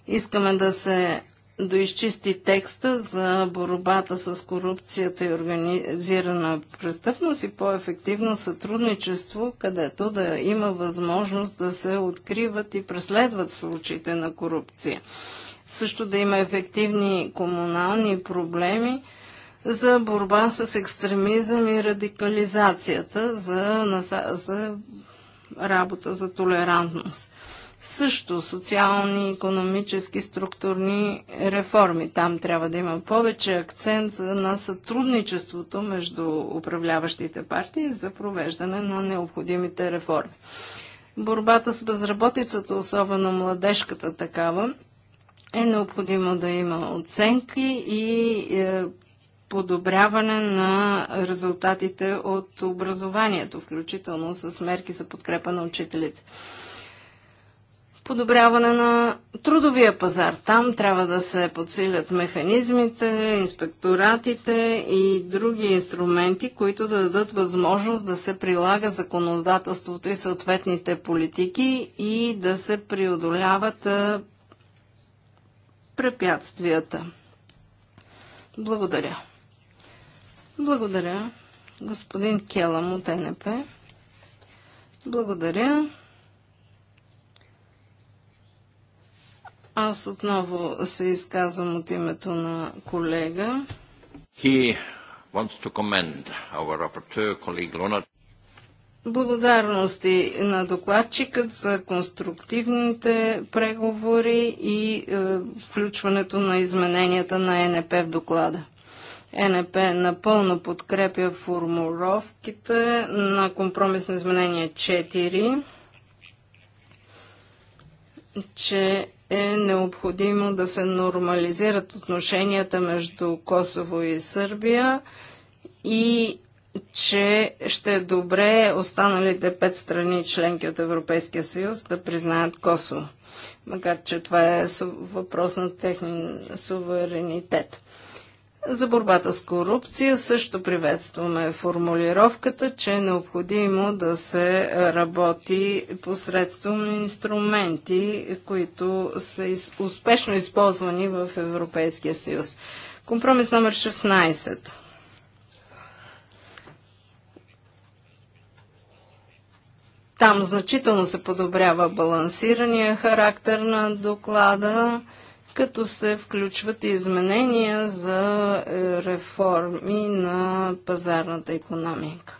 Искаме да се доизчисти текста за борбата с корупцията и организирана престъпност и по-ефективно сътрудничество, където да има възможност да се откриват и преследват случаите на корупция също да има ефективни комунални проблеми за борба с екстремизъм и радикализацията, за, за работа за толерантност. Също социални, економически, структурни реформи. Там трябва да има повече акцент на сътрудничеството между управляващите партии за провеждане на необходимите реформи. Борбата с безработицата, особено младежката такава, е необходимо да има оценки и е, подобряване на резултатите от образованието, включително с мерки за подкрепа на учителите. Подобряване на трудовия пазар. Там трябва да се подсилят механизмите, инспекторатите и други инструменти, които да дадат възможност да се прилага законодателството и съответните политики и да се преодоляват е, препятствията. Благодаря. Благодаря, господин Келам от НП. Благодаря. Аз отново се изказвам от името на колега. He wants to commend our rapporteur, colleague Leonard. Благодарности на докладчикът за конструктивните преговори и е, включването на измененията на НП в доклада. НП напълно подкрепя формуровките на компромисно изменение 4, че е необходимо да се нормализират отношенията между Косово и Сърбия и че ще е добре останалите пет страни членки от Европейския съюз да признаят Косово, макар че това е въпрос на техния суверенитет. За борбата с корупция също приветстваме формулировката, че е необходимо да се работи посредством инструменти, които са успешно използвани в Европейския съюз. Компромис номер 16 Там значително се подобрява балансирания характер на доклада, като се включват и изменения за е, реформи на пазарната економика.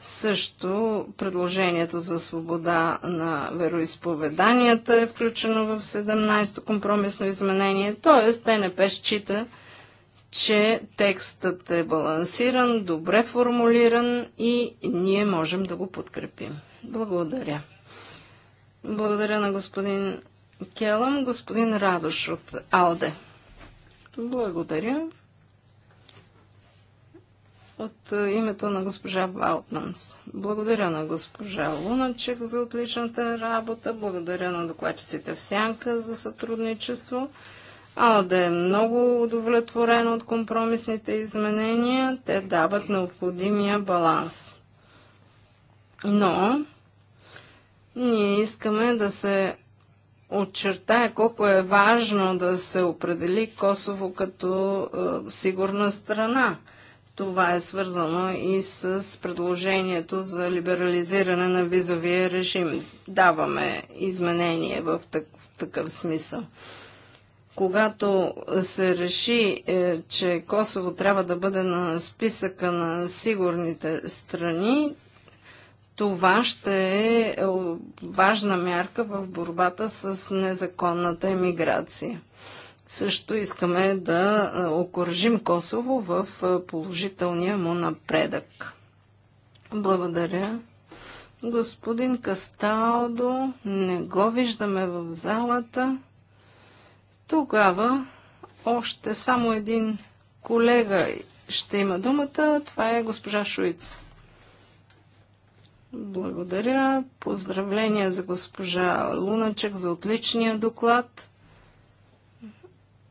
Също предложението за свобода на вероисповеданията е включено в 17-то компромисно изменение, т.е. ТНП счита, че текстът е балансиран, добре формулиран и ние можем да го подкрепим. Благодаря. Благодаря на господин Келъм, господин Радош от Алде. Благодаря. От е, името на госпожа Баутманс. Благодаря на госпожа Луначек за отличната работа. Благодаря на докладчиците в Сянка за сътрудничество да е много удовлетворено от компромисните изменения. Те дават необходимия баланс. Но ние искаме да се отчертае колко е важно да се определи Косово като е, сигурна страна. Това е свързано и с предложението за либерализиране на визовия режим. Даваме изменение в в такъв смисъл когато се реши, е, че Косово трябва да бъде на списъка на сигурните страни, това ще е, е важна мярка в борбата с незаконната емиграция. Също искаме да е, окоръжим Косово в положителния му напредък. Благодаря. Господин Касталдо, не го виждаме в залата. Тогава още само един колега ще има думата. Това е госпожа Шуиц. Благодаря. Поздравления за госпожа Луначек за отличния доклад.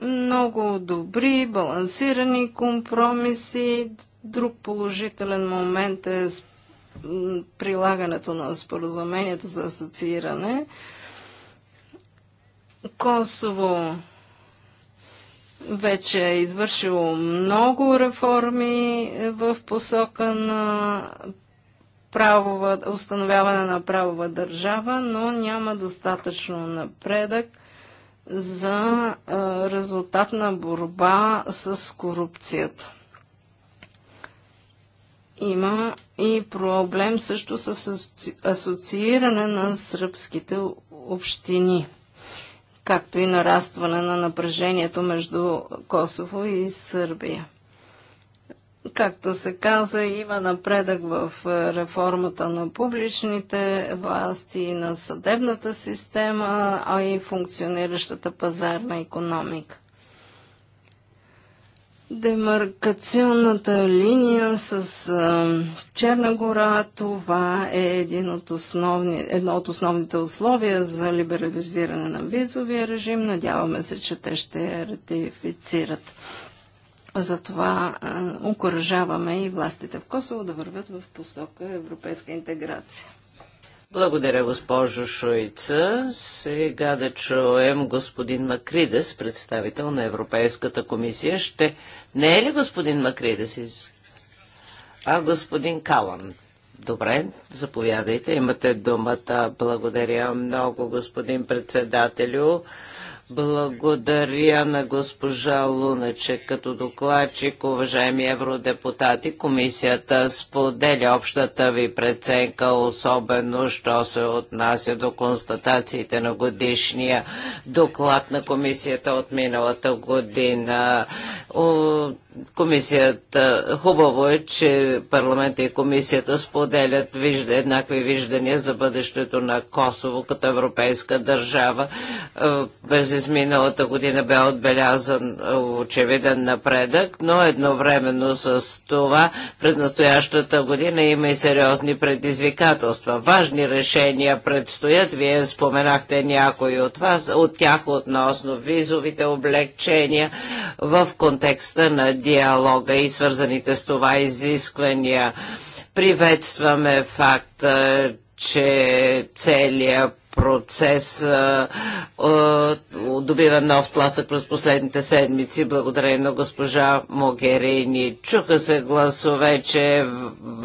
Много добри, балансирани компромиси. Друг положителен момент е прилагането на споразумението за асоцииране. Косово вече е извършило много реформи в посока на правова, установяване на правова държава, но няма достатъчно напредък за резултат на борба с корупцията. Има и проблем също с асоцииране на сръбските общини – както и нарастване на напрежението между Косово и Сърбия. Както се каза, има напредък в е, реформата на публичните власти, на съдебната система, а и функциониращата пазарна економика. Демаркационната линия с а, Черна гора, това е един от основни, едно от основните условия за либерализиране на визовия режим. Надяваме се, че те ще я ратифицират. Затова окоръжаваме и властите в Косово да вървят в посока европейска интеграция. Благодаря, госпожо Шуица. Сега да чуем господин Макридес, представител на Европейската комисия. Ще... Не е ли господин Макридес? А господин Калан. Добре, заповядайте, имате думата. Благодаря много, господин председателю. Благодаря на госпожа Луначе като докладчик, уважаеми евродепутати. Комисията споделя общата ви преценка, особено що се отнася до констатациите на годишния доклад на комисията от миналата година. Комисията, хубаво е, че парламента и комисията споделят вижда, еднакви виждания за бъдещето на Косово като европейска държава. Е, без през миналата година бе отбелязан е, очевиден напредък, но едновременно с това през настоящата година има и сериозни предизвикателства. Важни решения предстоят. Вие споменахте някои от вас, от тях относно визовите облегчения в контекста на диалога и свързаните с това изисквания. Приветстваме факта, че целият процес а, а, добива нов тласък през последните седмици, благодарение на госпожа Могерини. Чуха се гласове, че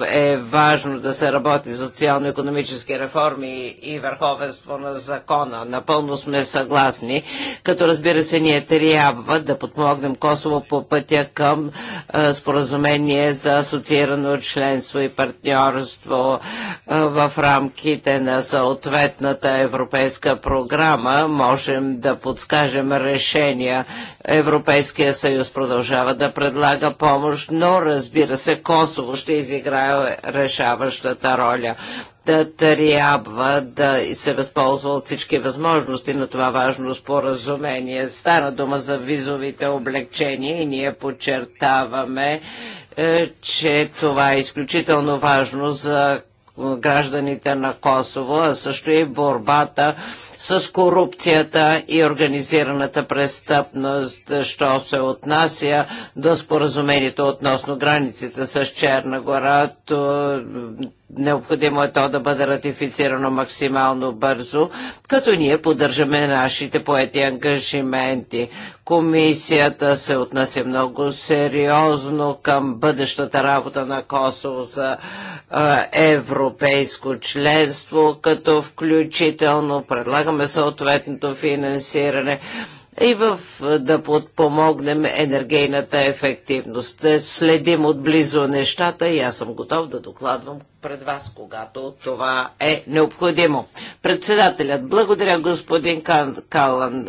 е важно да се работи за социално-економически реформи и върховенство на закона. Напълно сме съгласни, като разбира се ние трябва да подмогнем Косово по пътя към а, споразумение за асоциирано членство и партньорство а, в рамките на съответната европейска програма можем да подскажем решения. Европейския съюз продължава да предлага помощ, но разбира се, Косово ще изиграе решаващата роля да трябва да се възползва от всички възможности на това важно споразумение. Стана дума за визовите облегчения и ние подчертаваме, е, че това е изключително важно за гражданите на Косово, а също и борбата с корупцията и организираната престъпност, що се отнася до споразумението относно границите с Черна гора. То, необходимо е то да бъде ратифицирано максимално бързо, като ние поддържаме нашите поети ангажименти. Комисията се отнася много сериозно към бъдещата работа на Косово за европейско членство, като включително предлагаме имаме съответното финансиране и в, да подпомогнем енергийната ефективност. Следим отблизо нещата и аз съм готов да докладвам пред вас, когато това е необходимо. Председателят, благодаря господин Калан.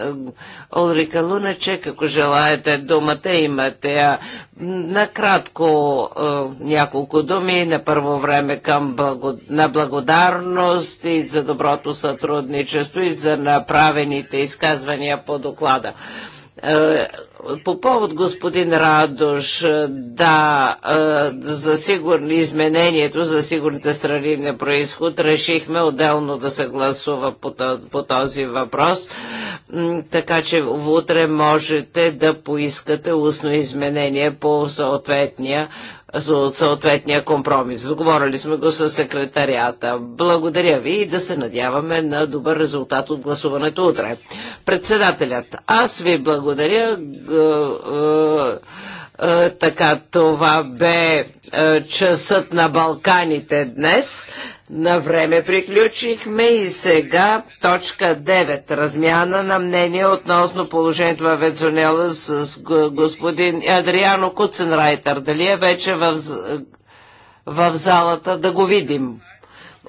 Олрика Луначек, ако желаете думата, имате накратко няколко думи. На първо време към благо, на благодарност и за доброто сътрудничество и за направените изказвания по доклада. Е, по повод господин Радош, да, е, за сигурно изменението за сигурните страни на происход решихме отделно да се гласува по този въпрос, така че утре можете да поискате устно изменение по съответния за съответния компромис. Договорили сме го с секретарията. Благодаря ви и да се надяваме на добър резултат от гласуването утре. Председателят, аз ви благодаря е, е, така това бе е, часът на Балканите днес. На време приключихме и сега точка 9. Размяна на мнение относно положението в Венцунела с господин Адриано Куценрайтер. Дали е вече в, в залата да го видим?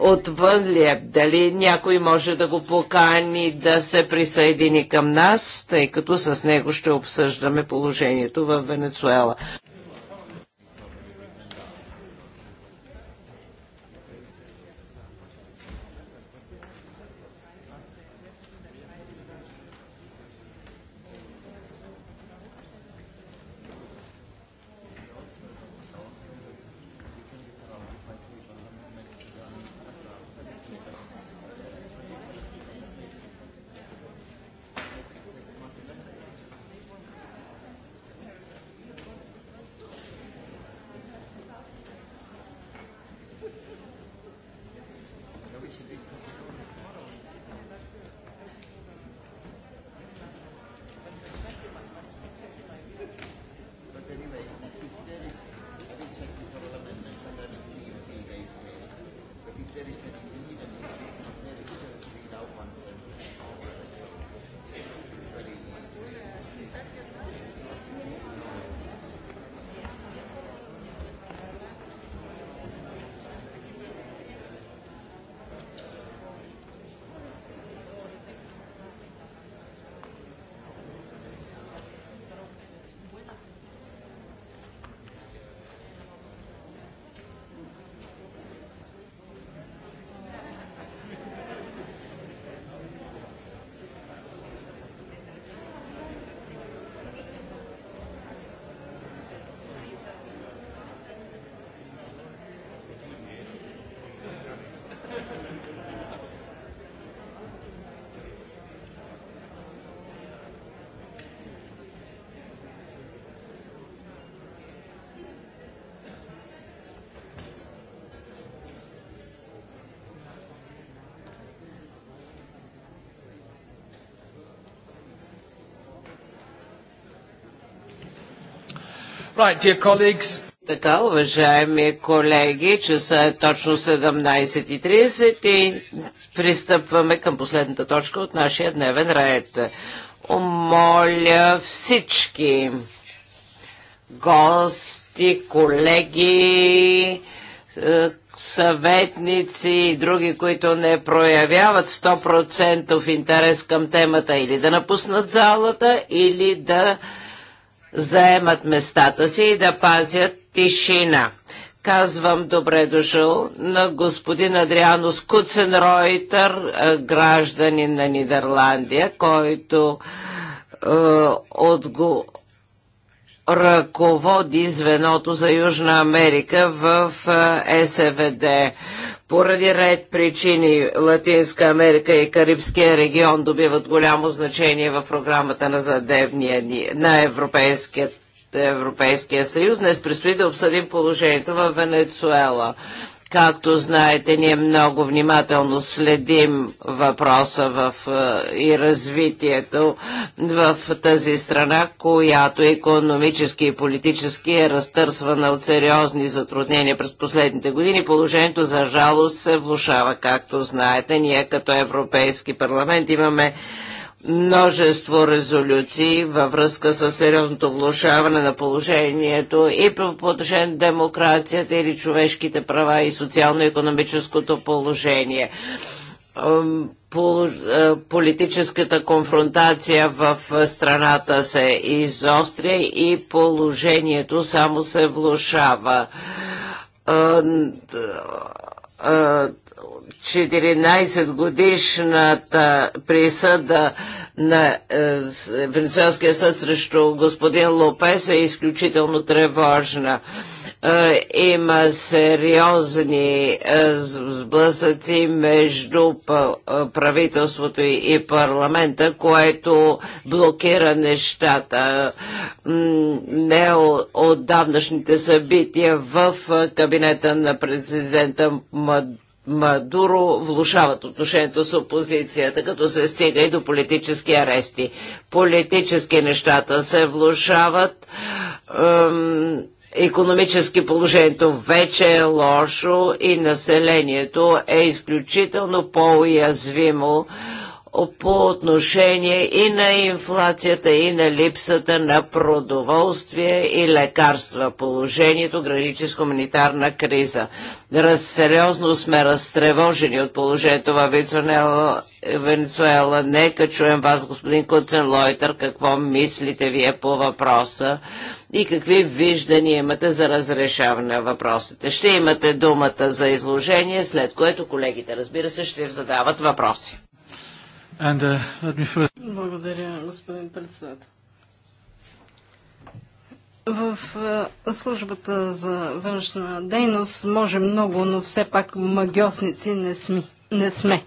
отвън ли е? Дали някой може да го покани да се присъедини към нас, тъй като с него ще обсъждаме положението в Венецуела. Right, dear colleagues. Така, уважаеми колеги, часа е точно 17.30 и пристъпваме към последната точка от нашия дневен ред. Омоля всички гости, колеги, е, съветници и други, които не проявяват 100% интерес към темата или да напуснат залата, или да заемат местата си и да пазят тишина. Казвам добре дошъл на господин Адриано Скуценройтер, е, гражданин на Нидерландия, който е, отго ръководи звеното за Южна Америка в СВД. Поради ред причини Латинска Америка и Карибския регион добиват голямо значение в програмата на задебния ни, на Европейския Европейския съюз. Днес предстои да обсъдим положението в Венецуела. Както знаете, ние много внимателно следим въпроса в, е, и развитието в тази страна, която економически и политически е разтърсвана от сериозни затруднения през последните години. Положението за жалост се влушава, както знаете. Ние като Европейски парламент имаме множество резолюции във връзка с сериозното влушаване на положението и по отношение на демокрацията или човешките права и социално-економическото положение политическата конфронтация в страната се изостря и положението само се влушава 14 годишната присъда на е, Венецианския съд срещу господин Лопес е изключително тревожна. Е, има сериозни е, сблъсъци между правителството и парламента, което блокира нещата. Не от давнашните събития в кабинета на президента Мадуро Мадуро влушават отношението с опозицията, като се стига и до политически арести. Политически нещата се влушават. Ем, економически положението вече е лошо и населението е изключително по-уязвимо по отношение и на инфлацията, и на липсата на продоволствие и лекарства. Положението граничи с хуманитарна криза. Раз, сериозно сме разтревожени от положението във Венецуела. Венецуела. Нека чуем вас, господин Куцен Лойтер, какво мислите вие по въпроса и какви виждания имате за разрешаване на въпросите. Ще имате думата за изложение, след което колегите, разбира се, ще ви задават въпроси. And, uh, first... Благодаря, господин председател. В е, службата за външна дейност може много, но все пак магиосници не, сми, не сме.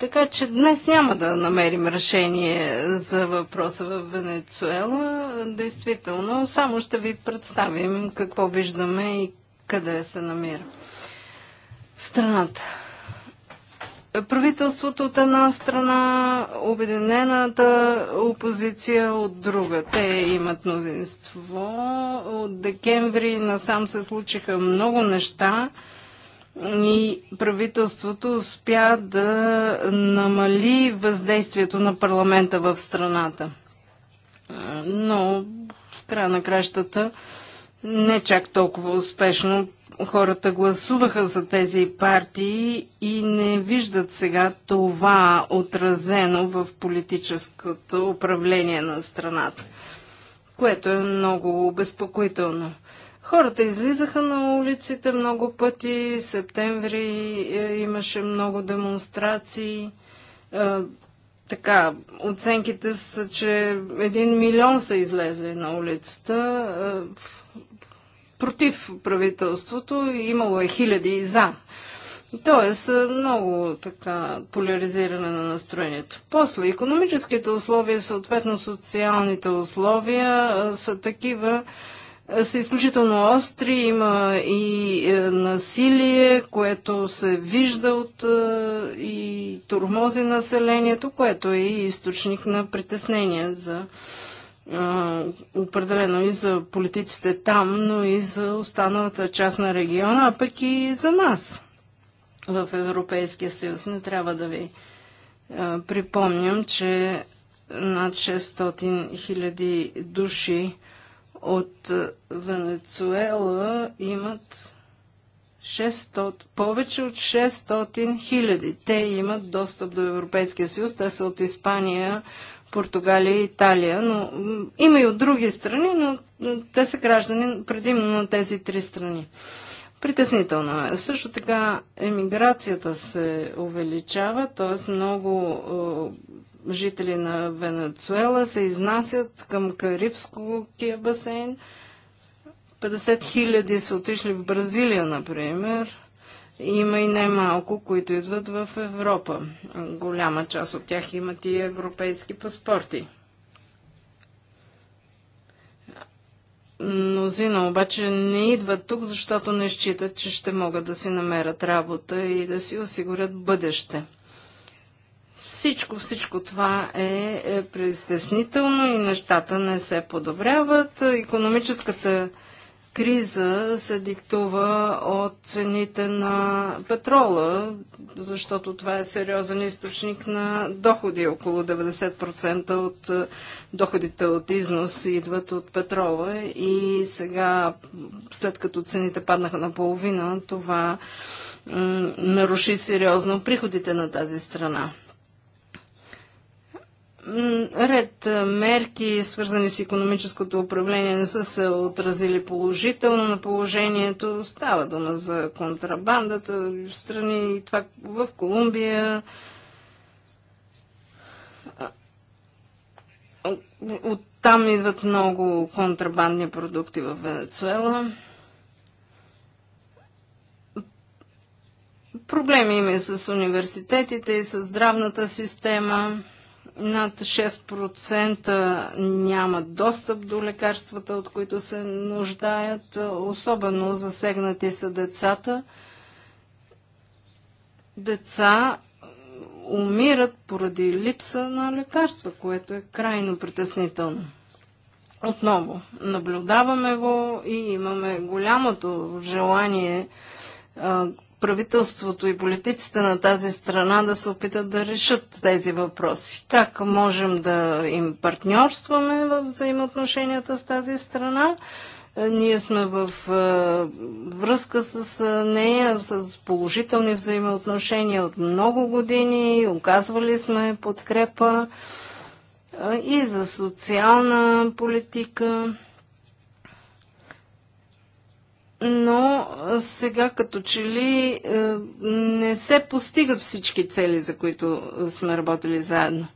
Така че днес няма да намерим решение за въпроса в Венецуела. Действително, само ще ви представим какво виждаме и къде се намира страната правителството от една страна, обединената опозиция от друга. Те имат мнозинство. От декември насам се случиха много неща и правителството успя да намали въздействието на парламента в страната. Но в края на кращата не чак толкова успешно хората гласуваха за тези партии и не виждат сега това отразено в политическото управление на страната, което е много обезпокоително. Хората излизаха на улиците много пъти, септември е, имаше много демонстрации. Е, така, оценките са, че един милион са излезли на улицата. Е, против правителството, имало е хиляди и за. Тоест, е, много така поляризиране на настроението. После, економическите условия, съответно социалните условия е, са такива, е, са изключително остри, има и насилие, което се вижда от и турмози населението, което е и източник на притеснение за определено и за политиците там, но и за останалата част на региона, а пък и за нас в Европейския съюз. Не трябва да ви припомням, че над 600 хиляди души от Венецуела имат 600, повече от 600 хиляди. Те имат достъп до Европейския съюз. Те са от Испания, Португалия и Италия, но има и от други страни, но те са граждани предимно на тези три страни. Притеснително е. Също така емиграцията се увеличава, т.е. много е, жители на Венецуела се изнасят към Карибския басейн. 50 хиляди са отишли в Бразилия, например. Има и немалко, които идват в Европа. Голяма част от тях имат и европейски паспорти. Мнозина обаче не идват тук, защото не считат, че ще могат да си намерят работа и да си осигурят бъдеще. Всичко, всичко това е, е притеснително и нещата не се подобряват. Економическата криза се диктува от цените на петрола, защото това е сериозен източник на доходи. Около 90% от е, доходите от износ идват от петрола и сега, след като цените паднаха на половина, това наруши сериозно приходите на тази страна. Ред мерки, свързани с економическото управление, не са се отразили положително на положението. Става дума за контрабандата в страни, и това в Колумбия. Там идват много контрабандни продукти в Венецуела. Проблеми има и с университетите, и с здравната система над 6% нямат достъп до лекарствата, от които се нуждаят. Особено засегнати са децата. Деца умират поради липса на лекарства, което е крайно притеснително. Отново, наблюдаваме го и имаме голямото желание правителството и политиците на тази страна да се опитат да решат тези въпроси. Как можем да им партньорстваме в взаимоотношенията с тази страна? Е, ние сме в е, връзка с нея, с положителни взаимоотношения от много години, оказвали сме подкрепа е, и за социална политика но сега като че ли не се постигат всички цели, за които сме работили заедно.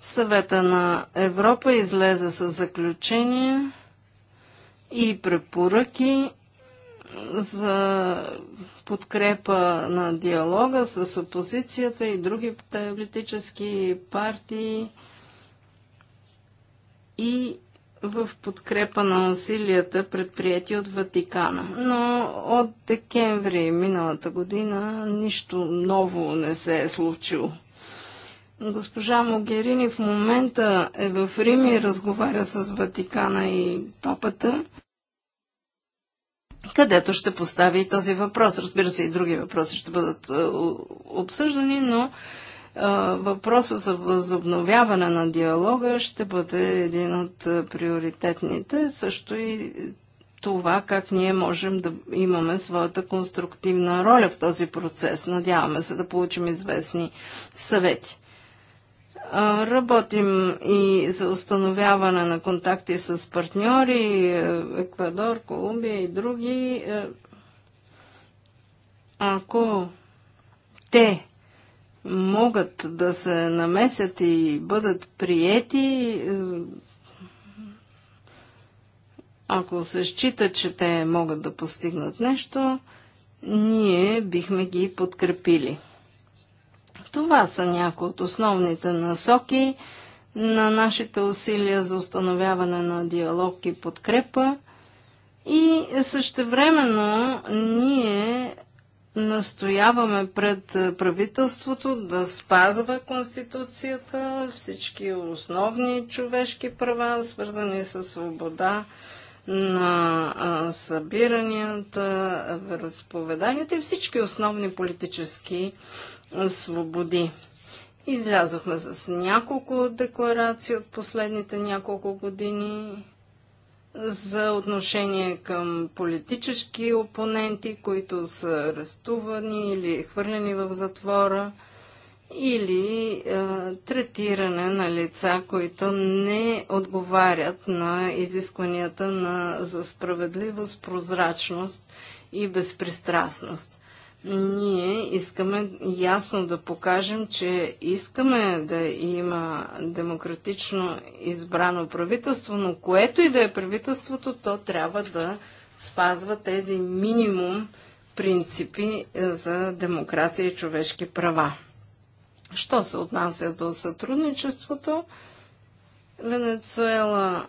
Съвета на Европа излезе с заключения и препоръки за подкрепа на диалога с опозицията и други политически партии и в подкрепа на усилията, предприяти от Ватикана. Но от декември миналата година нищо ново не се е случило. Госпожа Могерини в момента е в Рим и разговаря с Ватикана и папата, където ще постави и този въпрос. Разбира се, и други въпроси ще бъдат е, обсъждани, но въпроса за възобновяване на диалога ще бъде един от приоритетните, също и това как ние можем да имаме своята конструктивна роля в този процес. Надяваме се да получим известни съвети. Работим и за установяване на контакти с партньори, е, Еквадор, Колумбия и други. Е, ако те могат да се намесят и бъдат приети, е, ако се счита, че те могат да постигнат нещо, ние бихме ги подкрепили. Това са някои от основните насоки на нашите усилия за установяване на диалог и подкрепа. И същевременно ние настояваме пред правителството да спазва Конституцията, всички основни човешки права, свързани с свобода на събиранията, вероисповеданията и всички основни политически свободи. Излязохме с няколко декларации от последните няколко години за отношение към политически опоненти, които са арестувани или хвърлени в затвора, или е, третиране на лица, които не отговарят на изискванията на, за справедливост, прозрачност и безпристрастност ние искаме ясно да покажем, че искаме да има демократично избрано правителство, но което и да е правителството, то трябва да спазва тези минимум принципи е, за демокрация и човешки права. Що се отнася до сътрудничеството, Венецуела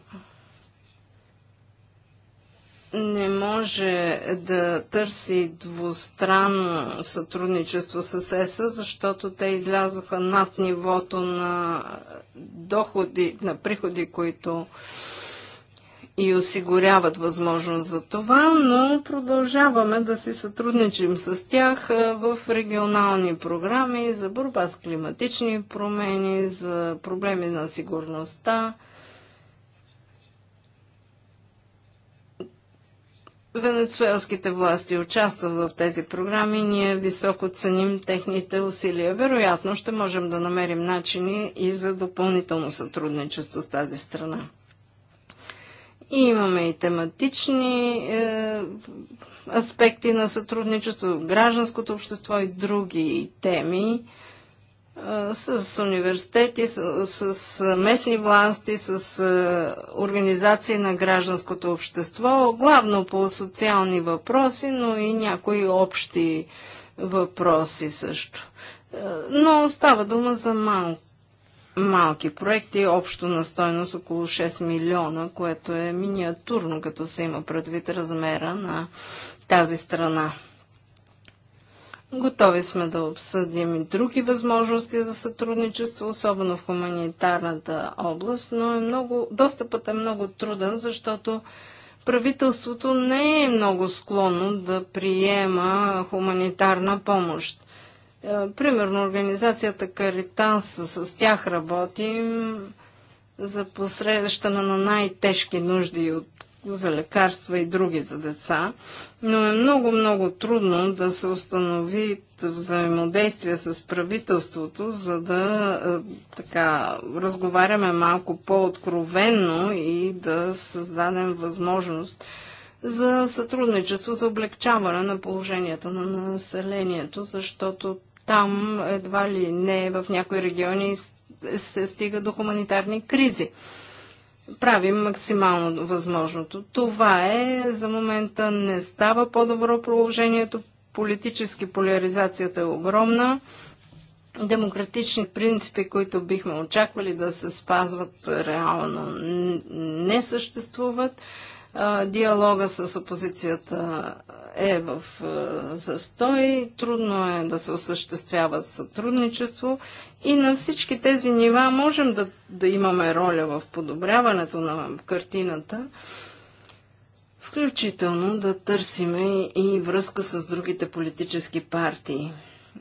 не може да търси двустранно сътрудничество с ЕСА, защото те излязоха над нивото на доходи, на приходи, които и осигуряват възможност за това, но продължаваме да си сътрудничим с тях в регионални програми за борба с климатични промени, за проблеми на сигурността венецуелските власти участват в тези програми. Ние високо ценим техните усилия. Вероятно ще можем да намерим начини и за допълнително сътрудничество с тази страна. И имаме и тематични е, аспекти на сътрудничество, гражданското общество и други теми с университети, с, с местни власти, с е, организации на гражданското общество, главно по социални въпроси, но и някои общи въпроси също. Е, но става дума за мал, малки проекти, общо на стойност около 6 милиона, което е миниатурно, като се има предвид размера на тази страна. Готови сме да обсъдим и други възможности за сътрудничество, особено в хуманитарната област, но е много, достъпът е много труден, защото правителството не е много склонно да приема хуманитарна помощ. Е, примерно организацията Каританс с тях работим за посрещане на най-тежки нужди от, за лекарства и други за деца но е много-много трудно да се установи взаимодействие с правителството, за да е, така разговаряме малко по-откровенно и да създадем възможност за сътрудничество, за облегчаване на положението на населението, защото там едва ли не в някои региони се стига до хуманитарни кризи правим максимално възможното. Това е, за момента не става по-добро положението, политически поляризацията е огромна, демократични принципи, които бихме очаквали да се спазват реално, не съществуват диалога с опозицията е в застой, трудно е да се осъществява сътрудничество и на всички тези нива можем да, да имаме роля в подобряването на картината, включително да търсиме и връзка с другите политически партии.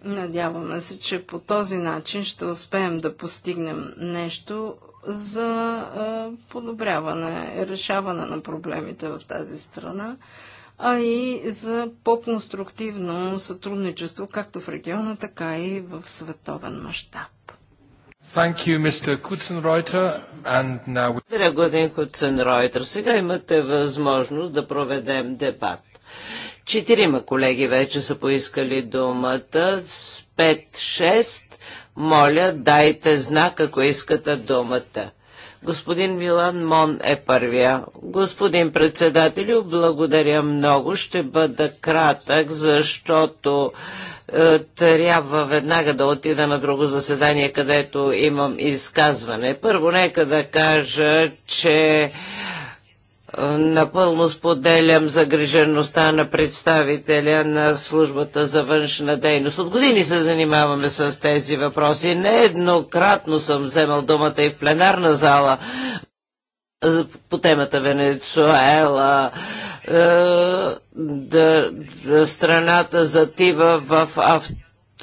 Надяваме се, че по този начин ще успеем да постигнем нещо за подобряване, решаване на проблемите в тази страна, а и за по-конструктивно сътрудничество, както в региона, така и в световен мащаб. Благодаря, господин Куценройтер. Сега имате възможност да проведем дебат. Четирима колеги вече са поискали думата. С 5-6 моля, дайте знак, ако искате думата. Господин Милан Мон е първия. Господин председателю, благодаря много. Ще бъда кратък, защото е, трябва веднага да отида на друго заседание, където имам изказване. Първо, нека да кажа, че Напълно споделям загрижеността на представителя на службата за външна дейност. От години се занимаваме с тези въпроси. Нееднократно съм вземал думата и в пленарна зала по темата Венецуела, е, да, страната затива в авто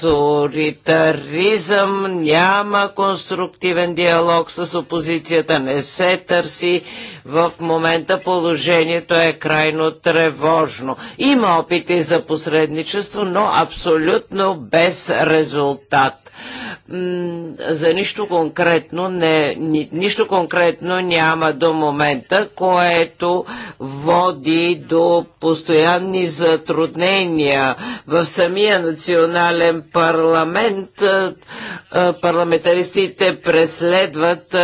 авторитаризъм, няма конструктивен диалог с опозицията, не се търси. В момента положението е крайно тревожно. Има опити за посредничество, но абсолютно без резултат. За нищо конкретно, не, ни, нищо конкретно няма до момента, което води до постоянни затруднения в самия национален парламент парламентаристите преследват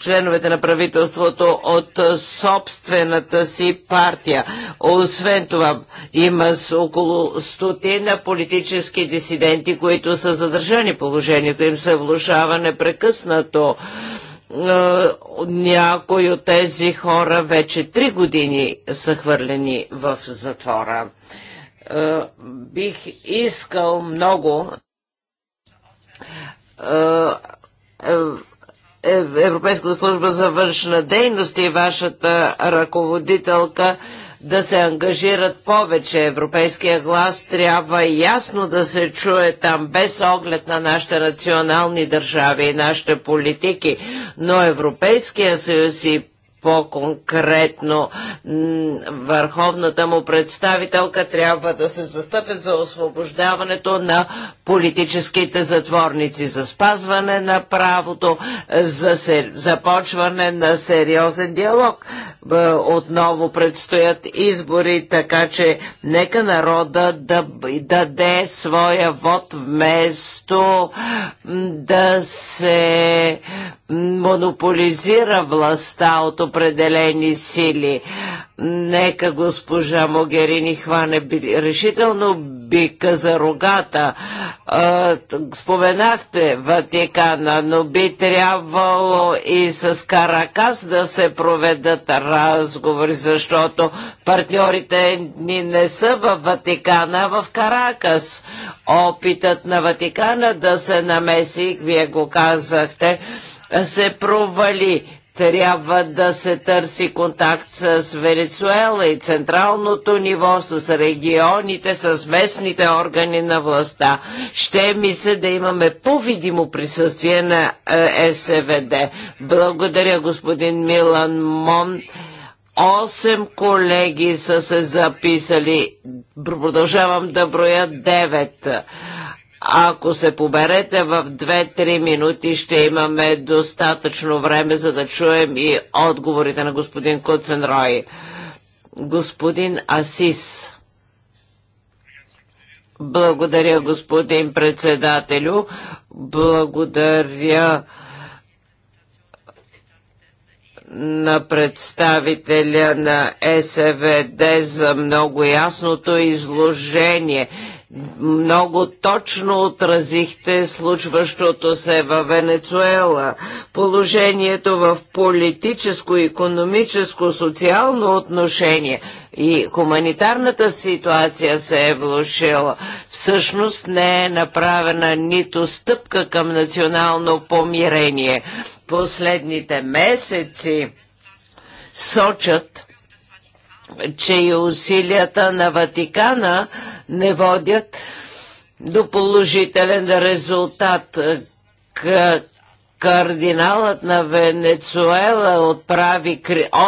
членовете на правителството от собствената си партия. Освен това, има около стотина политически дисиденти, които са задържани. Положението им се влушава непрекъснато някои от тези хора вече три години са хвърлени в затвора. Е, бих искал много е, е, Европейската служба за външна дейност и вашата ръководителка да се ангажират повече. Европейския глас трябва ясно да се чуе там, без оглед на нашите национални държави и нашите политики. Но Европейския съюз и по-конкретно върховната му представителка трябва да се застъпят за освобождаването на политическите затворници, за спазване на правото, за започване на сериозен диалог. Отново предстоят избори, така че нека народа да даде своя вод вместо да се монополизира властта от определени сили. Нека госпожа Могерини хване решително бика за рогата. Споменахте Ватикана, но би трябвало и с Каракас да се проведат разговори, защото партньорите ни не са в Ватикана, а в Каракас. Опитът на Ватикана да се намеси, вие го казахте, се провали трябва да се търси контакт с Венецуела и централното ниво, с регионите, с местните органи на властта. Ще ми се да имаме по-видимо присъствие на е, СВД. Благодаря господин Милан Мон. Осем колеги са се записали. Продължавам да броя девет. Ако се поберете в 2-3 минути, ще имаме достатъчно време, за да чуем и отговорите на господин Куценрой. Господин Асис. Благодаря, господин председателю. Благодаря на представителя на СВД за много ясното изложение. Много точно отразихте случващото се във Венецуела. Положението в политическо, економическо, социално отношение и хуманитарната ситуация се е влушила. Всъщност не е направена нито стъпка към национално помирение. Последните месеци сочат, че и усилията на Ватикана не водят до положителен резултат. Кардиналът на Венецуела отправи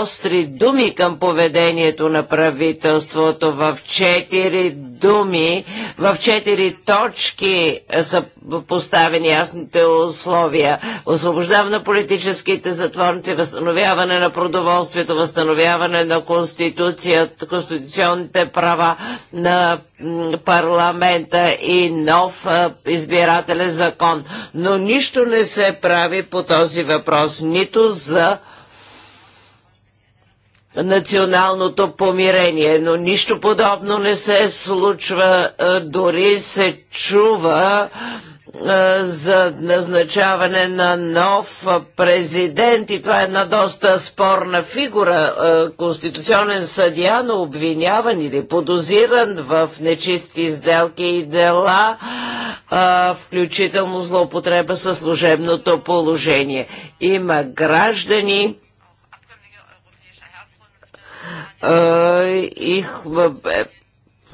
остри думи към поведението на правителството в четири думи, в четири точки са поставени ясните условия, освобождаване на политическите затворници, възстановяване на продоволствието, възстановяване на конституцията, конституционните права на парламента и нов избирателен закон. Но нищо не се прави по този въпрос, нито за националното помирение, но нищо подобно не се случва, дори се чува за назначаване на нов президент и това е една доста спорна фигура, конституционен съдия, но обвиняван или подозиран в нечисти сделки и дела, включително злоупотреба със служебното положение. Има граждани, е, и е,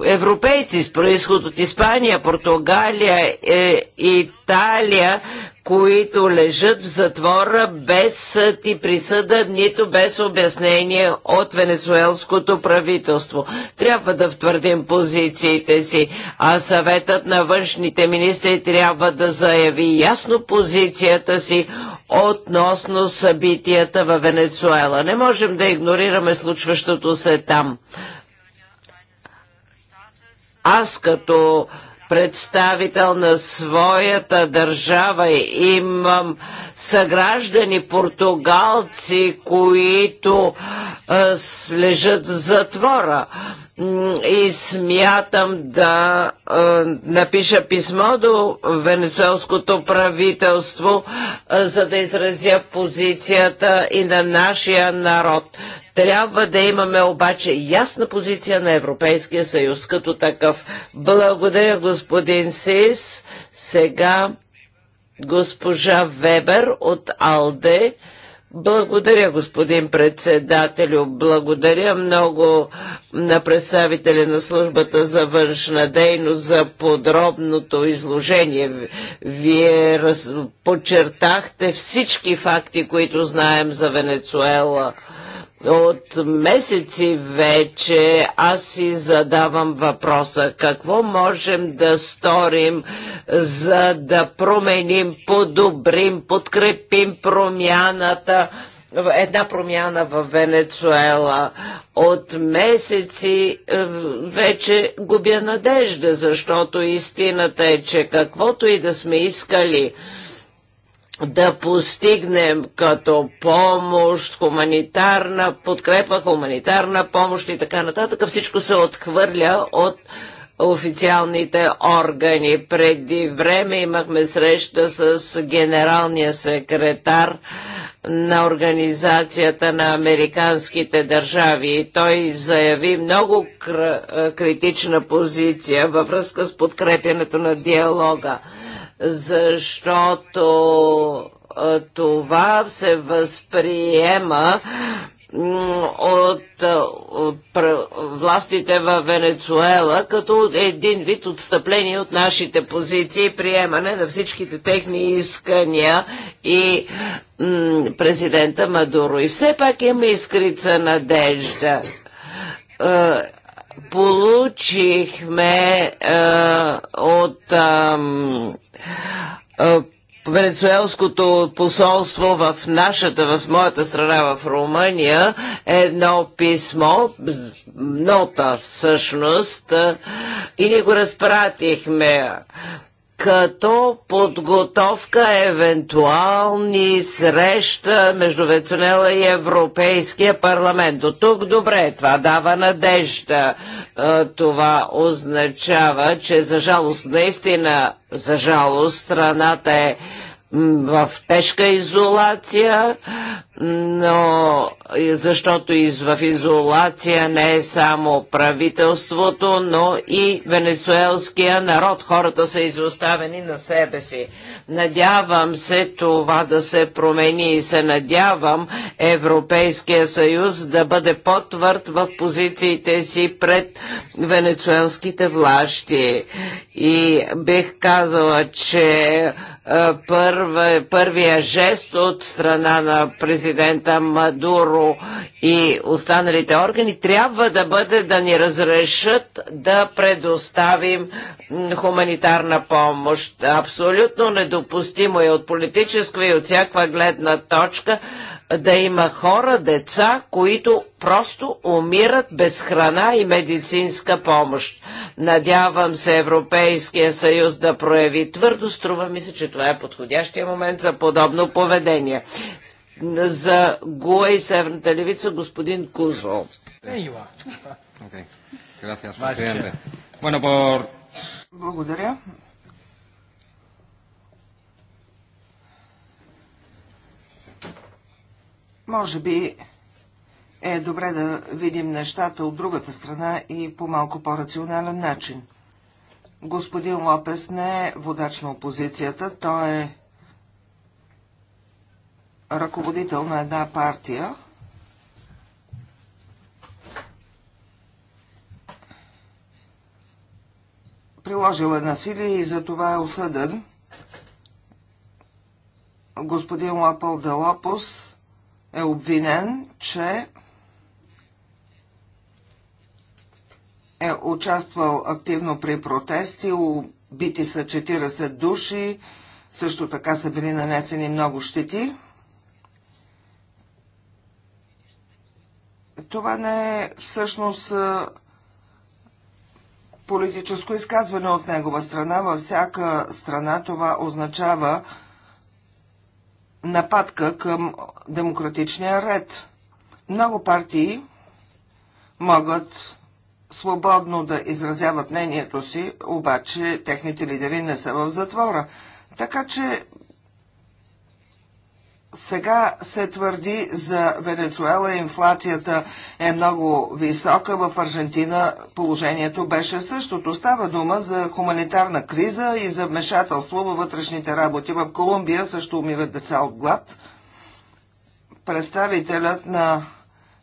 европейци с происход от Испания, Португалия, е, Италия, които лежат в затвора без съд и присъда, нито без обяснение от венецуелското правителство. Трябва да втвърдим позициите си, а съветът на външните министри трябва да заяви ясно позицията си относно събитията във Венецуела. Не можем да игнорираме случващото се там. Аз като представител на своята държава. Имам съграждани португалци, които а, лежат в затвора и смятам да напиша писмо до венецуелското правителство, за да изразя позицията и на нашия народ. Трябва да имаме обаче ясна позиция на Европейския съюз като такъв. Благодаря, господин Сис. Сега госпожа Вебер от Алде. Благодаря, господин председателю. Благодаря много на представителя на службата за външна дейност за подробното изложение. Вие подчертахте всички факти, които знаем за Венецуела. От месеци вече аз си задавам въпроса какво можем да сторим, за да променим, подобрим, подкрепим промяната една промяна в Венецуела. От месеци е, вече губя надежда, защото истината е, че каквото и да сме искали, да постигнем като помощ, хуманитарна подкрепа, хуманитарна помощ и така нататък. Всичко се отхвърля от официалните органи. Преди време имахме среща с генералния секретар на Организацията на Американските държави той заяви много критична позиция във връзка с подкрепянето на диалога защото това се възприема от, от властите в Венецуела като един вид отстъпление от нашите позиции, приемане на всичките техни искания и президента Мадуро. И все пак има искрица надежда получихме а, е, от а, а, е, Венецуелското посолство в нашата, в моята страна в Румъния, едно писмо, нота всъщност, е, и ни го разпратихме като подготовка евентуални среща между Венецуела и Европейския парламент. До тук добре, това дава надежда. Това означава, че за жалост, наистина, за жалост, страната е в тежка изолация, но защото из, в изолация не е само правителството, но и венецуелския народ. Хората са изоставени на себе си. Надявам се това да се промени и се надявам Европейския съюз да бъде по-твърд в позициите си пред венецуелските власти. И бих казала, че е, първа, първия жест от страна на президента Мадуро и останалите органи трябва да бъде да ни разрешат да предоставим хуманитарна помощ. Абсолютно недопустимо е от политическа и от всякаква гледна точка да има хора, деца, които просто умират без храна и медицинска помощ. Надявам се Европейския съюз да прояви твърдо. Струва ми се, че това е подходящия момент за подобно поведение. За ГУА и Северната левица господин Кузо. Благодаря. Може би е добре да видим нещата от другата страна и по малко по-рационален начин. Господин Лопес не е водач на опозицията, той е ръководител на една партия. Приложил е насилие и за това е осъден. Господин Лапъл Делопус е обвинен, че е участвал активно при протести, убити са 40 души, също така са били нанесени много щети. Това не е всъщност политическо изказване от негова страна. Във всяка страна това означава нападка към демократичния ред. Много партии могат свободно да изразяват мнението си, обаче техните лидери не са в затвора. Така че сега се твърди за Венецуела инфлацията е много висока. В Аржентина положението беше същото. Става дума за хуманитарна криза и за вмешателство във вътрешните работи. В Колумбия също умират деца от глад. Представителят на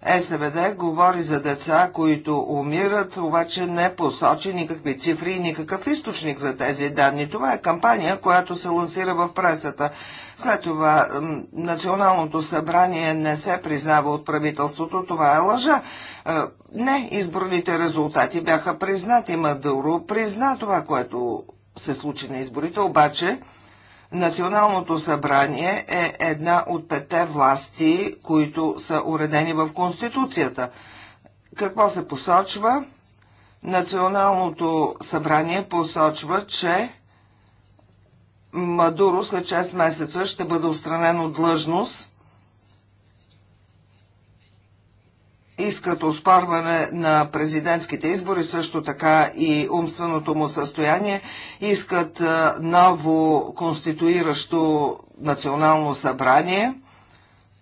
е СВД говори за деца, които умират, обаче не посочи никакви цифри и никакъв източник за тези данни. Това е кампания, която се лансира в пресата. След това Националното събрание не се признава от правителството, това е лъжа. Е, не, изборните резултати бяха признати. Мадуро призна това, което се случи на изборите, обаче Националното събрание е една от пете власти, които са уредени в Конституцията. Какво се посочва? Националното събрание посочва, че Мадуро след 6 месеца ще бъде устранен от длъжност искат оспарване на президентските избори, също така и умственото му състояние, искат ново конституиращо национално събрание.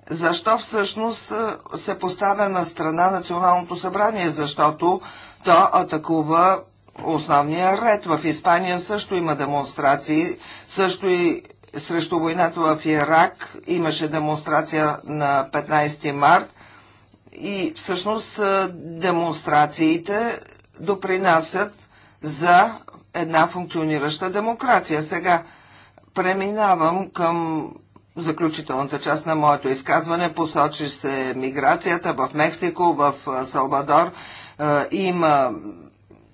Защо всъщност се поставя на страна националното събрание? Защото то атакува основния ред. В Испания също има демонстрации, също и срещу войната в Ирак имаше демонстрация на 15 март и всъщност демонстрациите допринасят за една функционираща демокрация. Сега преминавам към заключителната част на моето изказване. Посочи се миграцията в Мексико, в Салвадор. Има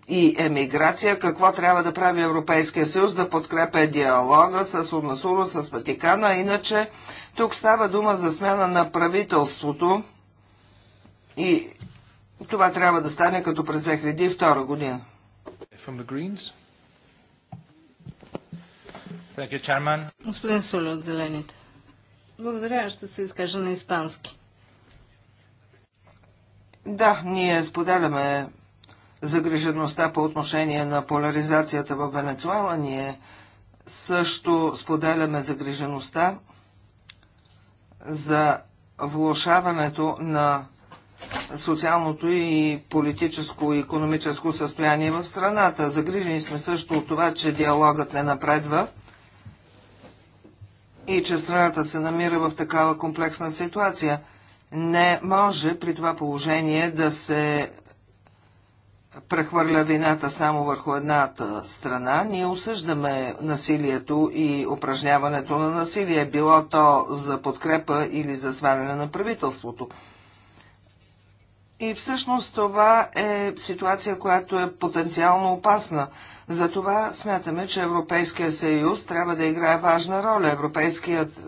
и емиграция, какво трябва да прави Европейския съюз, да подкрепя диалога с Урнасуро, с Ватикана. Иначе тук става дума за смяна на правителството и това трябва да стане като през 2002 година. You, Господин Соло от Зелените. Благодаря, ще се изкажа на испански. Да, ние споделяме загрижеността по отношение на поляризацията в Венецуела. Ние също споделяме загрижеността за влушаването на социалното и политическо и економическо състояние в страната. Загрижени сме също от това, че диалогът не напредва и че страната се намира в такава комплексна ситуация. Не може при това положение да се прехвърля вината само върху едната страна. Ние осъждаме насилието и упражняването на насилие, било то за подкрепа или за сваляне на правителството. И всъщност това е ситуация, която е потенциално опасна. Затова смятаме, че Европейския съюз трябва да играе важна роля. Европейският е,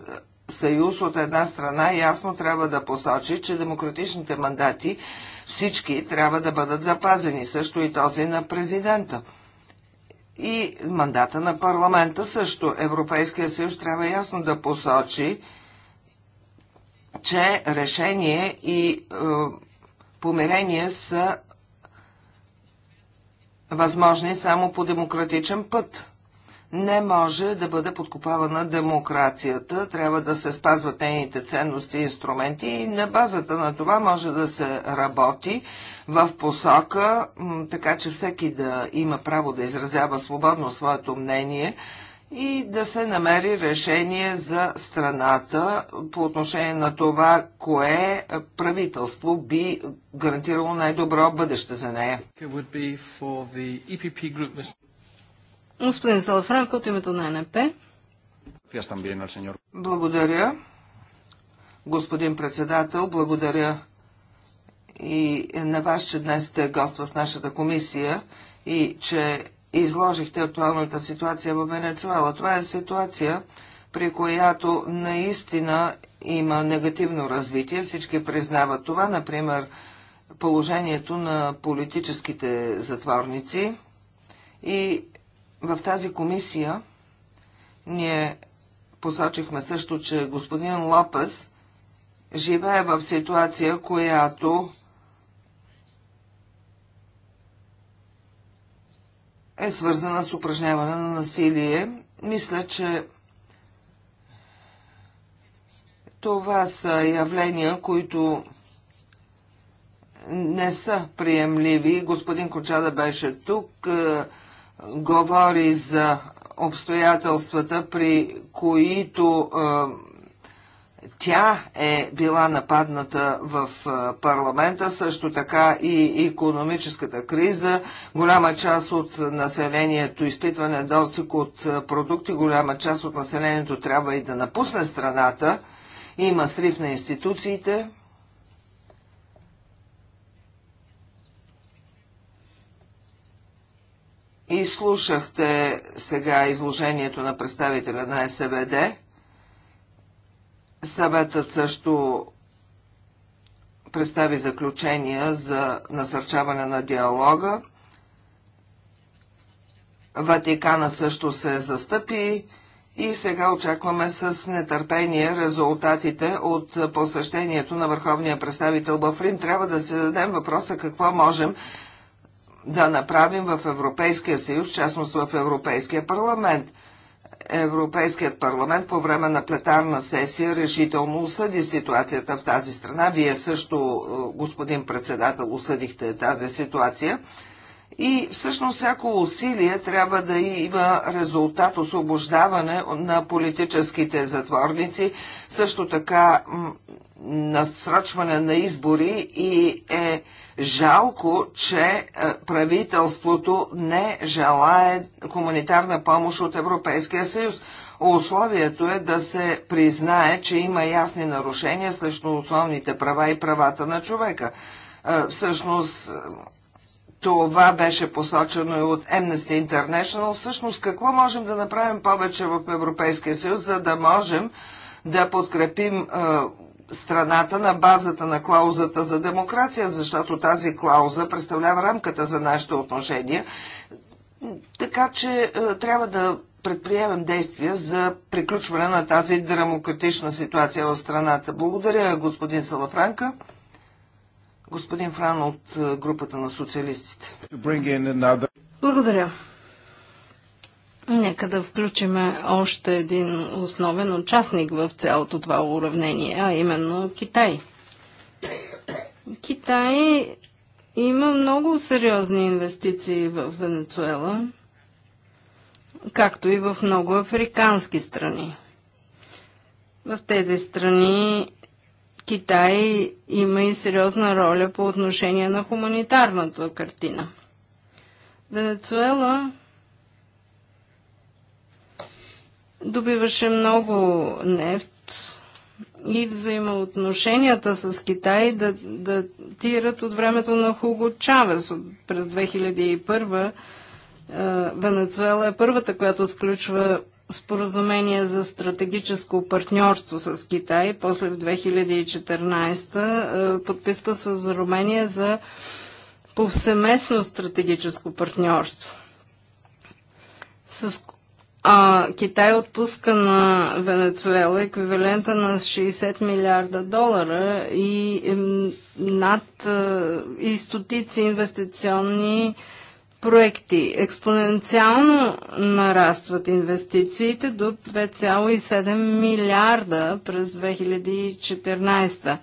съюз от една страна ясно трябва да посочи, че демократичните мандати всички трябва да бъдат запазени, също и този на президента. И мандата на парламента също. Европейския съюз трябва ясно да посочи, че решение и е, помирения са възможни само по демократичен път. Не може да бъде подкопавана демокрацията, трябва да се спазват нейните ценности и инструменти и на базата на това може да се работи в посока, така че всеки да има право да изразява свободно своето мнение – и да се намери решение за страната по отношение на това, кое правителство би гарантирало най-добро бъдеще за нея. E Господин Салафранко от името на НП. Благодаря. Господин председател, благодаря и на вас, че днес сте гост в нашата комисия и че изложихте актуалната ситуация в Венецуела. Това е ситуация, при която наистина има негативно развитие. Всички признават това. Например, положението на политическите затворници. И в тази комисия ние посочихме също, че господин Лопес живее в ситуация, която е свързана с упражняване на насилие. Мисля, че това са явления, които не са приемливи. Господин Кочада беше тук, е, говори за обстоятелствата, при които е, тя е била нападната в парламента, също така и економическата криза. Голяма част от населението изпитва недостиг от продукти, голяма част от населението трябва и да напусне страната. Има срив на институциите. И слушахте сега изложението на представителя на СВД. Съветът също представи заключения за насърчаване на диалога. Ватиканът също се застъпи и сега очакваме с нетърпение резултатите от посещението на върховния представител в Рим. Трябва да се зададем въпроса какво можем да направим в Европейския съюз, в частност в Европейския парламент. Европейският парламент по време на плетарна сесия решително осъди ситуацията в тази страна. Вие също, е, господин председател, осъдихте тази ситуация. И всъщност всяко усилие трябва да има резултат освобождаване на политическите затворници, също така насрочване на избори и е жалко, че е, правителството не желае хуманитарна помощ от Европейския съюз. Условието е да се признае, че има ясни нарушения срещу основните права и правата на човека. Е, всъщност, това беше посочено и от Amnesty International. Всъщност, какво можем да направим повече в Европейския съюз, за да можем да подкрепим е, страната на базата на клаузата за демокрация, защото тази клауза представлява рамката за нашите отношения. Така че е, трябва да предприемем действия за приключване на тази демократична ситуация в страната. Благодаря, господин Салафранка. Господин Фран от е, групата на социалистите. Благодаря. Нека да включим още един основен участник в цялото това уравнение, а именно Китай. Китай има много сериозни инвестиции в Венецуела, както и в много африкански страни. В тези страни Китай има и сериозна роля по отношение на хуманитарната картина. Венецуела добиваше много нефт и взаимоотношенията с Китай да, да тират от времето на Хуго Чавес през 2001. Е, Венецуела е първата, която сключва споразумение за стратегическо партньорство с Китай. После в 2014 подписва с Румения за повсеместно стратегическо партньорство, с а Китай отпуска на Венецуела еквивалента на 60 милиарда долара и над е, и стотици инвестиционни проекти. Експоненциално нарастват инвестициите до 2,7 милиарда през 2014.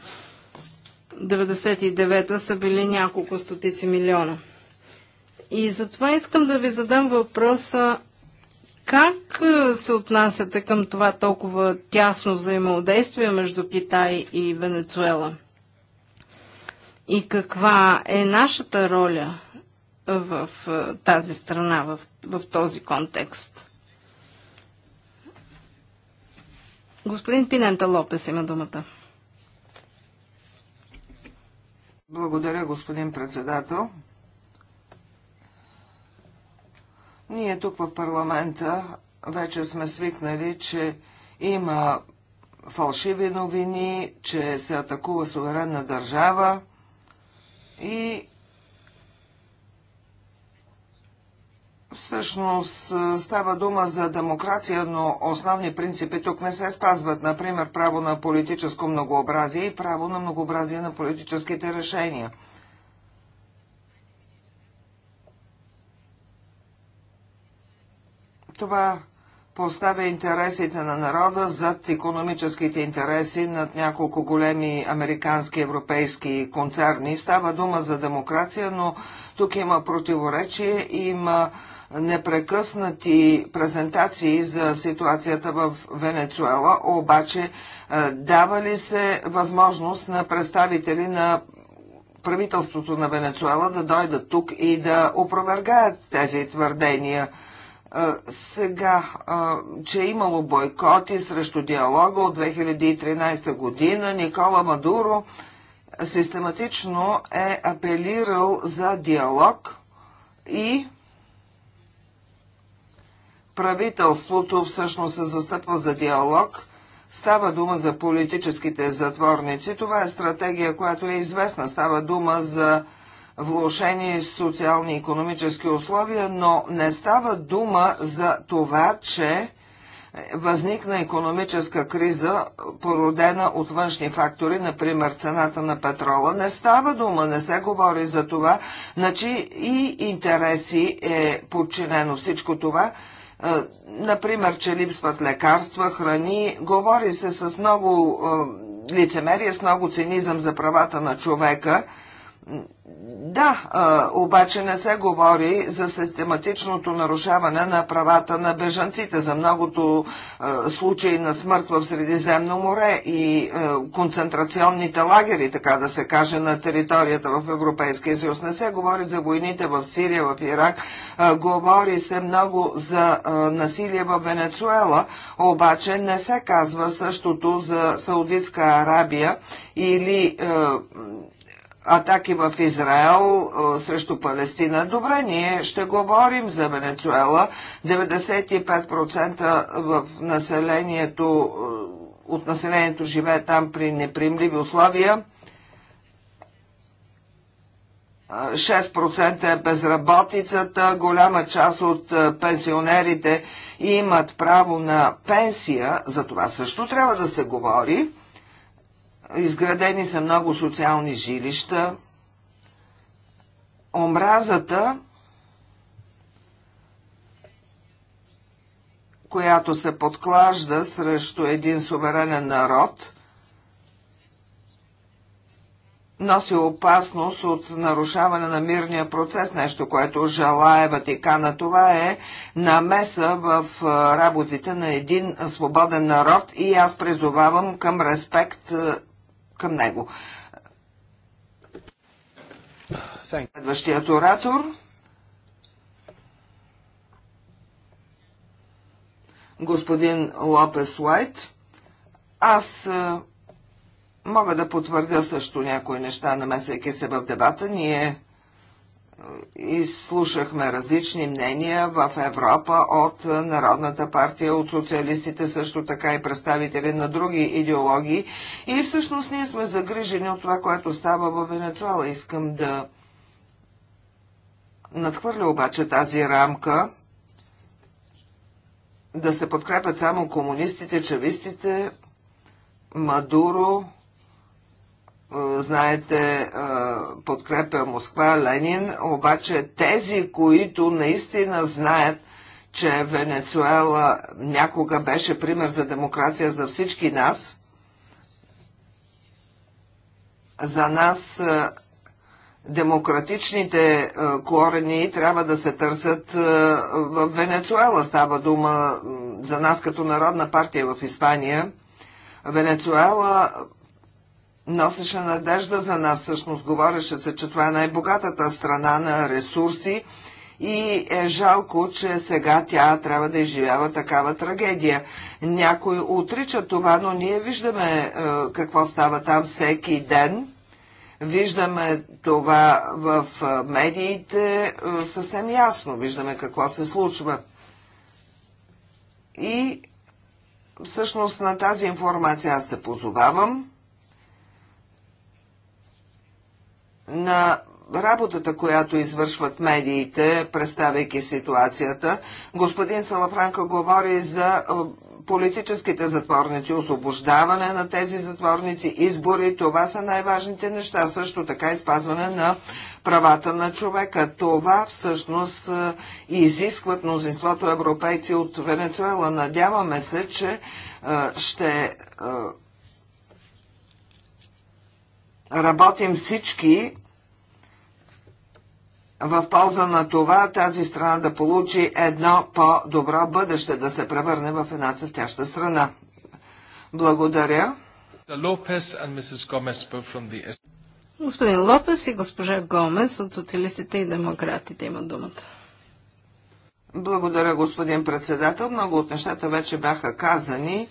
99-та са били няколко стотици милиона. И затова искам да ви задам въпроса как е, се отнасяте към това толкова тясно взаимодействие между Китай и Венецуела? И каква е нашата роля в е, тази страна, в, в този контекст? Господин Пинента Лопес има думата. Благодаря, господин председател. Ние тук в парламента вече сме свикнали, че има фалшиви новини, че се атакува суверенна държава и Всъщност е, става дума за демокрация, но основни принципи тук не се спазват. Например, право на политическо многообразие и право на многообразие на политическите решения. Това поставя интересите на народа зад економическите интереси над няколко големи американски европейски концерни. Става дума за демокрация, но тук има противоречие, има непрекъснати презентации за ситуацията в Венецуела, обаче е, дава ли се възможност на представители на правителството на Венецуела да дойдат тук и да опровергаят тези твърдения – сега, че е имало бойкоти срещу диалога от 2013 година, Никола Мадуро систематично е апелирал за диалог и правителството всъщност се застъпва за диалог. Става дума за политическите затворници. Това е стратегия, която е известна. Става дума за влушени социални и економически условия, но не става дума за това, че възникна економическа криза, породена от външни фактори, например цената на петрола. Не става дума, не се говори за това, значи и интереси е подчинено всичко това. Е, например, че липсват лекарства, храни, говори се с много е, лицемерие, с много цинизъм за правата на човека – да, обаче не се говори за систематичното нарушаване на правата на бежанците, за многото случаи на смърт в Средиземно море и концентрационните лагери, така да се каже, на територията в Европейския съюз. Не се говори за войните в Сирия, в Ирак, говори се много за насилие в Венецуела, обаче не се казва същото за Саудитска Арабия или атаки в Израел срещу Палестина. Добре, ние ще говорим за Венецуела. 95% в населението, от населението живее там при неприемливи условия. 6% е безработицата, голяма част от пенсионерите имат право на пенсия, за това също трябва да се говори. Изградени са много социални жилища. Омразата, която се подклажда срещу един суверенен народ, носи опасност от нарушаване на мирния процес, нещо, което желая Ватикана. Това е намеса в работите на един свободен народ и аз призовавам към респект към него. Следващият оратор. Господин Лопес Уайт. Аз е, мога да потвърдя също някои неща, намесвайки се в дебата. Ние изслушахме различни мнения в Европа от Народната партия, от социалистите, също така и представители на други идеологии. И всъщност ние сме загрижени от това, което става в Венецуела. Искам да надхвърля обаче тази рамка, да се подкрепят само комунистите, чавистите, Мадуро, е, знаете, е, подкрепя Москва, Ленин, обаче тези, които наистина знаят, че Венецуела някога беше пример за демокрация за всички нас, за нас е, демократичните корени трябва да се търсят в Венецуела. Става дума за нас като народна партия в Испания. Венецуела носеше надежда за нас. Всъщност говореше се, че това е най-богатата страна на ресурси и е жалко, че сега тя трябва да изживява такава трагедия. Някой отрича това, но ние виждаме е, какво става там всеки ден. Виждаме това в е, медиите е, съвсем ясно. Виждаме какво се случва. И всъщност на тази информация аз се позовавам. на работата, която извършват медиите, представяйки ситуацията. Господин Салафранка говори за политическите затворници, освобождаване на тези затворници, избори, това са най-важните неща, също така изпазване на правата на човека. Това всъщност изискват мнозинството европейци от Венецуела. Надяваме се, че ще работим всички в полза на това тази страна да получи едно по-добро бъдеще, да се превърне в една цъфтяща страна. Благодаря. Господин Лопес и госпожа Гомес от социалистите и демократите имат думата. Благодаря, господин председател. Много от нещата вече бяха казани.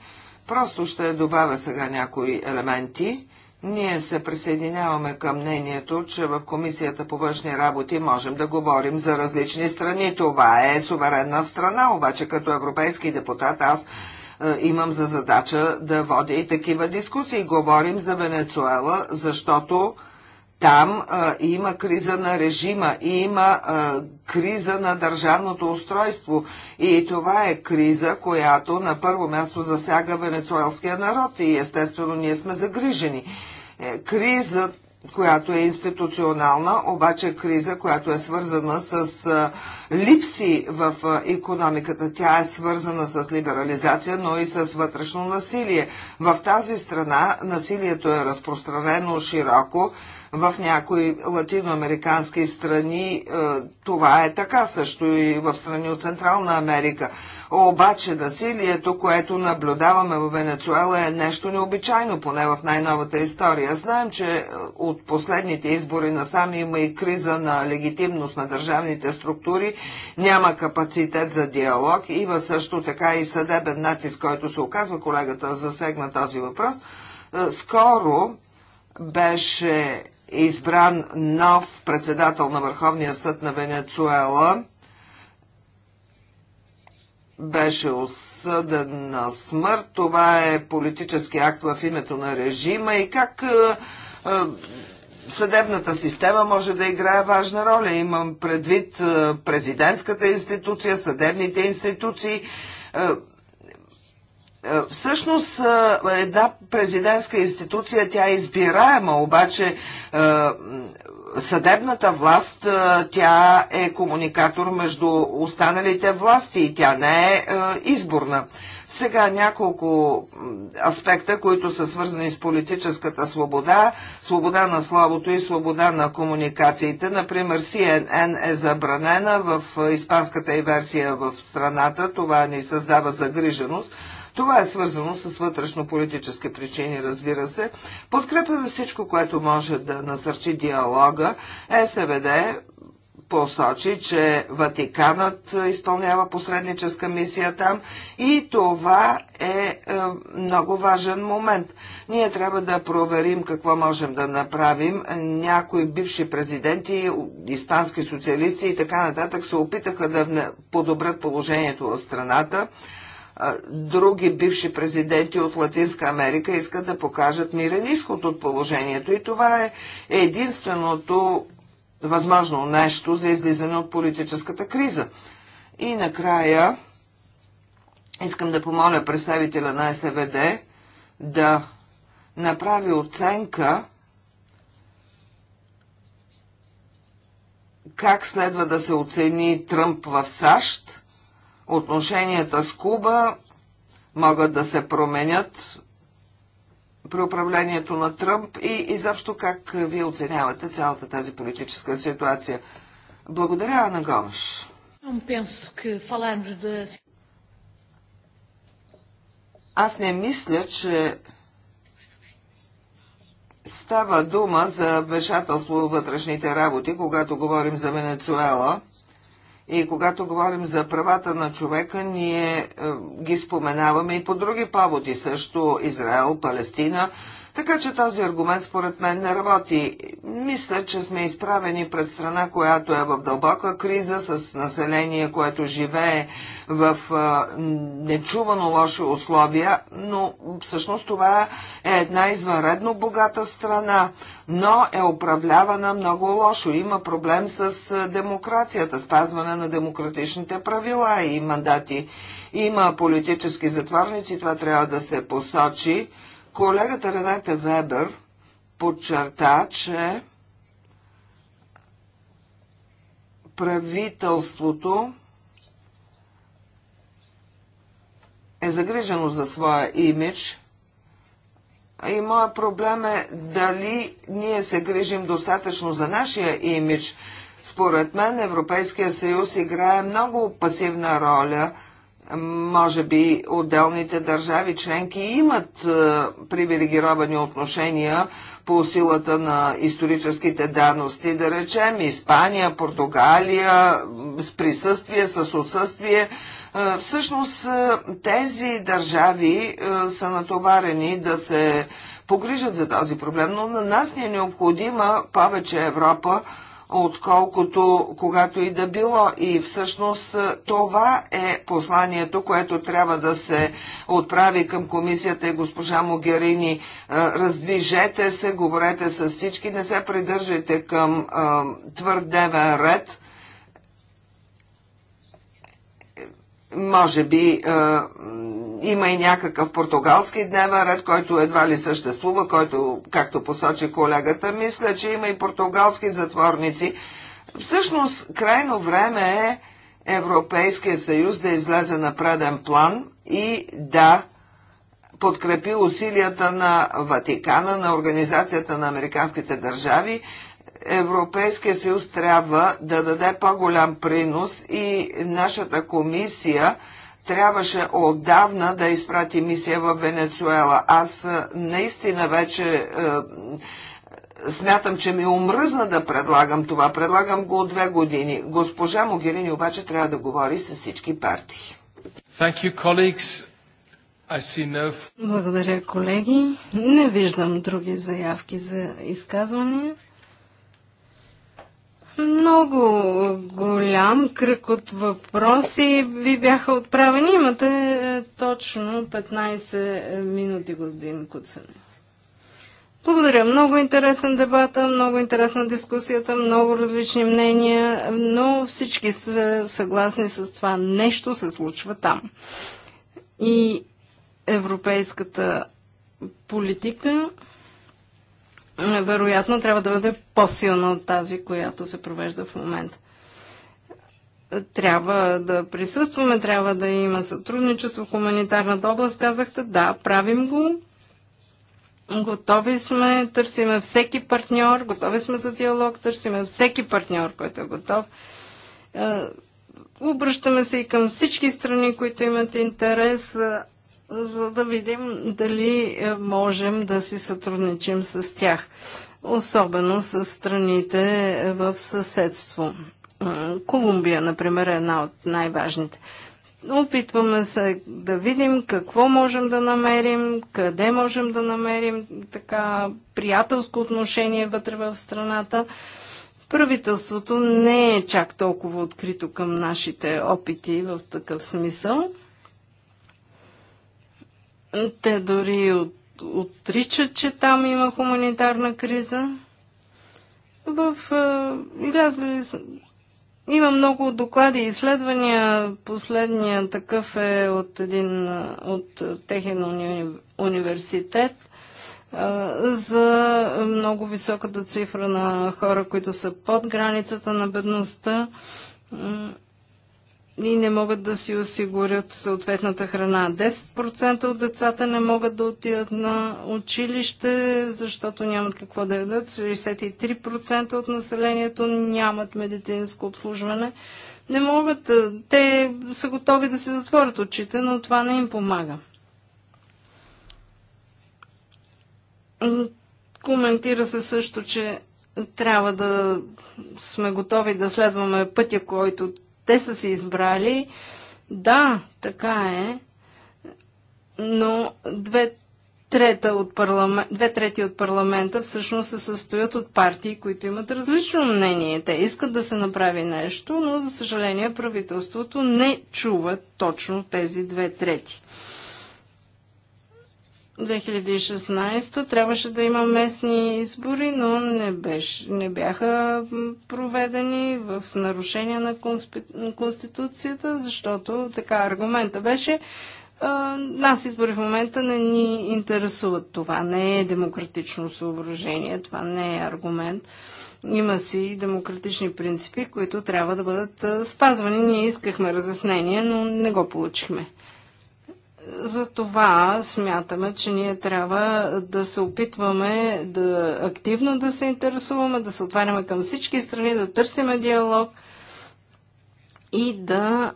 Просто ще добавя сега някои елементи. Ние се присъединяваме към мнението, че в Комисията по външни работи можем да говорим за различни страни. Това е суверенна страна, обаче като европейски депутат аз е, имам за задача да водя и такива дискусии. Говорим за Венецуела, защото там а, има криза на режима, има а, криза на държавното устройство и това е криза, която на първо място засяга венецуелския народ и естествено ние сме загрижени. Е, криза, която е институционална, обаче криза, която е свързана с а, липси в економиката. Тя е свързана с либерализация, но и с вътрешно насилие. В тази страна насилието е разпространено широко в някои латиноамерикански страни е, това е така, също и в страни от Централна Америка. Обаче насилието, което наблюдаваме в Венецуела е нещо необичайно, поне в най-новата история. Знаем, че е, от последните избори насам има и криза на легитимност на държавните структури, няма капацитет за диалог, има също така и съдебен натиск, който се оказва, колегата засегна този въпрос. Е, скоро беше избран нов председател на Върховния съд на Венецуела. Беше осъден на смърт. Това е политически акт в името на режима и как е, е, съдебната система може да играе важна роля. Имам предвид е, президентската институция, съдебните институции. Е, всъщност е, една президентска институция, тя е избираема, обаче е, съдебната власт, тя е комуникатор между останалите власти и тя не е изборна. Сега няколко аспекта, които са свързани с политическата свобода, свобода на славото и свобода на комуникациите. Например, CNN е забранена в испанската и версия в страната. Това ни създава загриженост. Това е свързано с вътрешно-политически причини, разбира се. Подкрепяме всичко, което може да насърчи диалога. Е СВД посочи, че Ватиканът изпълнява посредническа мисия там и това е, е много важен момент. Ние трябва да проверим какво можем да направим. Някои бивши президенти, испански социалисти и така нататък се опитаха да подобрят положението в страната други бивши президенти от Латинска Америка искат да покажат мирен изход от положението. И това е единственото възможно нещо за излизане от политическата криза. И накрая искам да помоля представителя на СВД да направи оценка как следва да се оцени Тръмп в САЩ отношенията с Куба могат да се променят при управлението на Тръмп и изобщо как вие оценявате цялата тази политическа ситуация. Благодаря, Ана Гомеш. Аз не мисля, че става дума за вмешателство във вътрешните работи, когато говорим за Венецуела – и когато говорим за правата на човека, ние е, ги споменаваме и по други поводи, също Израел, Палестина – така че този аргумент според мен не работи. Мисля, че сме изправени пред страна, която е в дълбока криза, с население, което живее в нечувано лоши условия, но всъщност това е една извънредно богата страна, но е управлявана много лошо. Има проблем с демокрацията, спазване на демократичните правила и мандати. Има политически затворници, това трябва да се посочи. Колегата Рената Вебер подчерта, че правителството е загрижено за своя имидж и моят проблем е дали ние се грижим достатъчно за нашия имидж. Според мен Европейския съюз играе много пасивна роля – може би отделните държави членки имат е, привилегировани отношения по силата на историческите данности, да речем Испания, Португалия, с присъствие, с отсъствие. Е, всъщност е, тези държави са натоварени да се погрижат за този проблем, но на нас ни е необходима повече Европа, отколкото когато и да било. И всъщност е, това е посланието, което трябва да се отправи към комисията и госпожа Могерини. Е, раздвижете се, говорете с всички, не се придържайте към е, твърдевен ред. Може би има и някакъв португалски дневен ред, който едва ли съществува, който, както посочи колегата, мисля, че има и португалски затворници. Всъщност, крайно време е Европейския съюз да излезе на преден план и да подкрепи усилията на Ватикана, на Организацията на Американските държави. Европейския съюз трябва да даде по-голям принос и нашата комисия – трябваше отдавна да изпрати мисия в Венецуела. Аз наистина вече смятам, че ми омръзна да предлагам това. Предлагам го от две години. Госпожа Могерини обаче трябва да говори с всички партии. You, no... Благодаря, колеги. Не виждам други заявки за изказвания. Много голям кръг от въпроси ви бяха отправени. Имате е, точно 15 минути годин куцане. Благодаря. Много интересен дебат, много интересна дискусията, много различни мнения, но всички са съгласни с това. Нещо се случва там. И европейската политика вероятно трябва да бъде по-силна от тази, която се провежда в момента. Трябва да присъстваме, трябва да има сътрудничество в хуманитарната област, казахте. Да, правим го. Готови сме, търсиме всеки партньор, готови сме за диалог, търсиме всеки партньор, който е готов. Е, обръщаме се и към всички страни, които имат интерес за да видим дали е, можем да си сътрудничим с тях, особено с страните е, в съседство. Е, Колумбия, например, е една от най-важните. Опитваме се да видим какво можем да намерим, къде можем да намерим така приятелско отношение вътре в страната. Правителството не е чак толкова открито към нашите опити в такъв смисъл. Те дори от, отричат, че там има хуманитарна криза. В, е, излязли, има много доклади и изследвания. Последния такъв е от един от техен уни, университет – за много високата цифра на хора, които са под границата на бедността и не могат да си осигурят съответната храна. 10% от децата не могат да отидат на училище, защото нямат какво да ядат. 63% от населението нямат медицинско обслужване. Не могат. Те са готови да си затворят очите, но това не им помага. Коментира се също, че трябва да сме готови да следваме пътя, който те са си избрали. Да, така е, но две трета от парламент, две трети от парламента всъщност се състоят от партии, които имат различно мнение. Те искат да се направи нещо, но за съжаление правителството не чува точно тези две трети. 2016 трябваше да има местни избори, но не, беше, не бяха проведени в нарушение на Конституцията, защото така аргумента беше а, нас избори в момента не ни интересуват. Това не е демократично съображение, това не е аргумент. Има си демократични принципи, които трябва да бъдат спазвани. Ние искахме разяснение, но не го получихме. За това смятаме, че ние трябва да се опитваме да активно да се интересуваме, да се отваряме към всички страни, да търсиме диалог и да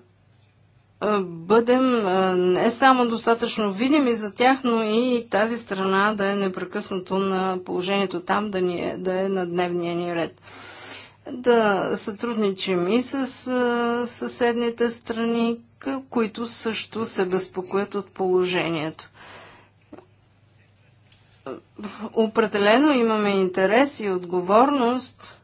бъдем не само достатъчно видими за тях, но и тази страна да е непрекъснато на положението там, да, ни е, да е на дневния ни ред. Да сътрудничим и с съседните страни, които също се безпокоят от положението. Определено имаме интерес и отговорност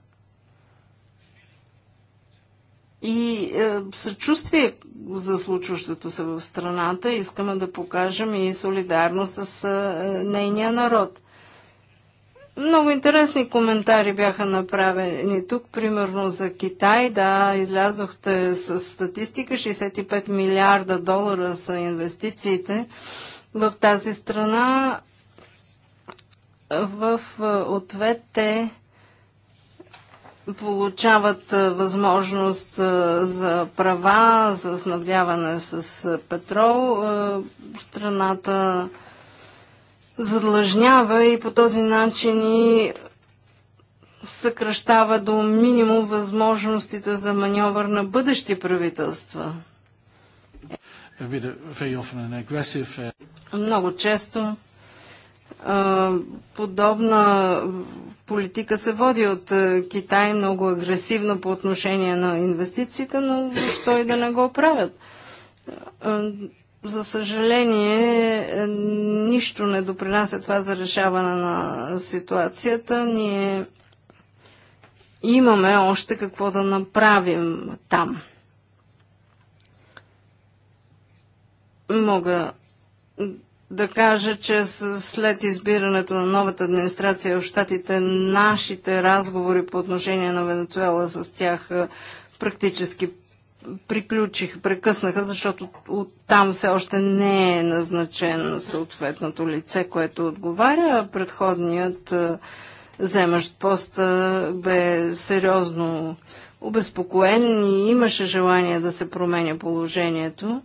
и е, съчувствие за случващото се в страната. Искаме да покажем и солидарност с е, нейния народ. Много интересни коментари бяха направени тук, примерно за Китай. Да, излязохте с статистика, 65 милиарда долара са инвестициите в тази страна. В ответ те получават възможност за права, за снабдяване с петрол. Страната задлъжнява и по този начин и съкръщава до минимум възможностите за маньовър на бъдещи правителства. Е. Много често подобна политика се води от Китай много агресивно по отношение на инвестициите, но защо и да не го правят? за съжаление, е, нищо не допринася това за решаване на ситуацията. Ние имаме още какво да направим там. Мога да кажа, че след избирането на новата администрация в Штатите, нашите разговори по отношение на Венецуела с тях е, практически приключих, прекъснаха, защото от там все още не е назначен съответното лице, което отговаря. Предходният вземащ пост бе сериозно обезпокоен и имаше желание да се променя положението.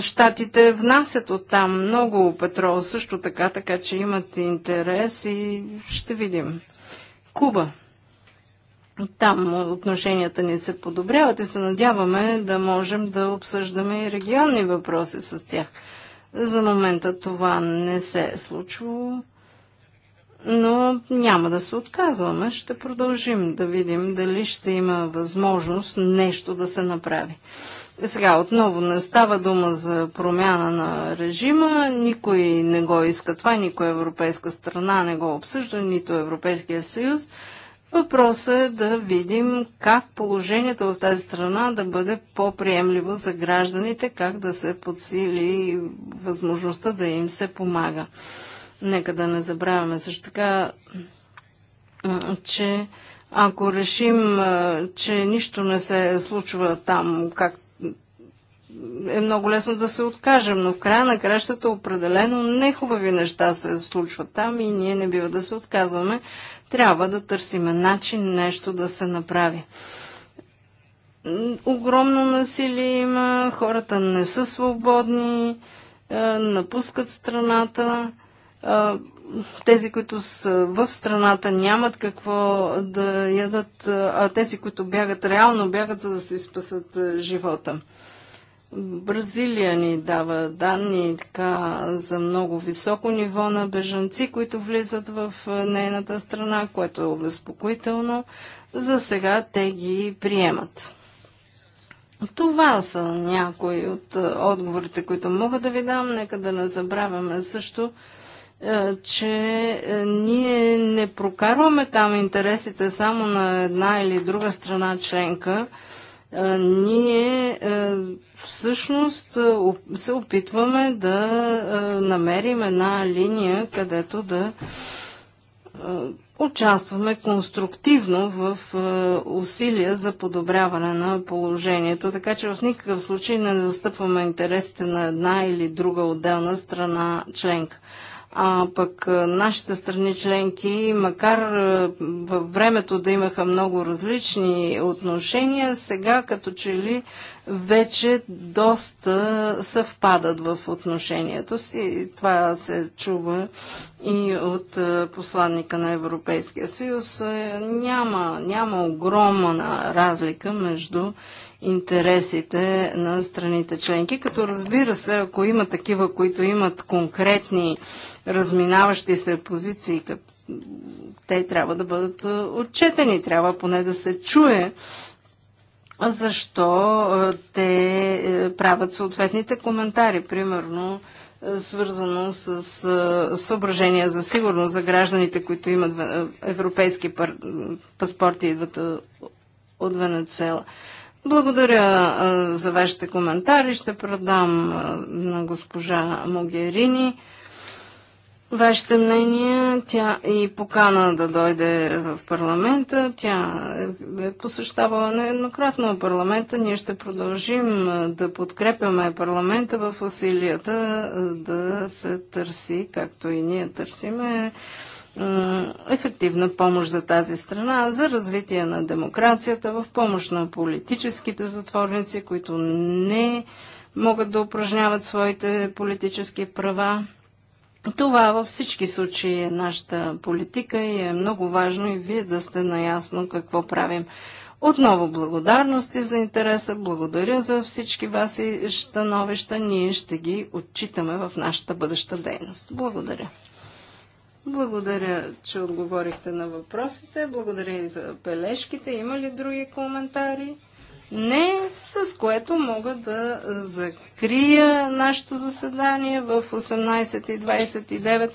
Штатите внасят от там много петрол също така, така че имат интерес и ще видим. Куба. Там отношенията ни се подобряват и се надяваме да можем да обсъждаме и регионни въпроси с тях. За момента това не се е случвало, но няма да се отказваме. Ще продължим да видим дали ще има възможност нещо да се направи. Сега отново не става дума за промяна на режима. Никой не го иска това, никой европейска страна не го обсъжда, нито Европейския съюз. Въпросът е да видим как положението в тази страна да бъде по-приемливо за гражданите, как да се подсили възможността да им се помага. Нека да не забравяме също така, че ако решим, че нищо не се случва там, как е много лесно да се откажем, но в края на кращата определено нехубави неща се случват там и ние не бива да се отказваме, трябва да търсиме начин нещо да се направи. Огромно насилие има, хората не са свободни, е, напускат страната е, тези, които са в страната, нямат какво да ядат, е, а тези, които бягат реално, бягат за да се спасат живота. Бразилия ни дава данни така, за много високо ниво на бежанци, които влизат в е, нейната страна, което е обезпокоително. За сега те ги приемат. Това са някои от е, отговорите, които мога да ви дам. Нека да не забравяме също, е, че ние не прокарваме там интересите само на една или друга страна членка, ние всъщност се опитваме да намерим една линия, където да участваме конструктивно в усилия за подобряване на положението, така че в никакъв случай не застъпваме интересите на една или друга отделна страна членка. А пък нашите страни членки, макар във времето да имаха много различни отношения, сега като че ли вече доста съвпадат в отношението си. Това се чува и от посланника на Европейския съюз. Е, няма, няма огромна разлика между интересите на страните членки, като разбира се, ако има такива, които имат конкретни разминаващи се позиции, те трябва да бъдат отчетени, трябва поне да се чуе защо те е, правят съответните коментари, примерно е, свързано с съображения за сигурност за гражданите, които имат е, европейски паспорти и идват от Венецела. Благодаря а, за вашите коментари. Ще продам а, на госпожа Могерини вашите мнения. Тя и покана да дойде в парламента. Тя е, е посещавала нееднократно парламента. Ние ще продължим да подкрепяме парламента в усилията да се търси, както и ние търсиме, е, ефективна помощ за тази страна, за развитие на демокрацията, в помощ на политическите затворници, които не могат да упражняват своите политически права. Това във всички случаи е нашата политика и е много важно и вие да сте наясно какво правим. Отново благодарности за интереса, благодаря за всички вас и становища. Ние ще ги отчитаме в нашата бъдеща дейност. Благодаря. Благодаря, че отговорихте на въпросите. Благодаря и за бележките. Има ли други коментари? Не, с което мога да закрия нашето заседание в 18.29.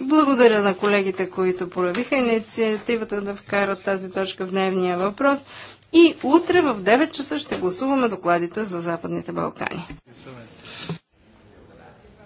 Благодаря на колегите, които проявиха инициативата да вкарат тази точка в дневния въпрос. И утре в 9 часа ще гласуваме докладите за Западните Балкани.